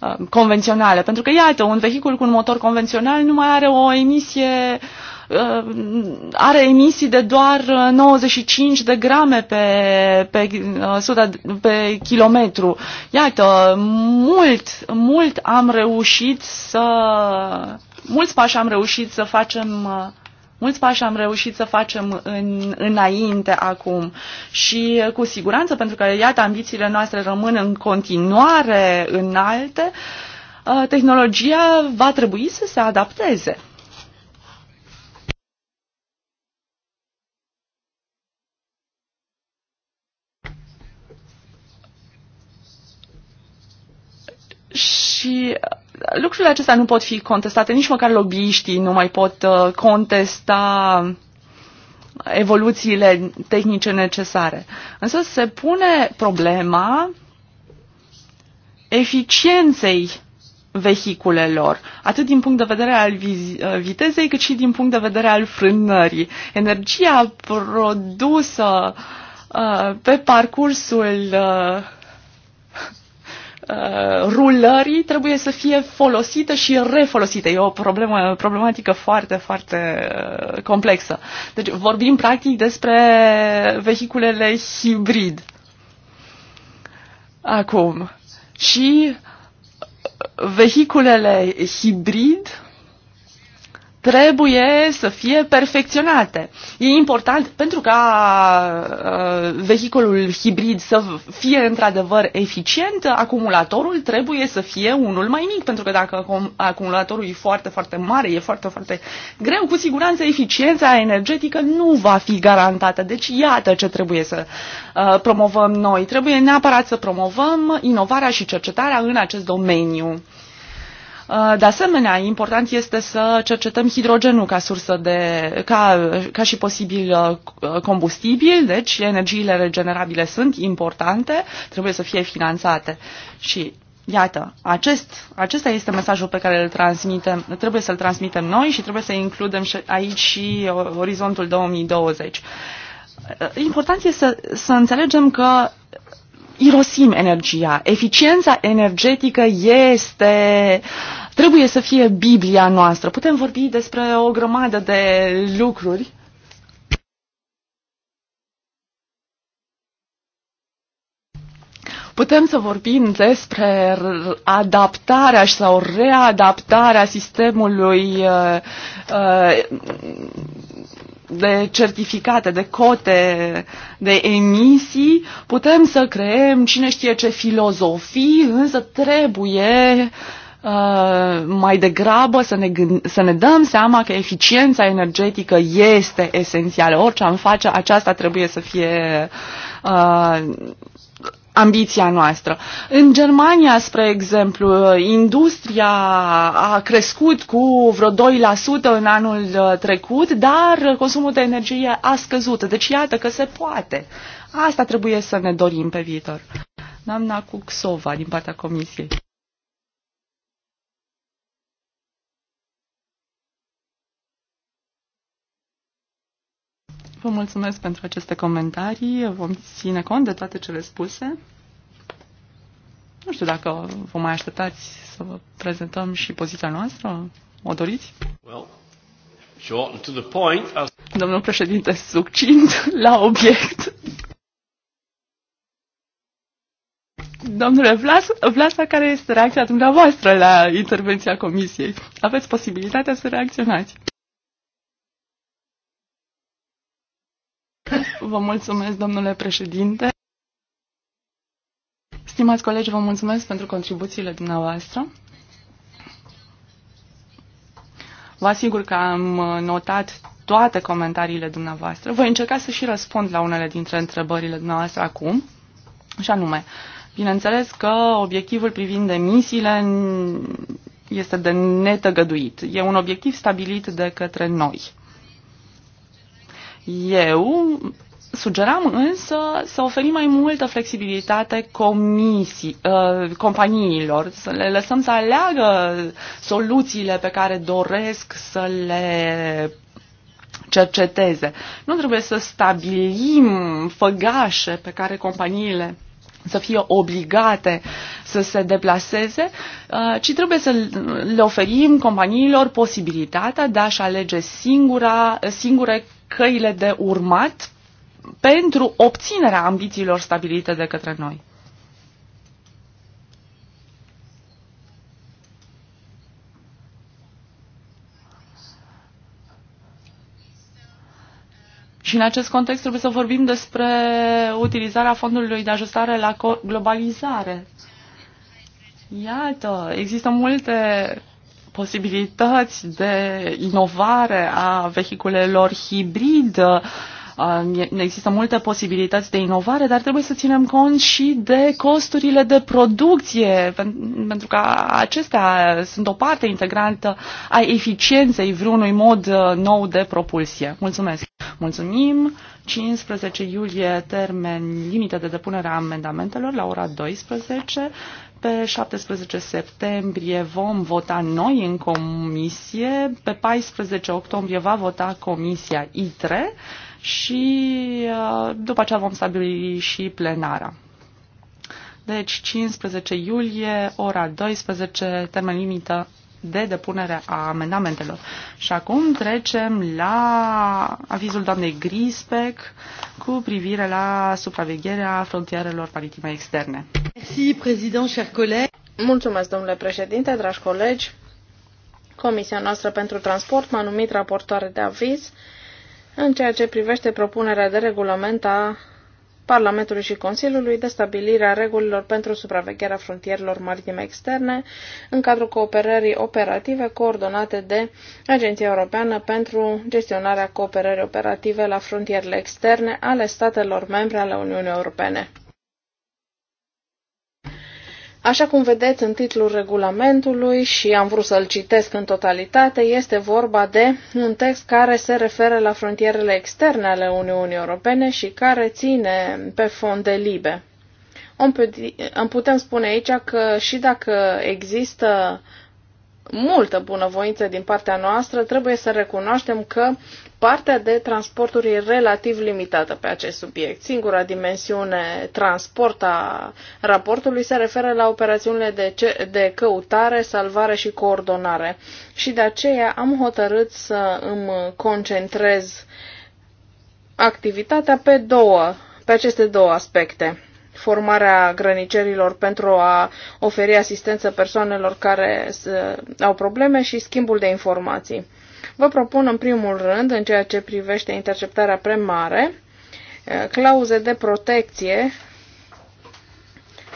Uh, convenționale. Pentru că, iată, un vehicul cu un motor convențional nu mai are o emisie uh, are emisii de doar 95 uh, de grame pe, pe, pe kilometru. Iată, mult, mult am reușit să... Mulți pași am reușit să facem Mulți pași am reușit să facem în, înainte acum și cu siguranță, pentru că, iată, ambițiile noastre rămân în continuare înalte, uh, tehnologia va trebui să se adapteze. Și uh, lucrurile acestea nu pot fi contestate, nici măcar lobbyiștii nu mai pot uh, contesta evoluțiile tehnice necesare. Însă se pune problema eficienței vehiculelor, atât din punct de vedere al uh, vitezei, cât și din punct de vedere al frânării. Energia produsă uh, pe parcursul uh, Uh, rulării trebuie să fie folosită și refolosită. E o problemă, problematică foarte, foarte uh, complexă. Deci vorbim practic despre vehiculele hibrid. Acum. Și vehiculele hibrid trebuie să fie perfecționate. E important pentru ca uh, vehiculul hibrid să fie într-adevăr eficient, acumulatorul trebuie să fie unul mai mic, pentru că dacă acumulatorul e foarte, foarte mare, e foarte, foarte greu, cu siguranță eficiența energetică nu va fi garantată. Deci iată ce trebuie să uh, promovăm noi. Trebuie neapărat să promovăm inovarea și cercetarea în acest domeniu. Uh, de asemenea, important este să cercetăm hidrogenul ca sursă de, ca, ca și posibil uh, combustibil, deci energiile regenerabile sunt importante, trebuie să fie finanțate. Și Iată, acest, acesta este mesajul pe care îl transmitem, trebuie să-l transmitem noi și trebuie să includem și aici și uh, orizontul 2020. Important este să, să înțelegem că irosim energia. Eficiența energetică este, trebuie să fie Biblia noastră. Putem vorbi despre o grămadă de lucruri. Putem să vorbim despre adaptarea sau readaptarea sistemului uh, uh, de certificate, de cote, de emisii, putem să creem, cine știe ce filozofii, însă trebuie uh, mai degrabă să ne, să ne dăm seama că eficiența energetică este esențială. Orice am face, aceasta trebuie să fie uh, ambiția noastră. În Germania, spre exemplu, industria a crescut cu vreo 2% în anul uh, trecut, dar consumul de energie a scăzut. Deci iată că se poate. Asta trebuie să ne dorim pe viitor. Doamna Cuxova, din partea Comisiei. Vă mulțumesc pentru aceste comentarii. Vom ține cont de toate cele spuse. Nu știu dacă vă mai așteptați să vă prezentăm și poziția noastră. O doriți? Well, short and to the point, as... Domnul președinte, succint la obiect. Domnule Vlas, Vlasa, care este reacția dumneavoastră la intervenția comisiei? Aveți posibilitatea să reacționați. Vă mulțumesc, domnule președinte. Stimați colegi, vă mulțumesc pentru contribuțiile dumneavoastră. Vă asigur că am notat toate comentariile dumneavoastră. Voi încerca să și răspund la unele dintre întrebările dumneavoastră acum, și anume, bineînțeles că obiectivul privind emisiile este de netăgăduit. E un obiectiv stabilit de către noi. Eu sugeram însă să oferim mai multă flexibilitate comisii, uh, companiilor, să le lăsăm să aleagă soluțiile pe care doresc să le cerceteze. Nu trebuie să stabilim făgașe pe care companiile să fie obligate să se deplaseze, uh, ci trebuie să le oferim companiilor posibilitatea de a-și alege singura, singure căile de urmat pentru obținerea ambițiilor stabilite de către noi. Și în acest context trebuie să vorbim despre utilizarea fondului de ajustare la globalizare. Iată, există multe posibilități de inovare a vehiculelor hibrid. Uh, există multe posibilități de inovare, dar trebuie să ținem cont și de costurile de producție, pentru că acestea sunt o parte integrantă a eficienței vreunui mod uh, nou de propulsie. Mulțumesc! Mulțumim! 15 iulie termen limită de depunere a amendamentelor la ora 12. Pe 17 septembrie vom vota noi în comisie, pe 14 octombrie va vota comisia ITRE și uh, după aceea vom stabili și plenara. Deci 15 iulie, ora 12, termen limită de depunere a amendamentelor. Și acum trecem la avizul doamnei Grispec cu privire la supravegherea frontierelor maritime externe. Merci, président, cher collègues. Mulțumesc, domnule președinte, dragi colegi. Comisia noastră pentru transport m-a numit raportoare de aviz în ceea ce privește propunerea de regulament a Parlamentului și Consiliului de stabilire a regulilor pentru supravegherea frontierelor maritime externe în cadrul cooperării operative coordonate de Agenția Europeană pentru gestionarea cooperării operative la frontierele externe ale statelor membre ale Uniunii Europene. Așa cum vedeți în titlul regulamentului și am vrut să-l citesc în totalitate, este vorba de un text care se referă la frontierele externe ale Uniunii Europene și care ține pe fond de libe. Îmi putem spune aici că și dacă există multă bunăvoință din partea noastră, trebuie să recunoaștem că Partea de transporturi e relativ limitată pe acest subiect. Singura dimensiune transport a raportului se referă la operațiunile de, ce- de căutare, salvare și coordonare. Și de aceea am hotărât să îmi concentrez activitatea pe două, pe aceste două aspecte formarea grănicerilor pentru a oferi asistență persoanelor care au probleme și schimbul de informații. Vă propun în primul rând, în ceea ce privește interceptarea premare, clauze de protecție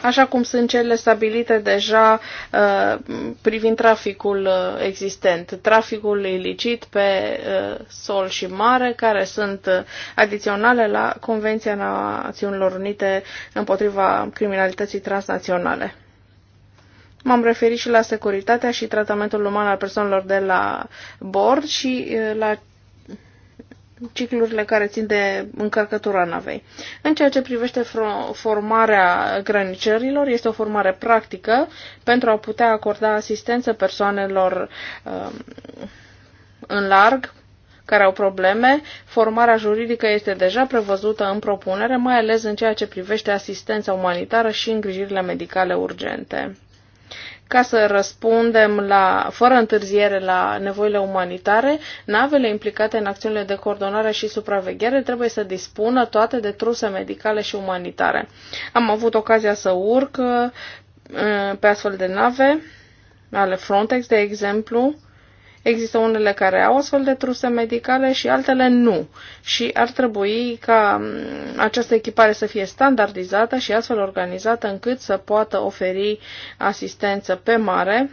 așa cum sunt cele stabilite deja uh, privind traficul uh, existent, traficul ilicit pe uh, sol și mare, care sunt uh, adiționale la Convenția Națiunilor Unite împotriva criminalității transnaționale. M-am referit și la securitatea și tratamentul uman al persoanelor de la bord și la ciclurile care țin de încărcătura navei. În ceea ce privește formarea granicerilor, este o formare practică pentru a putea acorda asistență persoanelor um, în larg care au probleme. Formarea juridică este deja prevăzută în propunere, mai ales în ceea ce privește asistența umanitară și îngrijirile medicale urgente ca să răspundem la, fără întârziere la nevoile umanitare, navele implicate în acțiunile de coordonare și supraveghere trebuie să dispună toate de truse medicale și umanitare. Am avut ocazia să urc uh, pe astfel de nave, ale Frontex, de exemplu, Există unele care au astfel de truse medicale și altele nu. Și ar trebui ca mm, această echipare să fie standardizată și astfel organizată încât să poată oferi asistență pe mare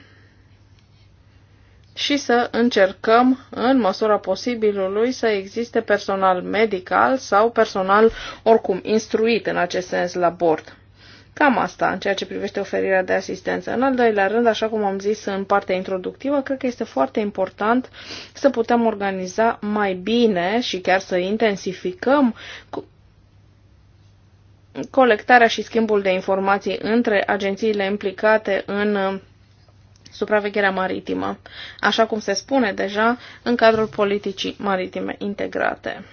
și să încercăm, în măsura posibilului, să existe personal medical sau personal oricum instruit în acest sens la bord. Cam asta în ceea ce privește oferirea de asistență. În al doilea rând, așa cum am zis în partea introductivă, cred că este foarte important să putem organiza mai bine și chiar să intensificăm colectarea și schimbul de informații între agențiile implicate în uh, supravegherea maritimă, așa cum se spune deja în cadrul politicii maritime integrate.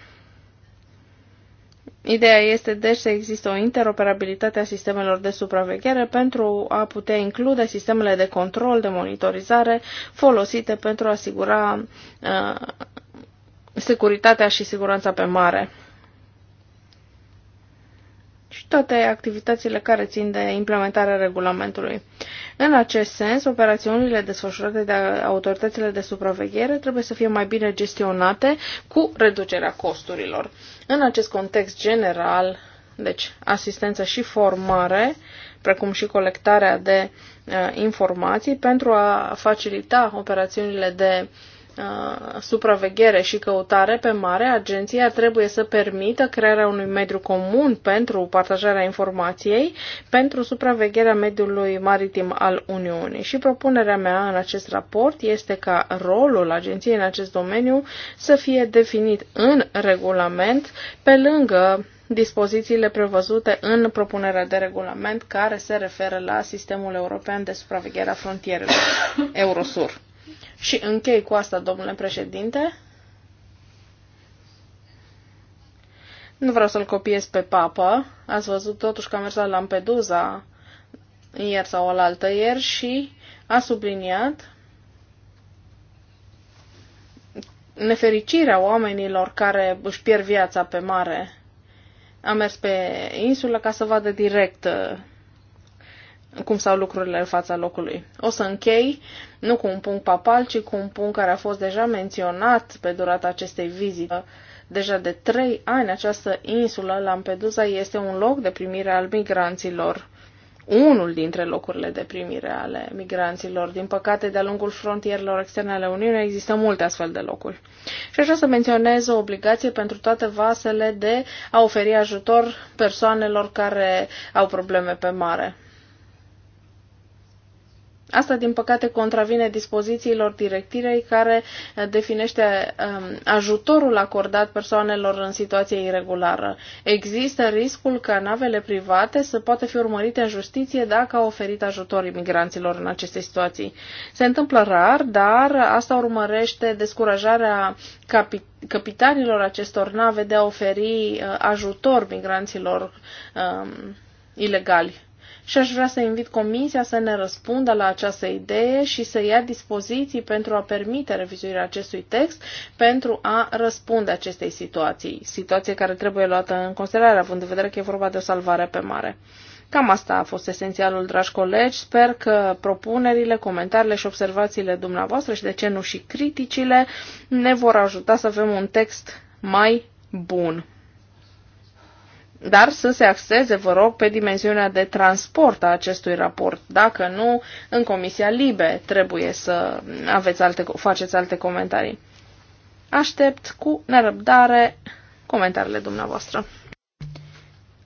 Ideea este deci să există o interoperabilitate a sistemelor de supraveghere pentru a putea include sistemele de control, de monitorizare folosite pentru a asigura uh, securitatea și siguranța pe mare și toate activitățile care țin de implementarea regulamentului. În acest sens, operațiunile desfășurate de autoritățile de supraveghere trebuie să fie mai bine gestionate cu reducerea costurilor. În acest context general, deci asistență și formare, precum și colectarea de uh, informații pentru a facilita operațiunile de uh, Uh, supraveghere și căutare pe mare, agenția trebuie să permită crearea unui mediu comun pentru partajarea informației, pentru supravegherea mediului maritim al Uniunii. Și propunerea mea în acest raport este ca rolul agenției în acest domeniu să fie definit în regulament, pe lângă dispozițiile prevăzute în propunerea de regulament care se referă la sistemul european de supraveghere a frontierelor Eurosur. Și închei cu asta, domnule președinte. Nu vreau să-l copiez pe papă. Ați văzut totuși că am mers la Lampedusa ieri sau olaltă ieri și a subliniat nefericirea oamenilor care își pierd viața pe mare. A mers pe insulă ca să vadă direct cum stau lucrurile în fața locului. O să închei, nu cu un punct papal, ci cu un punct care a fost deja menționat pe durata acestei vizite. Deja de trei ani această insulă, Lampedusa, este un loc de primire al migranților unul dintre locurile de primire ale migranților. Din păcate, de-a lungul frontierelor externe ale Uniunii există multe astfel de locuri. Și așa să menționez o obligație pentru toate vasele de a oferi ajutor persoanelor care au probleme pe mare. Asta, din păcate, contravine dispozițiilor directivei care uh, definește um, ajutorul acordat persoanelor în situație irregulară. Există riscul ca navele private să poată fi urmărite în justiție dacă au oferit ajutor imigranților în aceste situații. Se întâmplă rar, dar asta urmărește descurajarea capitalului capitanilor acestor nave de a oferi uh, ajutor migranților um, ilegali și aș vrea să invit Comisia să ne răspundă la această idee și să ia dispoziții pentru a permite revizuirea acestui text pentru a răspunde acestei situații, situație care trebuie luată în considerare, având în vedere că e vorba de o salvare pe mare. Cam asta a fost esențialul, dragi colegi. Sper că propunerile, comentariile și observațiile dumneavoastră și de ce nu și criticile ne vor ajuta să avem un text mai bun dar să se axeze, vă rog, pe dimensiunea de transport a acestui raport. Dacă nu, în Comisia Libe trebuie să aveți alte, faceți alte comentarii. Aștept cu nerăbdare comentariile dumneavoastră.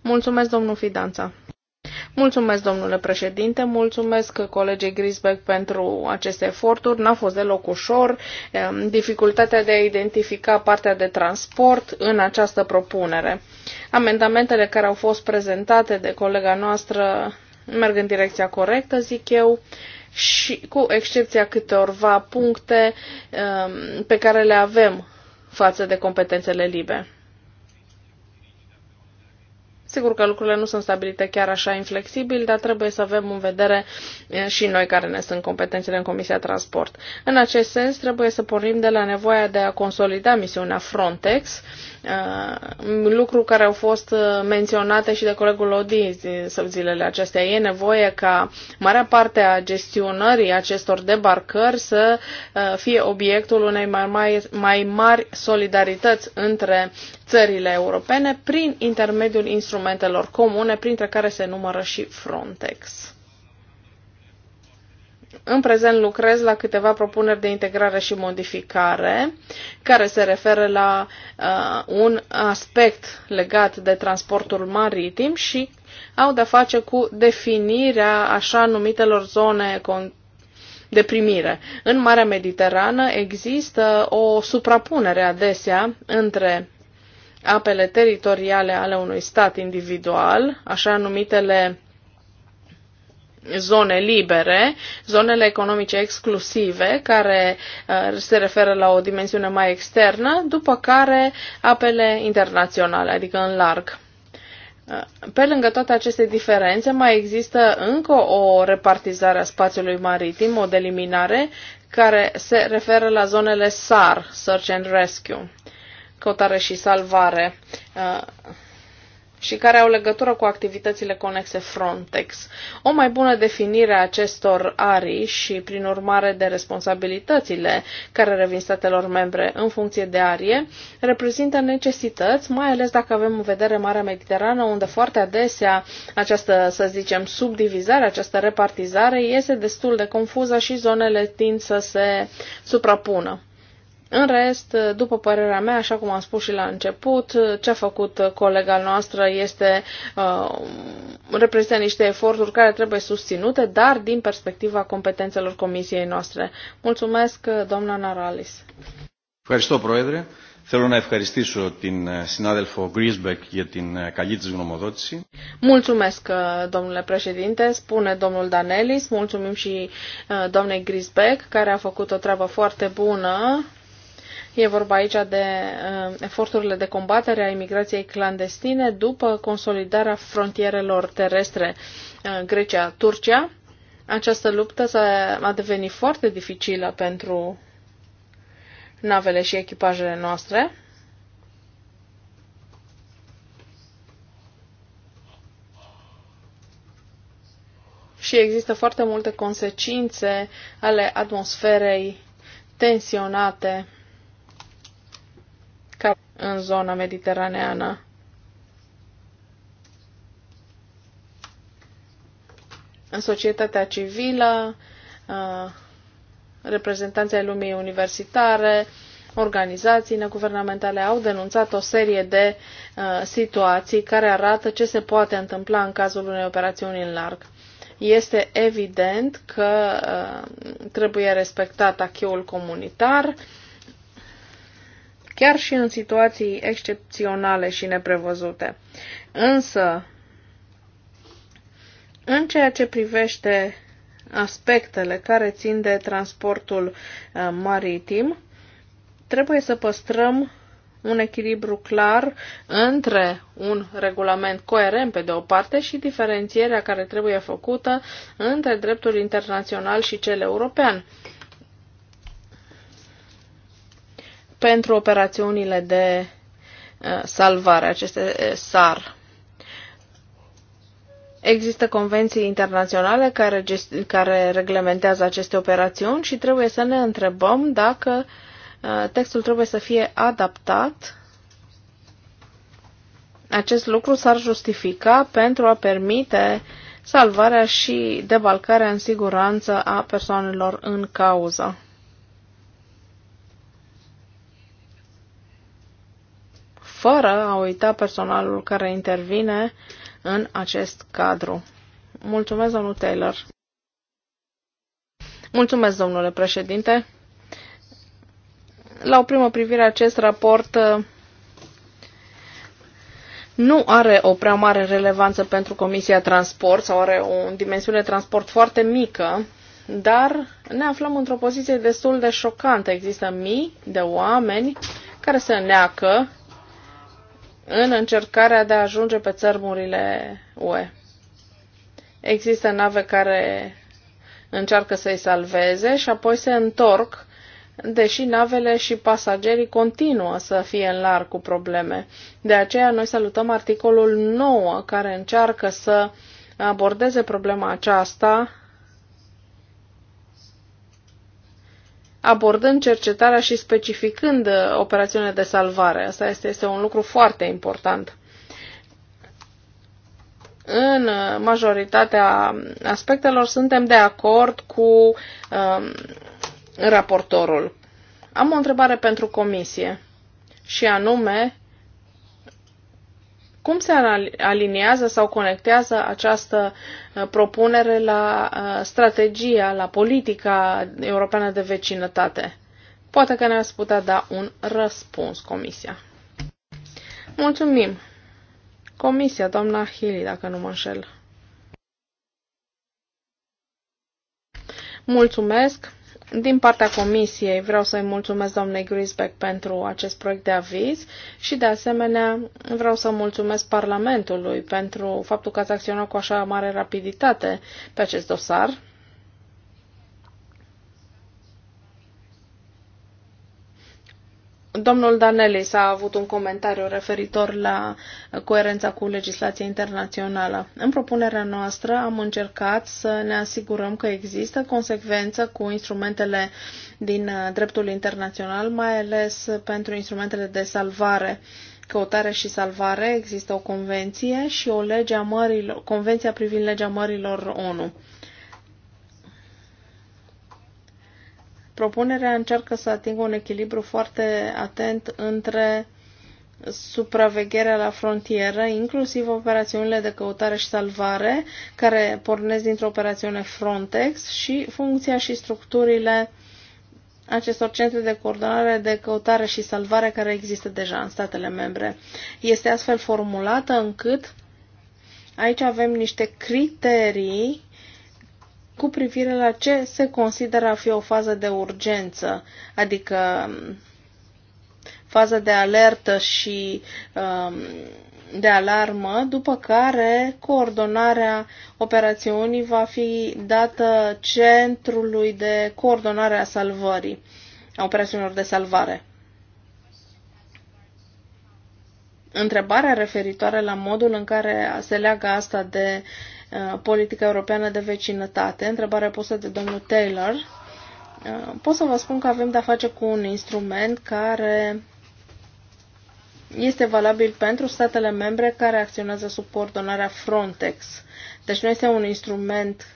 Mulțumesc, domnul Fidanța. Mulțumesc, domnule președinte, mulțumesc colegii Grisbeck pentru aceste eforturi. N-a fost deloc ușor. Ehm, dificultatea de a identifica partea de transport în această propunere. Amendamentele care au fost prezentate de colega noastră merg în direcția corectă, zic eu, și cu excepția câtorva puncte um, pe care le avem față de competențele libe. Sigur că lucrurile nu sunt stabilite chiar așa inflexibil, dar trebuie să avem în vedere eh, și noi care ne sunt competențele în Comisia Transport. În acest sens, trebuie să pornim de la nevoia de a consolida misiunea Frontex, eh, lucru care au fost eh, menționate și de colegul Odi zilele acestea. E nevoie ca marea parte a gestionării acestor debarcări să fie obiectul unei mai mai mari solidarități între țările europene prin intermediul instrumentelor comune, printre care se numără și Frontex. În prezent lucrez la câteva propuneri de integrare și modificare care se referă la uh, un aspect legat de transportul maritim și au de-a face cu definirea așa numitelor zone de primire. În Marea Mediterană există o suprapunere adesea între apele teritoriale ale unui stat individual, așa numitele zone libere, zonele economice exclusive, care uh, se referă la o dimensiune mai externă, după care apele internaționale, adică în larg. Uh, pe lângă toate aceste diferențe, mai există încă o repartizare a spațiului maritim, o deliminare, care se referă la zonele SAR, Search and Rescue căutare și salvare uh, și care au legătură cu activitățile conexe Frontex. O mai bună definire a acestor arii și, prin urmare, de responsabilitățile care revin statelor membre în funcție de arie, reprezintă necesități, mai ales dacă avem în vedere Marea Mediterană, unde foarte adesea această, să zicem, subdivizare, această repartizare iese destul de confuză și zonele tind să se suprapună. În rest, după părerea mea, așa cum am spus și la început, ce a făcut colega noastră este uh, reprezintă niște eforturi care trebuie susținute, dar din perspectiva competențelor comisiei noastre. Mulțumesc, doamna Naralis. Ευχαριστώ, Πρόεδρε. Θέλω να ευχαριστήσω την συνάδελφο Γκρίσμπεκ για την καλή της γνωμοδότηση. Mulțumesc, δόμνουλε președinte, spune domnul Danelis. Mulțumim și Γκρίσμπεκ, Grisbeck, care a făcut o treabă foarte bună E vorba aici de uh, eforturile de combatere a imigrației clandestine după consolidarea frontierelor terestre uh, Grecia-Turcia. Această luptă a, a devenit foarte dificilă pentru navele și echipajele noastre. și există foarte multe consecințe ale atmosferei tensionate în zona mediteraneană. În societatea civilă, reprezentanții ai lumii universitare, organizații neguvernamentale au denunțat o serie de situații care arată ce se poate întâmpla în cazul unei operațiuni în larg. Este evident că trebuie respectat acheul comunitar, chiar și în situații excepționale și neprevăzute. Însă, în ceea ce privește aspectele care țin de transportul uh, maritim, trebuie să păstrăm un echilibru clar între un regulament coerent pe de o parte și diferențierea care trebuie făcută între dreptul internațional și cel european. pentru operațiunile de uh, salvare, aceste uh, SAR. Există convenții internaționale care, care reglementează aceste operațiuni și trebuie să ne întrebăm dacă uh, textul trebuie să fie adaptat. Acest lucru s-ar justifica pentru a permite salvarea și debalcarea în siguranță a persoanelor în cauză. fără a uita personalul care intervine în acest cadru. Mulțumesc, domnul Taylor. Mulțumesc, domnule președinte. La o primă privire, acest raport uh, nu are o prea mare relevanță pentru Comisia Transport sau are o dimensiune de transport foarte mică, dar ne aflăm într-o poziție destul de șocantă. Există mii de oameni care se neacă în încercarea de a ajunge pe țărmurile UE. Există nave care încearcă să-i salveze și apoi se întorc, deși navele și pasagerii continuă să fie în larg cu probleme. De aceea noi salutăm articolul 9 care încearcă să abordeze problema aceasta abordând cercetarea și specificând uh, operațiunile de salvare. Asta este, este un lucru foarte important. În uh, majoritatea aspectelor suntem de acord cu um, raportorul. Am o întrebare pentru comisie și anume cum se aliniază sau conectează această uh, propunere la uh, strategia, la politica europeană de vecinătate? Poate că ne-ați putea da un răspuns, Comisia. Mulțumim! Comisia, doamna Hili, dacă nu mă înșel. Mulțumesc! Din partea comisiei vreau să-i mulțumesc domnului Grisbeck pentru acest proiect de aviz și de asemenea vreau să mulțumesc Parlamentului pentru faptul că ați acționat cu așa mare rapiditate pe acest dosar. Domnul Danelli s-a avut un comentariu referitor la coerența cu legislația internațională. În propunerea noastră am încercat să ne asigurăm că există consecvență cu instrumentele din uh, dreptul internațional, mai ales pentru instrumentele de salvare căutare și salvare, există o convenție și o lege a mărilor, convenția privind legea mărilor ONU. Propunerea încearcă să atingă un echilibru foarte atent între supravegherea la frontieră, inclusiv operațiunile de căutare și salvare, care pornesc dintr-o operațiune Frontex și funcția și structurile acestor centre de coordonare de căutare și salvare care există deja în statele membre. Este astfel formulată încât aici avem niște criterii cu privire la ce se consideră a fi o fază de urgență, adică um, fază de alertă și um, de alarmă, după care coordonarea operațiunii va fi dată Centrului de Coordonare a Salvării, a operațiunilor de salvare. Întrebarea referitoare la modul în care se leagă asta de Uh, politică europeană de vecinătate, întrebarea pusă de domnul Taylor, uh, pot să vă spun că avem de-a face cu un instrument care este valabil pentru statele membre care acționează sub coordonarea Frontex. Deci nu este un instrument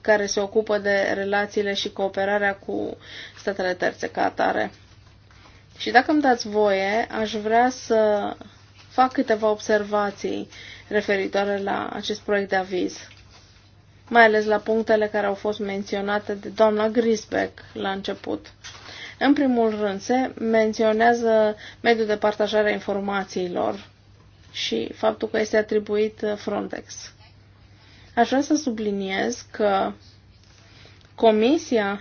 care se ocupă de relațiile și cooperarea cu statele terțe ca atare. Și dacă îmi dați voie, aș vrea să fac câteva observații referitoare la acest proiect de aviz, mai ales la punctele care au fost menționate de doamna Grisbeck la început. În primul rând, se menționează mediul de partajare a informațiilor și faptul că este atribuit Frontex. Aș vrea să subliniez că Comisia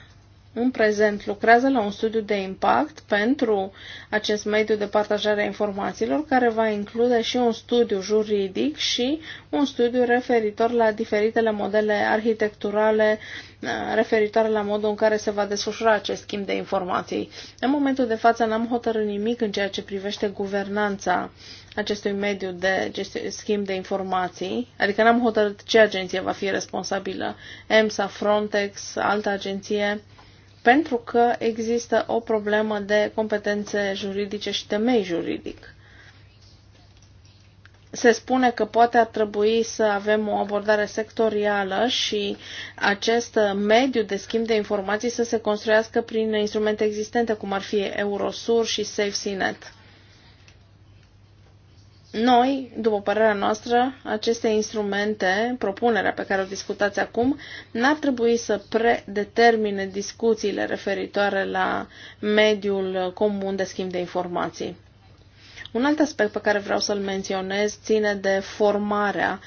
în prezent lucrează la un studiu de impact pentru acest mediu de partajare a informațiilor, care va include și un studiu juridic și un studiu referitor la diferitele modele arhitecturale, uh, referitoare la modul în care se va desfășura acest schimb de informații. În momentul de față n-am hotărât nimic în ceea ce privește guvernanța acestui mediu de schimb de informații, adică n-am hotărât ce agenție va fi responsabilă, EMSA, Frontex, altă agenție pentru că există o problemă de competențe juridice și temei juridic. Se spune că poate ar trebui să avem o abordare sectorială și acest mediu de schimb de informații să se construiască prin instrumente existente, cum ar fi Eurosur și SafeSeaNet. Noi, după părerea noastră, aceste instrumente, propunerea pe care o discutați acum, n-ar trebui să predetermine discuțiile referitoare la mediul comun de schimb de informații. Un alt aspect pe care vreau să-l menționez ține de formarea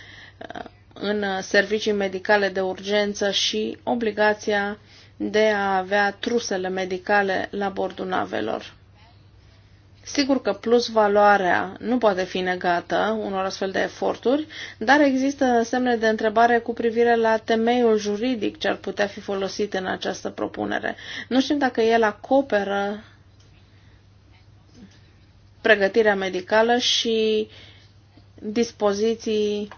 uh, în servicii medicale de urgență și obligația de a avea trusele medicale la bordul navelor. Sigur că plus valoarea nu poate fi negată unor astfel de eforturi, dar există semne de întrebare cu privire la temeiul juridic ce ar putea fi folosit în această propunere. Nu știm dacă el acoperă pregătirea medicală și dispoziții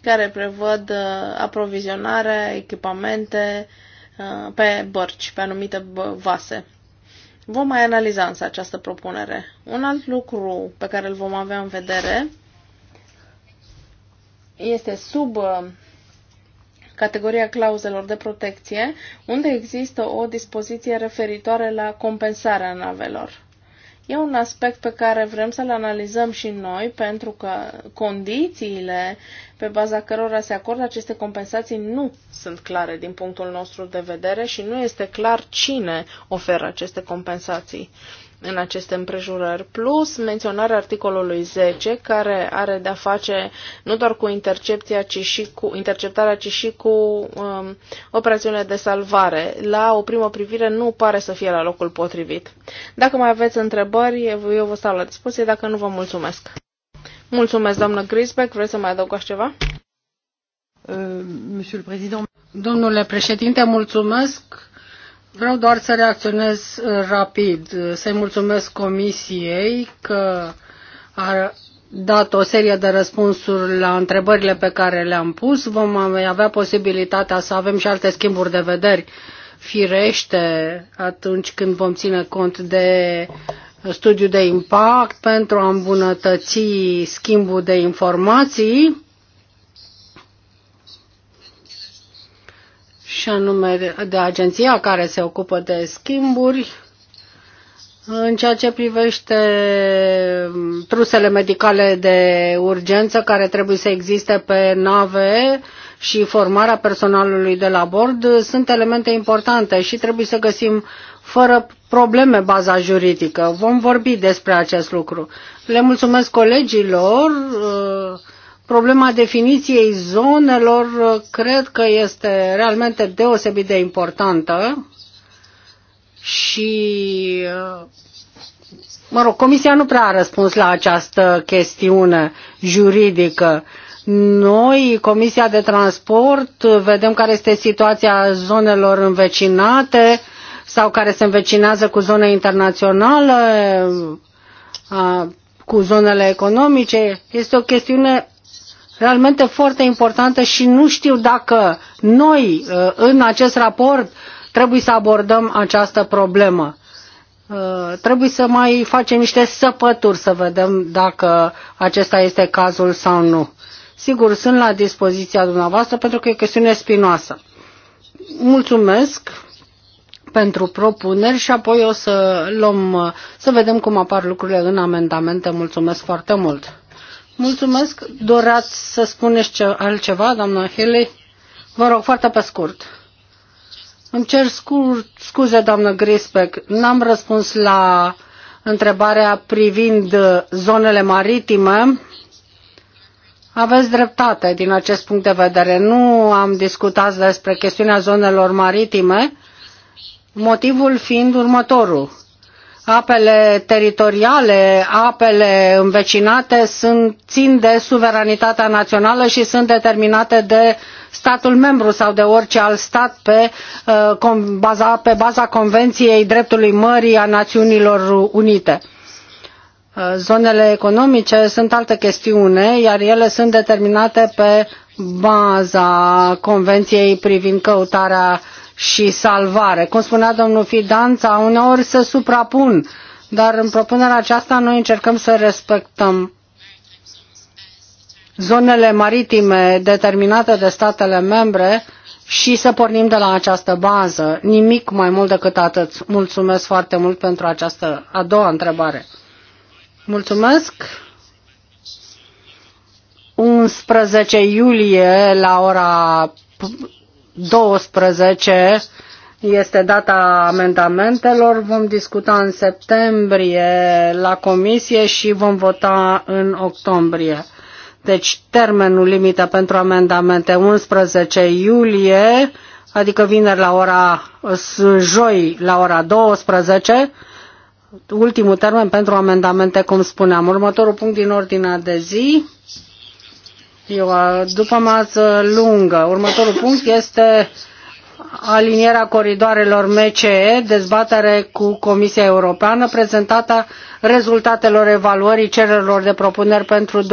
care prevăd uh, aprovizionarea, echipamente uh, pe bărci, pe anumite vase. Vom mai analiza însă această propunere. Un alt lucru pe care îl vom avea în vedere este sub uh, categoria clauzelor de protecție, unde există o dispoziție referitoare la compensarea navelor. E un aspect pe care vrem să-l analizăm și noi, pentru că condițiile pe baza cărora se acordă aceste compensații nu sunt clare din punctul nostru de vedere și nu este clar cine oferă aceste compensații în aceste împrejurări, plus menționarea articolului 10, care are de-a face nu doar cu intercepția, ci și cu interceptarea, ci și cu um, operațiunile de salvare. La o primă privire nu pare să fie la locul potrivit. Dacă mai aveți întrebări, eu vă stau la dispoziție, dacă nu vă mulțumesc. Mulțumesc, doamnă Grisbeck. Vreți să mai adăugați ceva? Uh, Domnule președinte, mulțumesc. Vreau doar să reacționez uh, rapid, uh, să-i mulțumesc comisiei că a dat o serie de răspunsuri la întrebările pe care le-am pus. Vom avea posibilitatea să avem și alte schimburi de vederi firește atunci când vom ține cont de studiu de impact pentru a îmbunătăți schimbul de informații și anume de agenția care se ocupă de schimburi în ceea ce privește trusele medicale de urgență care trebuie să existe pe nave și formarea personalului de la bord sunt elemente importante și trebuie să găsim fără probleme baza juridică. Vom vorbi despre acest lucru. Le mulțumesc colegilor uh, Problema definiției zonelor cred că este realmente deosebit de importantă și, mă rog, Comisia nu prea a răspuns la această chestiune juridică. Noi, Comisia de Transport, vedem care este situația zonelor învecinate sau care se învecinează cu zone internaționale, cu zonele economice. Este o chestiune realmente foarte importantă și nu știu dacă noi uh, în acest raport trebuie să abordăm această problemă. Uh, trebuie să mai facem niște săpături să vedem dacă acesta este cazul sau nu. Sigur, sunt la dispoziția dumneavoastră pentru că e o chestiune spinoasă. Mulțumesc pentru propuneri și apoi o să luăm, uh, să vedem cum apar lucrurile în amendamente. Mulțumesc foarte mult! Mulțumesc. Dorați să spuneți ce, altceva, doamna Hele? Vă rog, foarte pe scurt. Îmi cer scur, scuze, doamnă Grisbeck, n-am răspuns la întrebarea privind zonele maritime. Aveți dreptate din acest punct de vedere. Nu am discutat despre chestiunea zonelor maritime, motivul fiind următorul apele teritoriale, apele învecinate sunt, țin de suveranitatea națională și sunt determinate de statul membru sau de orice alt stat pe, uh, baza, pe baza Convenției Dreptului Mării a Națiunilor Unite. Uh, zonele economice sunt altă chestiune, iar ele sunt determinate pe baza Convenției privind căutarea uh, și salvare. Cum spunea domnul Fidanța, uneori se suprapun, dar în propunerea aceasta noi încercăm să respectăm zonele maritime determinate de statele membre și să pornim de la această bază. Nimic mai mult decât atât. Mulțumesc foarte mult pentru această a doua întrebare. Mulțumesc. 11 iulie la ora 12 este data amendamentelor. Vom discuta în septembrie la comisie și vom vota în octombrie. Deci termenul limită pentru amendamente 11 iulie, adică vineri la ora, joi la ora 12, ultimul termen pentru amendamente, cum spuneam. Următorul punct din ordinea de zi E o după masă lungă. Următorul punct este alinierea coridoarelor MCE, dezbatere cu Comisia Europeană, prezentată rezultatelor evaluării cererilor de propuneri pentru 2012-2013.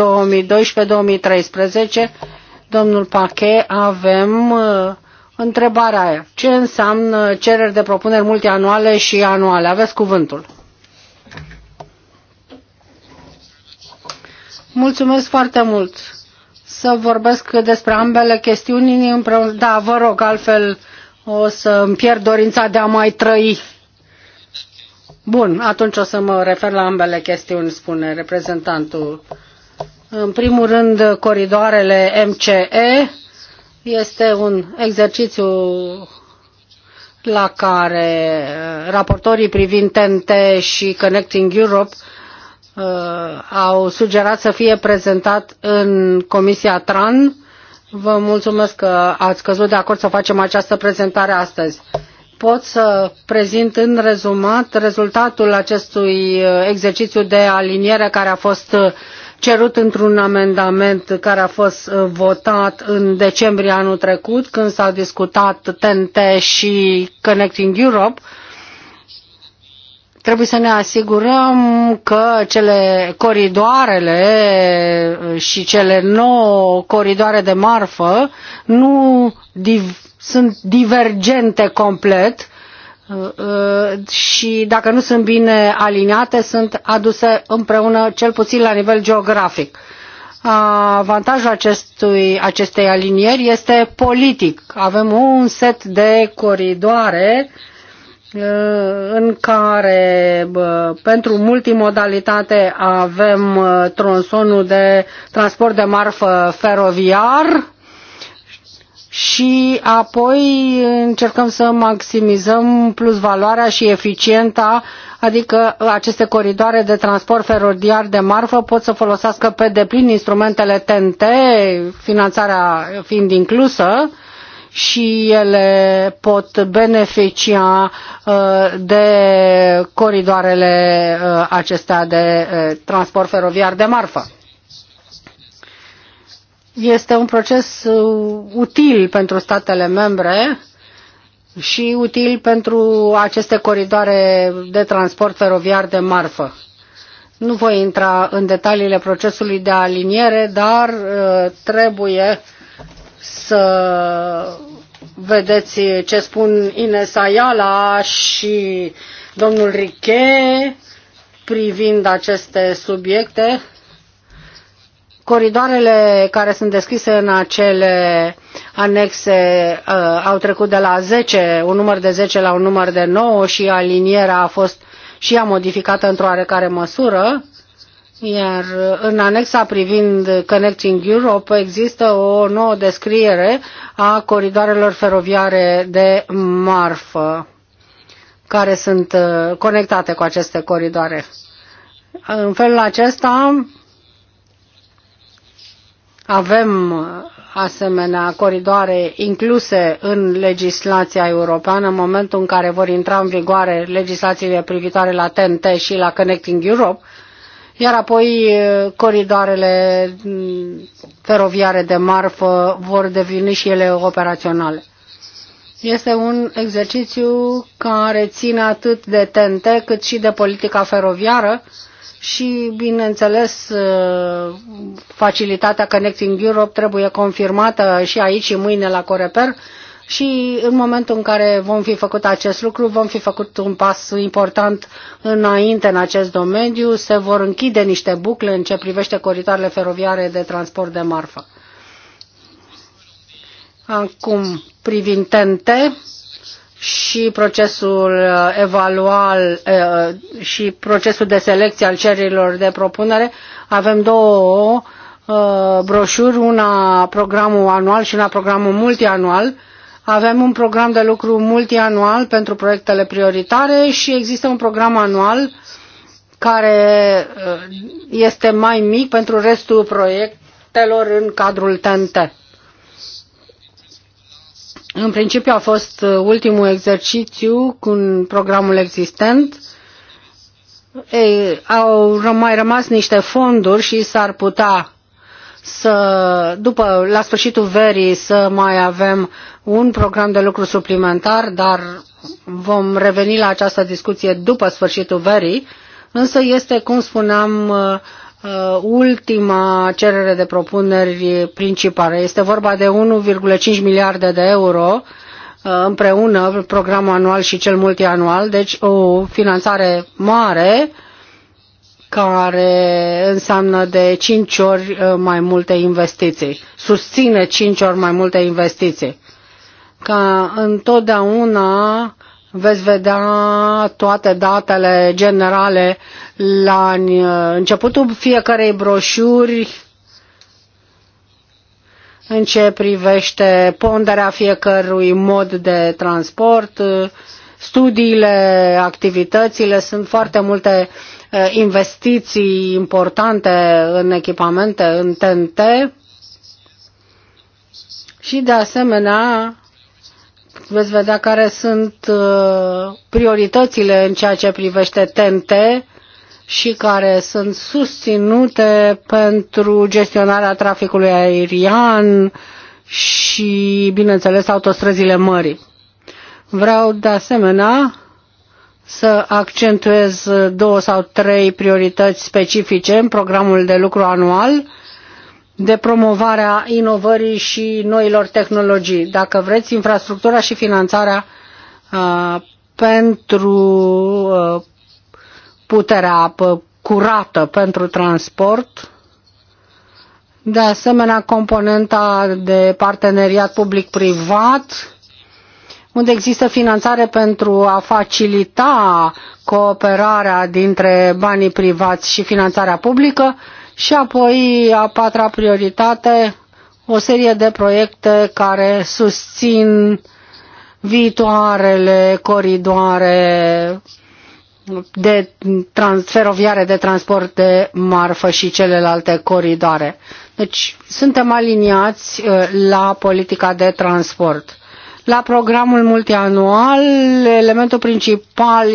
Domnul Pache, avem uh, întrebarea aia. Ce înseamnă cereri de propuneri multianuale și anuale? Aveți cuvântul. Mulțumesc foarte mult să vorbesc despre ambele chestiuni împreună. Da, vă rog, altfel o să îmi pierd dorința de a mai trăi. Bun, atunci o să mă refer la ambele chestiuni, spune reprezentantul. În primul rând, coridoarele MCE este un exercițiu la care raportorii privind TNT și Connecting Europe Uh, au sugerat să fie prezentat în Comisia TRAN. Vă mulțumesc că ați căzut de acord să facem această prezentare astăzi. Pot să prezint în rezumat rezultatul acestui uh, exercițiu de aliniere care a fost uh, cerut într-un amendament care a fost votat în decembrie anul trecut, când s-au discutat TNT și Connecting Europe trebuie să ne asigurăm că cele coridoarele uh, și cele nouă coridoare de marfă nu div- sunt divergente complet uh, uh, și dacă nu sunt bine aliniate, sunt aduse împreună, cel puțin la nivel geografic. Avantajul acestui, acestei alinieri este politic. Avem un set de coridoare uh, Eh, în care pentru multimodalitate avem eh, tronsonul de transport de marfă feroviar și apoi încercăm să maximizăm plus valoarea și eficienta, adică aceste coridoare de transport feroviar de marfă pot să folosească pe deplin instrumentele TNT, finanțarea fiind inclusă, și ele pot beneficia uh, de coridoarele uh, acestea de uh, transport feroviar de marfă. Este un proces util pentru statele membre și util pentru aceste coridoare de transport feroviar de marfă. Nu voi intra în detaliile procesului de aliniere, dar trebuie să vedeți ce spun Ines Ayala și domnul Riche privind aceste subiecte. Coridoarele care sunt deschise în acele anexe uh, au trecut de la 10, un număr de 10 la un număr de 9 și alinierea a fost și ea modificată într-o oarecare măsură. Iar uh, în anexa privind Connecting Europe există o nouă descriere a coridoarelor feroviare de marfă care sunt uh, conectate cu aceste coridoare. În felul acesta avem uh, asemenea coridoare incluse în legislația europeană în momentul în care vor intra în vigoare legislațiile privitoare la TNT și la Connecting Europe, iar apoi coridoarele feroviare de marfă vor deveni și ele operaționale. Este un exercițiu care ține atât de TNT cât și de politica feroviară și, bineînțeles, facilitatea Connecting Europe trebuie confirmată și aici și mâine la Coreper și în momentul în care vom fi făcut acest lucru, vom fi făcut un pas important înainte în acest domeniu, se vor închide niște bucle în ce privește coridoarele feroviare de transport de marfă. Acum, privind TNT și procesul uh, evalual uh, și procesul de selecție al cererilor de propunere, avem două uh, broșuri, una programul anual și una programul multianual avem un program de lucru multianual pentru proiectele prioritare și există un program anual care uh, este mai mic pentru restul proiectelor în cadrul TNT. În principiu a fost uh, ultimul exercițiu cu programul existent. Ei, au mai rămas niște fonduri și s-ar putea să, după, la sfârșitul verii, să mai avem un program de lucru suplimentar, dar vom reveni la această discuție după sfârșitul verii. Însă este, cum spuneam, uh, uh, ultima cerere de propuneri principale Este vorba de 1,5 miliarde de euro uh, împreună programul anual și cel multianual, deci o finanțare mare uh, care înseamnă de 5 ori uh, mai multe investiții, susține 5 ori mai multe investiții. Ca întotdeauna veți vedea toate datele generale la uh, începutul fiecarei broșuri în ce privește ponderea fiecărui mod de transport, uh, studiile, activitățile, sunt foarte multe Eh, investiții importante în echipamente, în TNT și de asemenea veți vedea care sunt eh, prioritățile în ceea ce privește TNT și care sunt susținute pentru gestionarea traficului aerian și, bineînțeles, autostrăzile mării. Vreau de asemenea să accentuez două sau trei priorități specifice în programul de lucru anual de promovarea inovării și noilor tehnologii. Dacă vreți, infrastructura și finanțarea uh, pentru uh, puterea apă curată pentru transport, de asemenea componenta de parteneriat public-privat, unde există finanțare pentru a facilita cooperarea dintre banii privați și finanțarea publică și apoi a patra prioritate, o serie de proiecte care susțin viitoarele coridoare de trans, feroviare de transport de marfă și celelalte coridoare. Deci suntem aliniați uh, la politica de transport. La programul multianual, elementul principal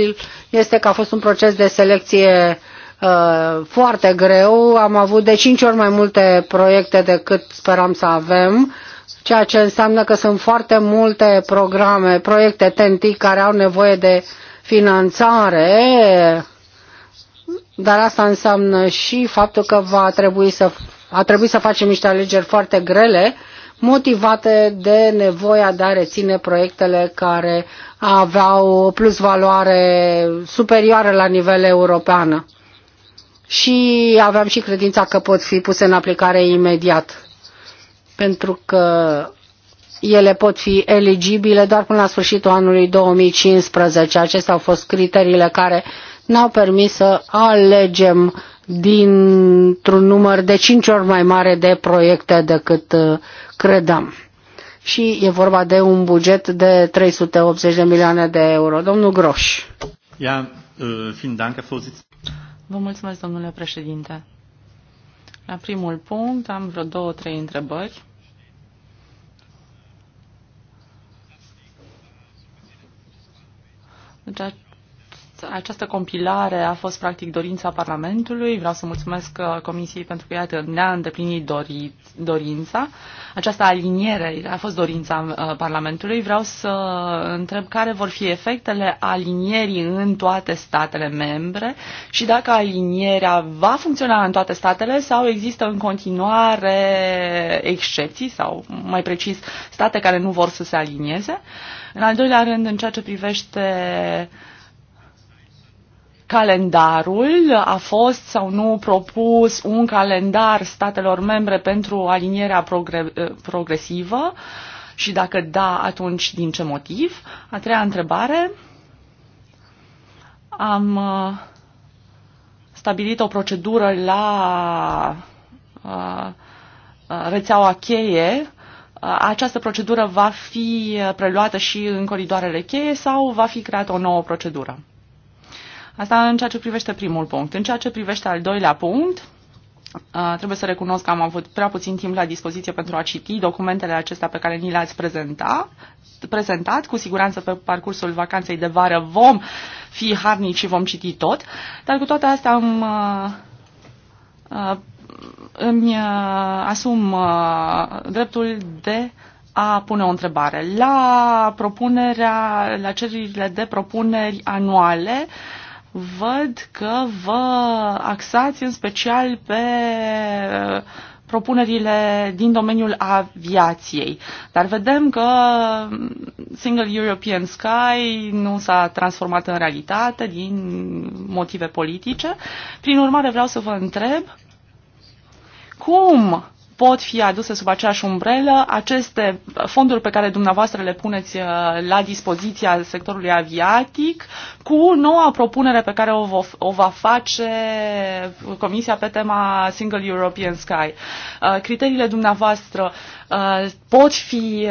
este că a fost un proces de selecție uh, foarte greu. Am avut de cinci ori mai multe proiecte decât speram să avem, ceea ce înseamnă că sunt foarte multe programe, proiecte TNT care au nevoie de finanțare, dar asta înseamnă și faptul că va trebui să, a trebuit să facem niște alegeri foarte grele uh, motivate de nevoia de a reține proiectele care aveau o plus valoare superioară la nivel european. Și aveam și credința că pot fi puse în aplicare imediat, pentru că ele pot fi eligibile doar până la sfârșitul anului 2015. Acestea au fost criteriile care ne-au permis să alegem dintr-un număr de cinci ori mai mare de proiecte decât uh, credem. Și e vorba de un buget de 380 de milioane de euro. Domnul Groș. Ia, eh, vielen Dank, Herr Vă mulțumesc, domnule președinte. La primul punct am vreo două, trei întrebări. Deci această compilare a fost practic dorința Parlamentului. Vreau să mulțumesc uh, Comisiei pentru că, iată, ne-a îndeplinit dori, dorința. Această aliniere a fost dorința uh, Parlamentului. Vreau să întreb care vor fi efectele alinierii în toate statele membre și dacă alinierea va funcționa în toate statele sau există în continuare excepții sau, mai precis, state care nu vor să se alinieze. În al doilea rând, în ceea ce privește calendarul, a fost sau nu propus un calendar statelor membre pentru alinierea progre progresivă și dacă da, atunci din ce motiv? A treia întrebare, am uh, stabilit o procedură la uh, uh, rețeaua cheie această procedură va fi preluată și în coridoarele cheie sau va fi creată o nouă procedură? Asta în ceea ce privește primul punct. În ceea ce privește al doilea punct, trebuie să recunosc că am avut prea puțin timp la dispoziție pentru a citi documentele acestea pe care ni le-ați prezentat. prezentat. Cu siguranță pe parcursul vacanței de vară vom fi harnici și vom citi tot, dar cu toate astea am îmi asum dreptul de a pune o întrebare. La propunerea, la cererile de propuneri anuale, uh, văd că vă axați în special pe uh, propunerile din domeniul aviației. Dar vedem că mm, Single European Sky nu s-a transformat în realitate din motive politice. Prin urmare, vreau să vă întreb cum pot fi aduse sub aceeași umbrelă aceste fonduri pe care dumneavoastră le puneți uh, la dispoziția sectorului aviatic cu noua propunere pe care o, va face Comisia pe tema Single European Sky. Uh, criteriile dumneavoastră uh, pot fi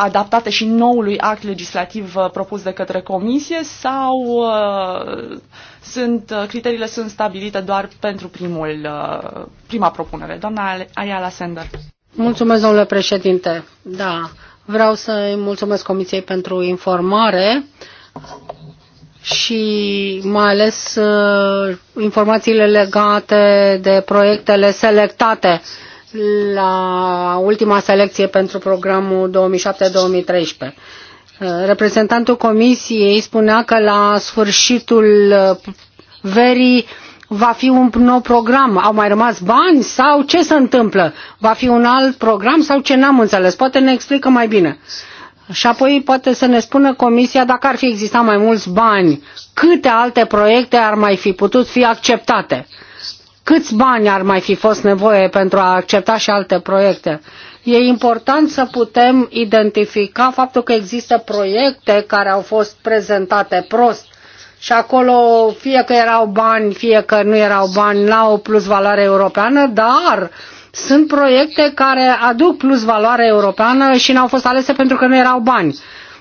adaptate și noului act legislativ uh, propus de către comisie sau uh, sunt, uh, criteriile sunt stabilite doar pentru primul, uh, prima propunere? Doamna Ayala Sender. Mulțumesc, domnule președinte. Da, vreau să-i mulțumesc comisiei pentru informare și mai ales uh, informațiile legate de proiectele selectate uh, la ultima selecție pentru programul 2007-2013. Uh, reprezentantul comisiei spunea că la sfârșitul uh, verii va fi un nou program. Au mai rămas bani sau ce se întâmplă? Va fi un alt program sau ce n-am înțeles? Poate ne explică mai bine. Și apoi poate să ne spună comisia dacă ar fi existat mai mulți bani, câte alte proiecte ar mai fi putut fi acceptate câți bani ar mai fi fost nevoie pentru a accepta și alte proiecte. E important să putem identifica faptul că există proiecte care au fost prezentate prost și acolo fie că erau bani, fie că nu erau bani, n-au plus valoare europeană, dar sunt proiecte care aduc plus valoare europeană și n-au fost alese pentru că nu erau bani.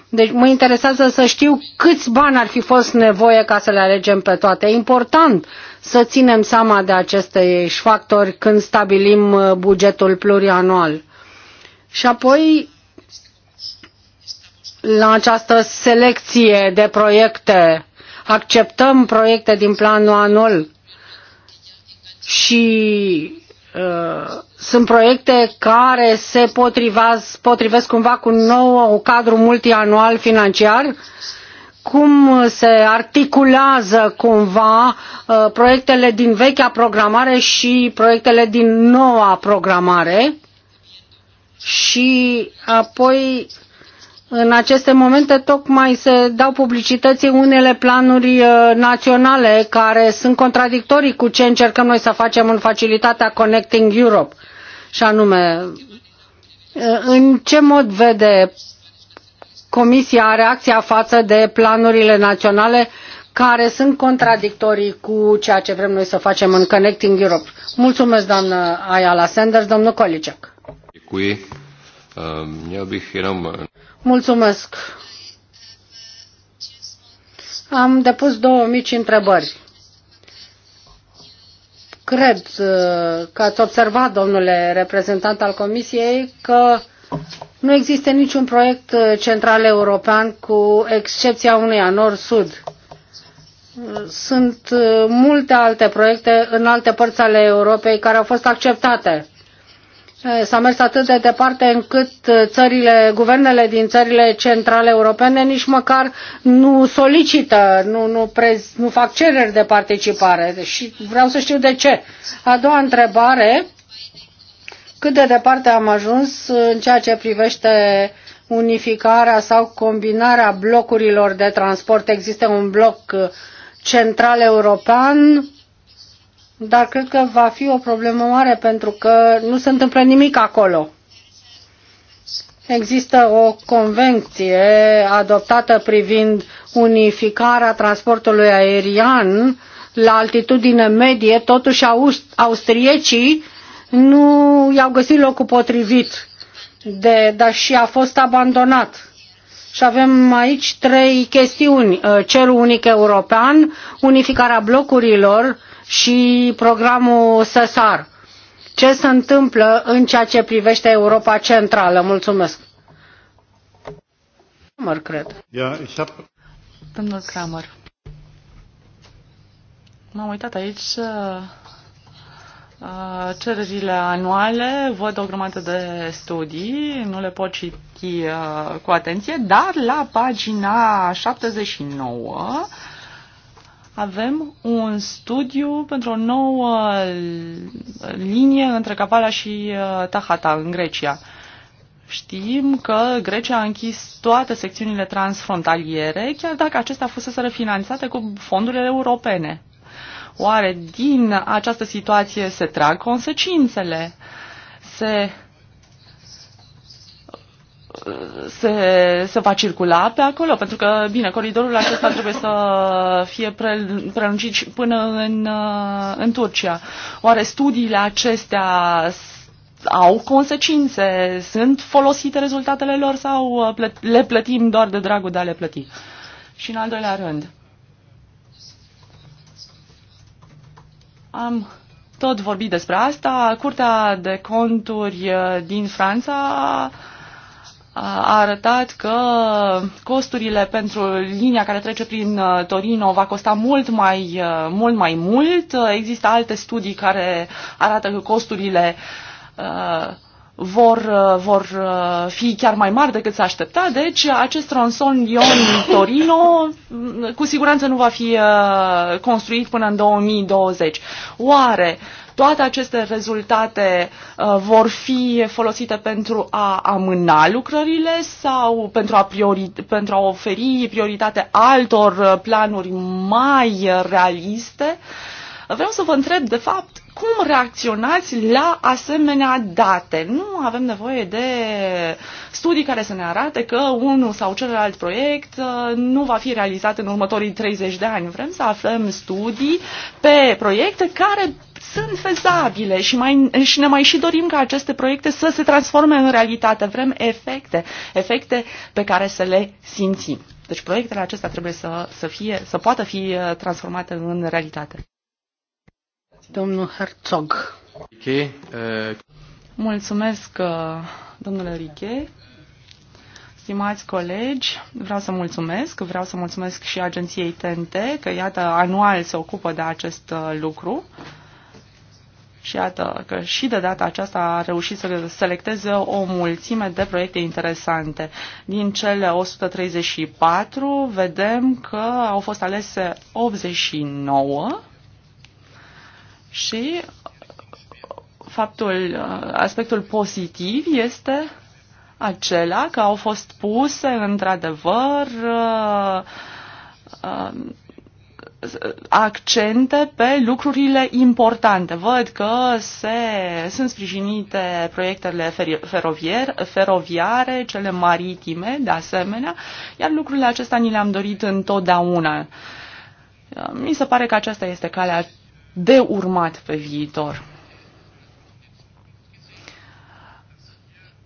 Deci mă interesează să știu câți bani ar fi fost nevoie ca să le alegem pe toate. E important să ținem seama de aceste factori când stabilim uh, bugetul plurianual. Și apoi, la această selecție de proiecte, acceptăm proiecte din planul anual și Uh, sunt proiecte care se potrivesc, potrivesc cumva cu nou cadru multianual financiar? Cum se articulează cumva uh, proiectele din vechea programare și proiectele din noua programare? Și apoi în aceste momente tocmai se dau publicității unele planuri uh, naționale care sunt contradictorii cu ce încercăm noi să facem în facilitatea Connecting Europe. Și anume, uh, în ce mod vede Comisia reacția față de planurile naționale care sunt contradictorii cu ceea ce vrem noi să facem în Connecting Europe. Mulțumesc, doamnă Ayala Sanders, domnul Kolicek. Děkuji. Ehm, bych jenom... Mulțumesc. Am depus două mici întrebări. Cred eh, că ați observat, domnule reprezentant al Comisiei, că nu există niciun proiect eh, central european cu excepția unui nord-sud. Sunt eh, multe alte proiecte în alte părți ale Europei care au fost acceptate s-a mers atât de departe încât uh, țările, guvernele din țările centrale europene nici măcar nu solicită, nu, nu, prez, nu fac cereri de participare. Și vreau să știu de ce. A doua întrebare, cât de departe am ajuns uh, în ceea ce privește unificarea sau combinarea blocurilor de transport. Există un bloc uh, central european dar cred că va fi o problemă mare pentru că nu se întâmplă nimic acolo. Există o convenție adoptată privind unificarea transportului aerian la altitudine medie, totuși austriecii nu i-au găsit locul potrivit, de, dar și a fost abandonat. Și avem aici trei chestiuni. Cerul unic european, unificarea blocurilor și programul SESAR. Ce se întâmplă în ceea ce privește Europa Centrală? Mulțumesc. Kramer, cred. Yeah, Domnul Kramer. M-am uitat aici uh, uh, cererile anuale, văd o grămadă de studii, nu le pot citi uh, cu atenție, dar la pagina 79 avem un studiu pentru o nouă linie între Capala și uh, Tahata în Grecia. Știm că Grecia a închis toate secțiunile transfrontaliere, chiar dacă acestea fusese finanțate cu fondurile europene. Oare din această situație se trag consecințele? Se se, se va circula pe acolo, pentru că, bine, coridorul acesta trebuie să fie prelungit și până în, uh, în Turcia. Oare studiile acestea au consecințe? Sunt folosite rezultatele lor sau uh, le plătim doar de dragul de a le plăti? Și în al doilea rând, am tot vorbit despre asta. Curtea de conturi uh, din Franța a arătat că costurile pentru linia care trece prin uh, Torino va costa mult mai uh, mult. Mai mult. Există alte studii care arată că costurile uh, vor, vor fi chiar mai mari decât se aștepta, deci acest tronson Lyon-Torino mm, cu siguranță nu va fi construit până în 2020. Oare toate aceste rezultate uh, vor fi folosite pentru a amâna lucrările sau pentru a, priori, pentru a oferi prioritate altor uh, planuri mai realiste. Vreau să vă întreb, de fapt, cum reacționați la asemenea date? Nu avem nevoie de studii care să ne arate că unul sau celălalt proiect uh, nu va fi realizat în următorii 30 de ani. Vrem să aflăm studii pe proiecte care sunt fezabile și, mai, și ne mai și dorim ca aceste proiecte să se transforme în realitate. Vrem efecte, efecte pe care să le simțim. Deci proiectele acestea trebuie să, să, fie, să poată fi uh, transformate în realitate. Domnul Herzog. Uh, mulțumesc, uh, domnule Riche. Stimați colegi, vreau să mulțumesc, vreau să mulțumesc și agenției TNT că, iată, anual se ocupă de acest lucru. Și iată că și de data aceasta a reușit să selecteze o mulțime de proiecte interesante. Din cele 134 vedem că au fost alese 89 și faptul, aspectul pozitiv este acela că au fost puse într-adevăr uh, uh, accente pe lucrurile importante. Văd că se, sunt sprijinite proiectele ferovier, feroviare, cele maritime, de asemenea, iar lucrurile acestea ni le-am dorit întotdeauna. Mi se pare că aceasta este calea de urmat pe viitor.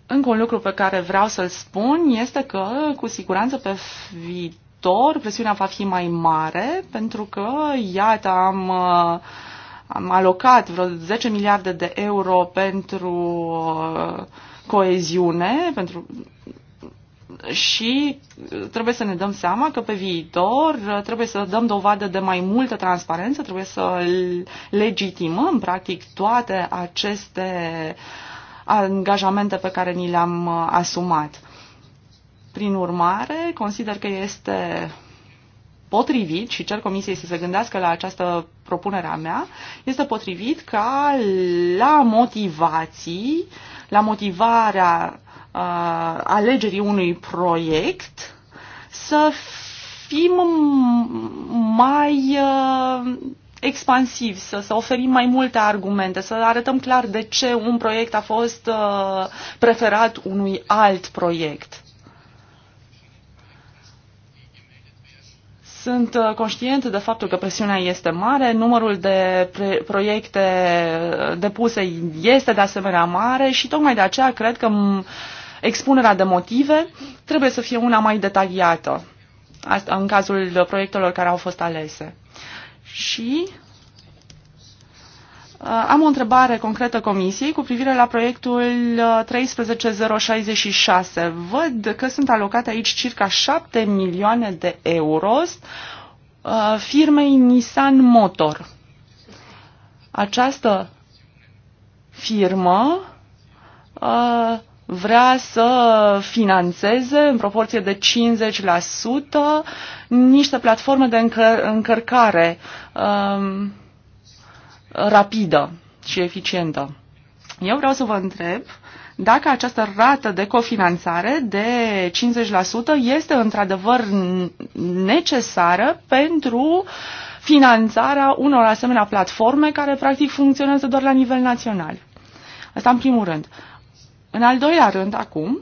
Încă un lucru pe care vreau să-l spun este că, cu siguranță, pe viitor, viitor presiunea va fi mai mare pentru că, iată, am, uh, am alocat vreo 10 miliarde de euro pentru uh, coeziune, pentru și trebuie să ne dăm seama că pe viitor uh, trebuie să dăm dovadă de mai multă transparență, trebuie să legitimăm practic toate aceste angajamente pe care ni le-am asumat. Prin urmare, consider că este potrivit și cer comisiei să se gândească la această propunere a mea, este potrivit ca la motivații, la motivarea uh, alegerii unui proiect să fim mai uh, expansivi, să, să oferim mai multe argumente, să arătăm clar de ce un proiect a fost uh, preferat unui alt proiect. Sunt uh, conștient de faptul că presiunea este mare, numărul de proiecte uh, depuse este de asemenea mare și tocmai de aceea cred că mm, expunerea de motive trebuie să fie una mai detaliată în cazul proiectelor care au fost alese. Și Uh, am o întrebare concretă Comisiei cu privire la proiectul 13066. Uh, Văd că sunt alocate aici circa 7 milioane de euro uh, firmei Nissan Motor. Această firmă vrea să financeze în proporție de 50% niște platforme de încă încărcare um, rapidă și eficientă. Eu vreau să vă întreb dacă această rată de cofinanțare de 50% este într-adevăr necesară pentru finanțarea unor asemenea platforme care practic funcționează doar la nivel național. Asta în primul rând. În al doilea rând, acum,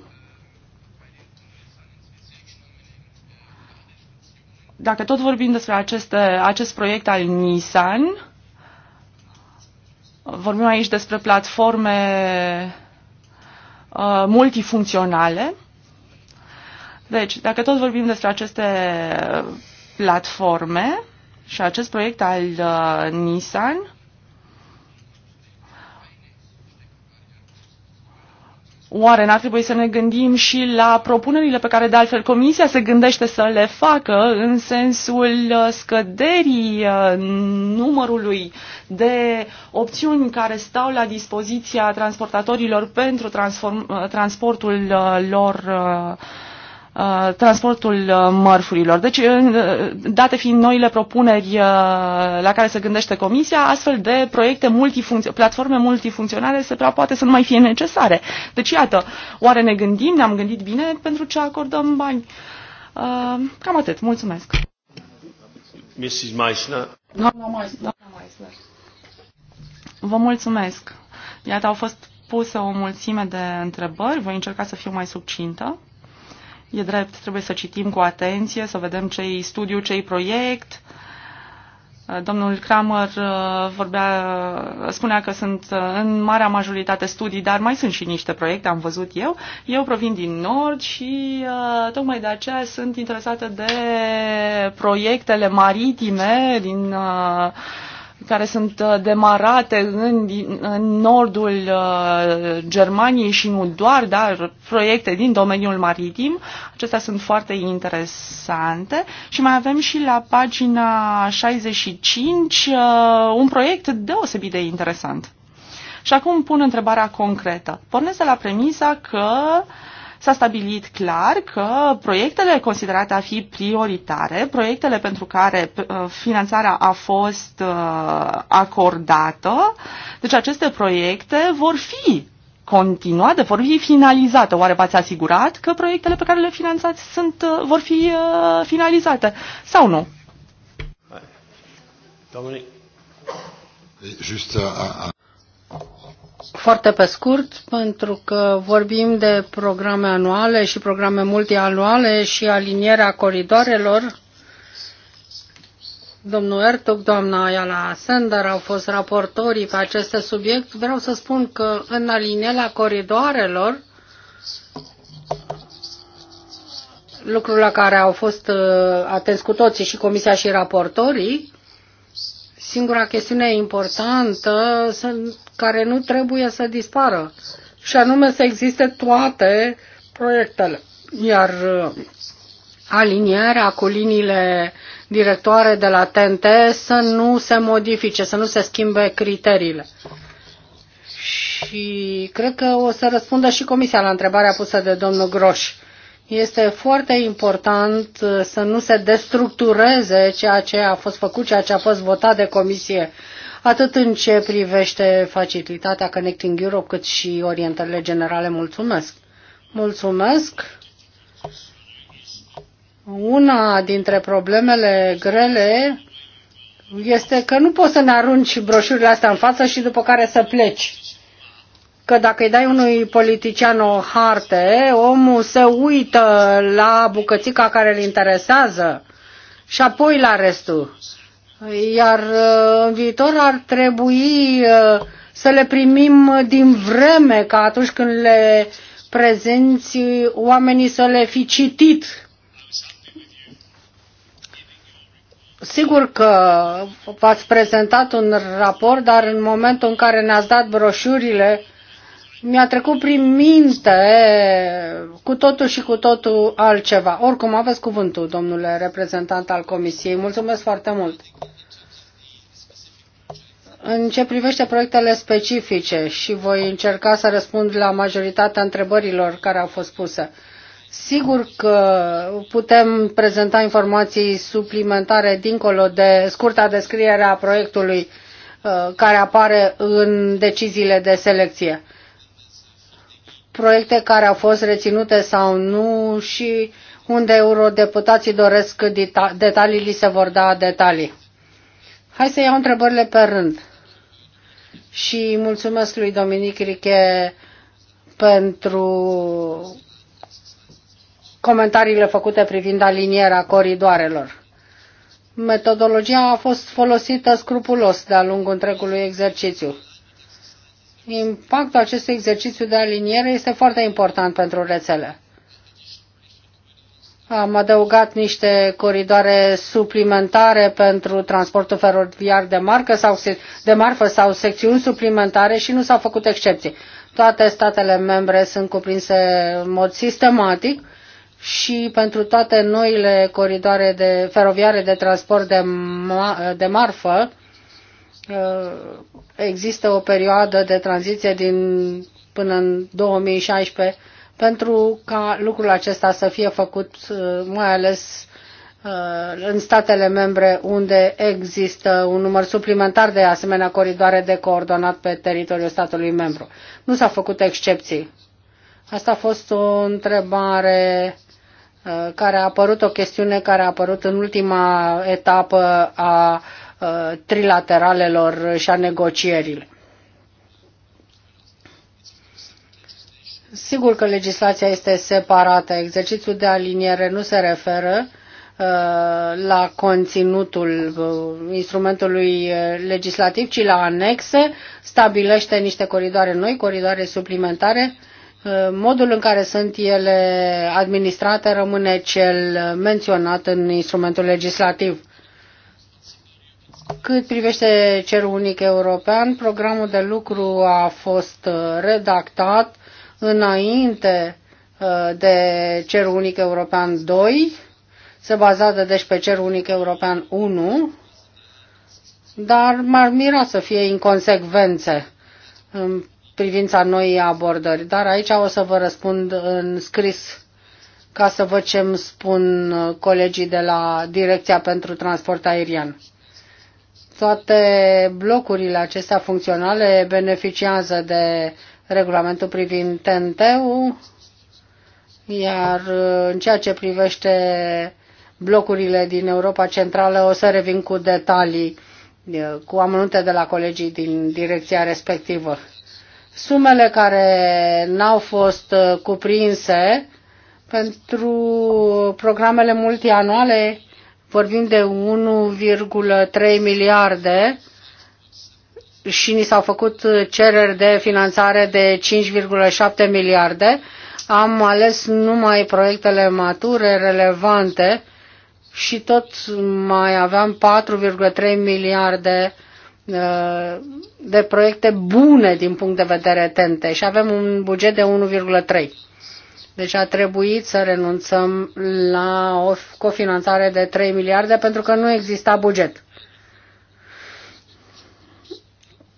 dacă tot vorbim despre aceste, acest proiect al Nissan, Vorbim aici despre platforme uh, multifuncționale. Deci, dacă tot vorbim despre aceste platforme și acest proiect al uh, Nissan, Oare n-ar trebui să ne gândim și la propunerile pe care de altfel Comisia se gândește să le facă în sensul uh, scăderii uh, numărului de opțiuni care stau la dispoziția transportatorilor pentru transform, uh, transportul lor uh, Uh, transportul uh, mărfurilor. Deci, uh, date fiind noile propuneri la care se gândește Comisia, astfel de proiecte multifuncționale, platforme multifuncționale se prea poate să nu mai fie necesare. Deci, iată, oare ne gândim, ne-am gândit bine pentru ce acordăm bani? Cam atât. Mulțumesc. Mrs. Meissner. Doamna Meissner. Vă mulțumesc. Iată, au fost puse o mulțime de întrebări. Voi încerca să fiu mai subcintă. E drept, trebuie să citim cu atenție, să vedem ce-i studiu, ce-i proiect. Domnul Kramer uh, vorbea, uh, spunea că sunt uh, în marea majoritate studii, dar mai sunt și niște proiecte, am văzut eu. Eu provin din Nord și tocmai de aceea sunt interesată de proiectele maritime din uh, care sunt uh, demarate în, în nordul uh, Germaniei și nu doar, dar proiecte din domeniul maritim. Acestea sunt foarte interesante și mai avem și la pagina 65 uh, un proiect deosebit de interesant. Și acum pun întrebarea concretă. Pornesc de la premisa că uh, S-a stabilit clar că proiectele considerate a fi prioritare, proiectele pentru care uh, finanțarea a fost uh, acordată, deci aceste proiecte vor fi continuate, vor fi finalizate. Oare v-ați asigurat că proiectele pe care le finanțați sunt, uh, vor fi finalizate sau nu? Domnule. Just a, a foarte pe scurt, pentru că vorbim de programe anuale și programe multianuale și alinierea coridoarelor. Domnul Ertug, doamna Ayala Sender au fost raportorii pe acest subiect. Vreau să spun că în alinierea coridoarelor, lucrul la care au fost uh, atenți cu toții și comisia și raportorii, Singura chestiune importantă sunt care nu trebuie să dispară, și anume să existe toate proiectele. Iar uh, alinierea cu liniile directoare de la TNT să nu se modifice, să nu se schimbe criteriile. Și cred că o să răspundă și Comisia la întrebarea pusă de domnul Groș. Este foarte important uh, să nu se destructureze ceea ce a fost făcut, ceea ce a fost votat de Comisie atât în ce privește facilitatea Connecting Europe, cât și orientările generale. Mulțumesc! Mulțumesc! Una dintre problemele grele este că nu poți să ne arunci broșurile astea în față și după care să pleci. Că dacă îi dai unui politician o harte, omul se uită la bucățica care îl interesează și apoi la restul iar uh, în viitor ar trebui uh, să le primim din vreme, ca atunci când le prezenți oamenii să le fi citit. Sigur că v-ați prezentat un raport, dar în momentul în care ne-ați dat broșurile, uh, mi-a trecut prin minte cu totul și cu totul altceva. Oricum, aveți cuvântul, domnule reprezentant al Comisiei. Mulțumesc foarte mult. În ce privește proiectele specifice și voi încerca să răspund la majoritatea întrebărilor care au fost puse. Sigur că putem prezenta informații suplimentare dincolo de scurta descriere a proiectului uh, care apare în deciziile de selecție proiecte care au fost reținute sau nu și unde eurodeputații doresc detalii, li se vor da detalii. Hai să iau întrebările pe rând. Și mulțumesc lui Dominic Riche pentru comentariile făcute privind alinierea coridoarelor. Metodologia a fost folosită scrupulos de-a lungul întregului exercițiu impactul acestui exercițiu de aliniere este foarte important pentru rețele. Am adăugat niște coridoare suplimentare pentru transportul feroviar de, marcă sau de marfă sau secțiuni suplimentare și nu s-au făcut excepții. Toate statele membre sunt cuprinse în mod sistematic și pentru toate noile coridoare de feroviare de transport de, ma- de marfă există o perioadă de tranziție din până în 2016 pentru ca lucrul acesta să fie făcut uh, mai ales uh, în statele membre unde există un număr suplimentar de asemenea coridoare de coordonat pe teritoriul statului membru. Nu s-a făcut excepții. Asta a fost o întrebare uh, care a apărut, o chestiune care a apărut în ultima etapă a Uh, trilateralelor și a negocierilor. Sigur că legislația este separată. Exercițiul de aliniere nu se referă uh, la conținutul uh, instrumentului legislativ, ci la anexe, stabilește niște coridoare noi, coridoare suplimentare. Modul în care sunt ele administrate rămâne cel menționat în instrumentul legislativ. Cât privește cerul unic european, programul de lucru a fost uh, redactat înainte uh, de cerul unic european 2, se bazează deci pe cerul unic european 1, dar m-ar mira să fie inconsecvențe în privința noii abordări. Dar aici o să vă răspund în scris ca să văd ce îmi spun uh, colegii de la Direcția pentru Transport Aerian. Toate blocurile acestea funcționale beneficiază de regulamentul privind TNT, iar uh, în ceea ce privește blocurile din Europa Centrală o să revin cu detalii, uh, cu amănunte de la colegii din direcția respectivă. Sumele care n-au fost uh, cuprinse pentru programele multianuale vorbim de 1,3 miliarde și ni s-au făcut cereri de finanțare de 5,7 miliarde. Am ales numai proiectele mature, relevante și tot mai aveam 4,3 miliarde uh, de proiecte bune din punct de vedere tente și avem un buget de 1,3. Deci a trebuit să renunțăm la o cofinanțare de 3 miliarde pentru că nu exista buget.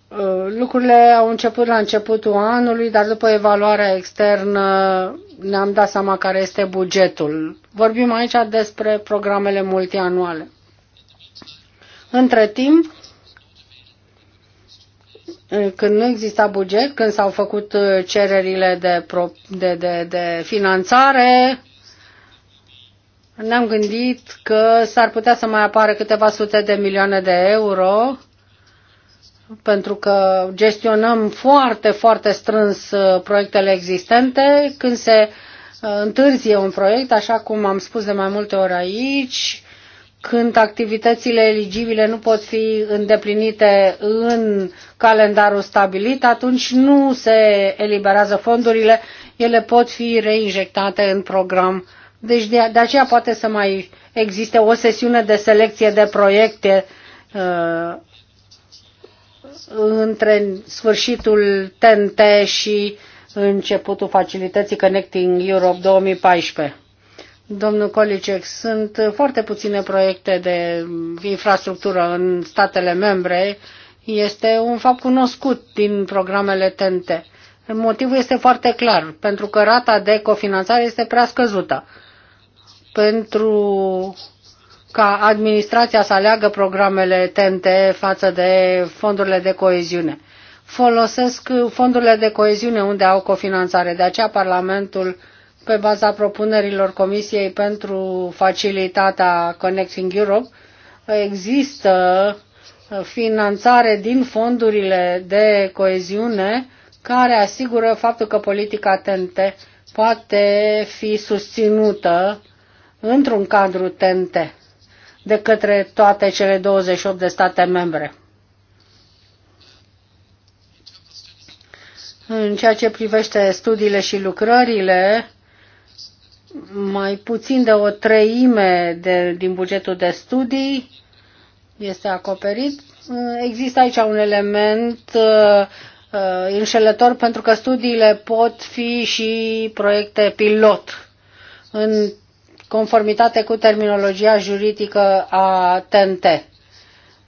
Uh, lucrurile au început la începutul anului, dar după evaluarea externă ne-am dat seama care este bugetul. Vorbim aici despre programele multianuale. Între timp, Eh, când nu exista buget, când s-au făcut eh, cererile de, pro, de, de, de finanțare, ne-am gândit că s-ar putea să mai apară câteva sute de milioane de euro, pentru că gestionăm foarte, foarte strâns eh, proiectele existente. Când se întârzie un proiect, așa cum am spus de mai multe ori aici, când activitățile eligibile nu pot fi îndeplinite în calendarul stabilit, atunci nu se eliberează fondurile, ele pot fi reinjectate în program. Deci de, de aceea poate să mai existe o sesiune de selecție de proiecte uh, între sfârșitul TNT și începutul facilității Connecting Europe 2014 domnul Kolicek, sunt foarte puține proiecte de infrastructură în statele membre. Este un fapt cunoscut din programele TNT. Motivul este foarte clar, pentru că rata de cofinanțare este prea scăzută. Pentru ca administrația să aleagă programele TNT față de fondurile de coeziune. Folosesc fondurile de coeziune unde au cofinanțare, de aceea Parlamentul pe baza propunerilor Comisiei pentru facilitatea Connecting Europe, există finanțare din fondurile de coeziune care asigură faptul că politica TNT poate fi susținută într-un cadru TNT de către toate cele 28 de state membre. În ceea ce privește studiile și lucrările, mai puțin de o treime de, din bugetul de studii este acoperit. Există aici un element uh, uh înșelător pentru că studiile pot fi și proiecte pilot în conformitate cu terminologia juridică a TNT.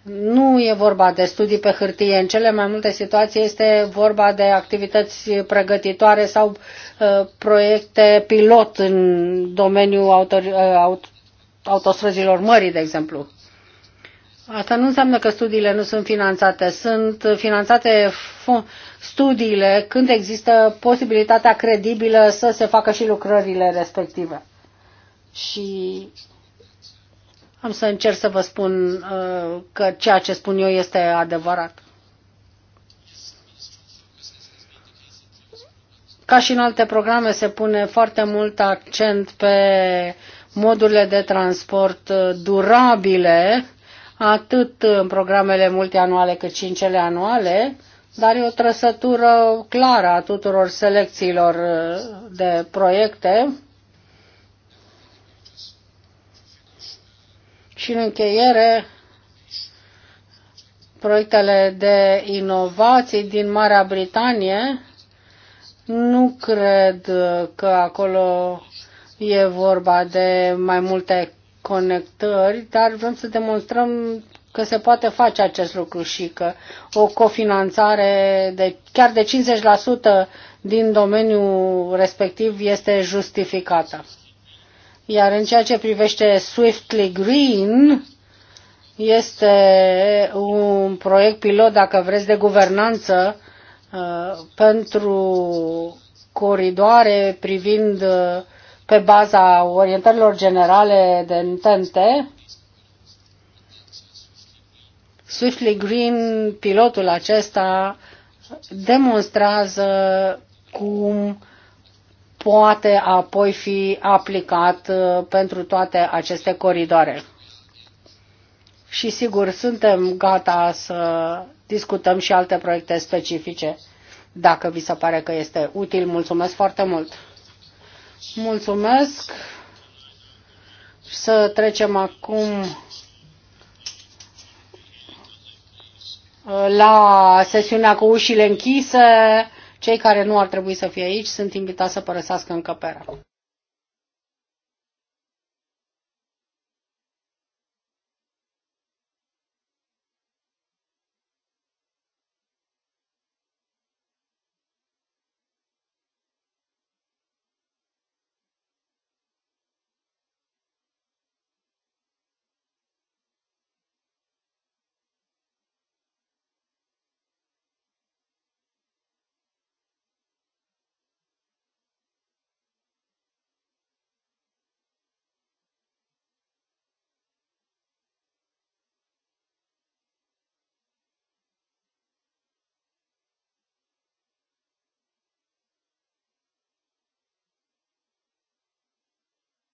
Nu e vorba de studii pe hârtie. În cele mai multe situații este vorba de activități pregătitoare sau uh, proiecte pilot în domeniul autor, uh, autostrăzilor mării, de exemplu. Asta nu înseamnă că studiile nu sunt finanțate. Sunt finanțate studiile când există posibilitatea credibilă să se facă și lucrările respective. Și am să încerc să vă spun uh, că ceea ce spun eu este adevărat. Ca și în alte programe, se pune foarte mult accent pe modurile de transport uh, durabile, atât în programele multianuale cât și în cele anuale, dar e o trăsătură clară a tuturor selecțiilor uh, de proiecte Și în încheiere, proiectele de inovații din Marea Britanie, nu cred că acolo e vorba de mai multe conectări, dar vrem să demonstrăm că se poate face acest lucru și că o cofinanțare de chiar de 50% din domeniul respectiv este justificată. Iar în ceea ce privește Swiftly Green, este un proiect pilot, dacă vreți, de guvernanță uh, pentru coridoare privind uh, pe baza orientărilor generale de întente. Swiftly Green, pilotul acesta, demonstrează cum poate apoi fi aplicat uh, pentru toate aceste coridoare. Și sigur, suntem gata să discutăm și alte proiecte specifice, dacă vi se pare că este util. Mulțumesc foarte mult! Mulțumesc! Să trecem acum uh, la sesiunea cu ușile închise. Cei care nu ar trebui să fie aici sunt invitați să părăsească încăperea.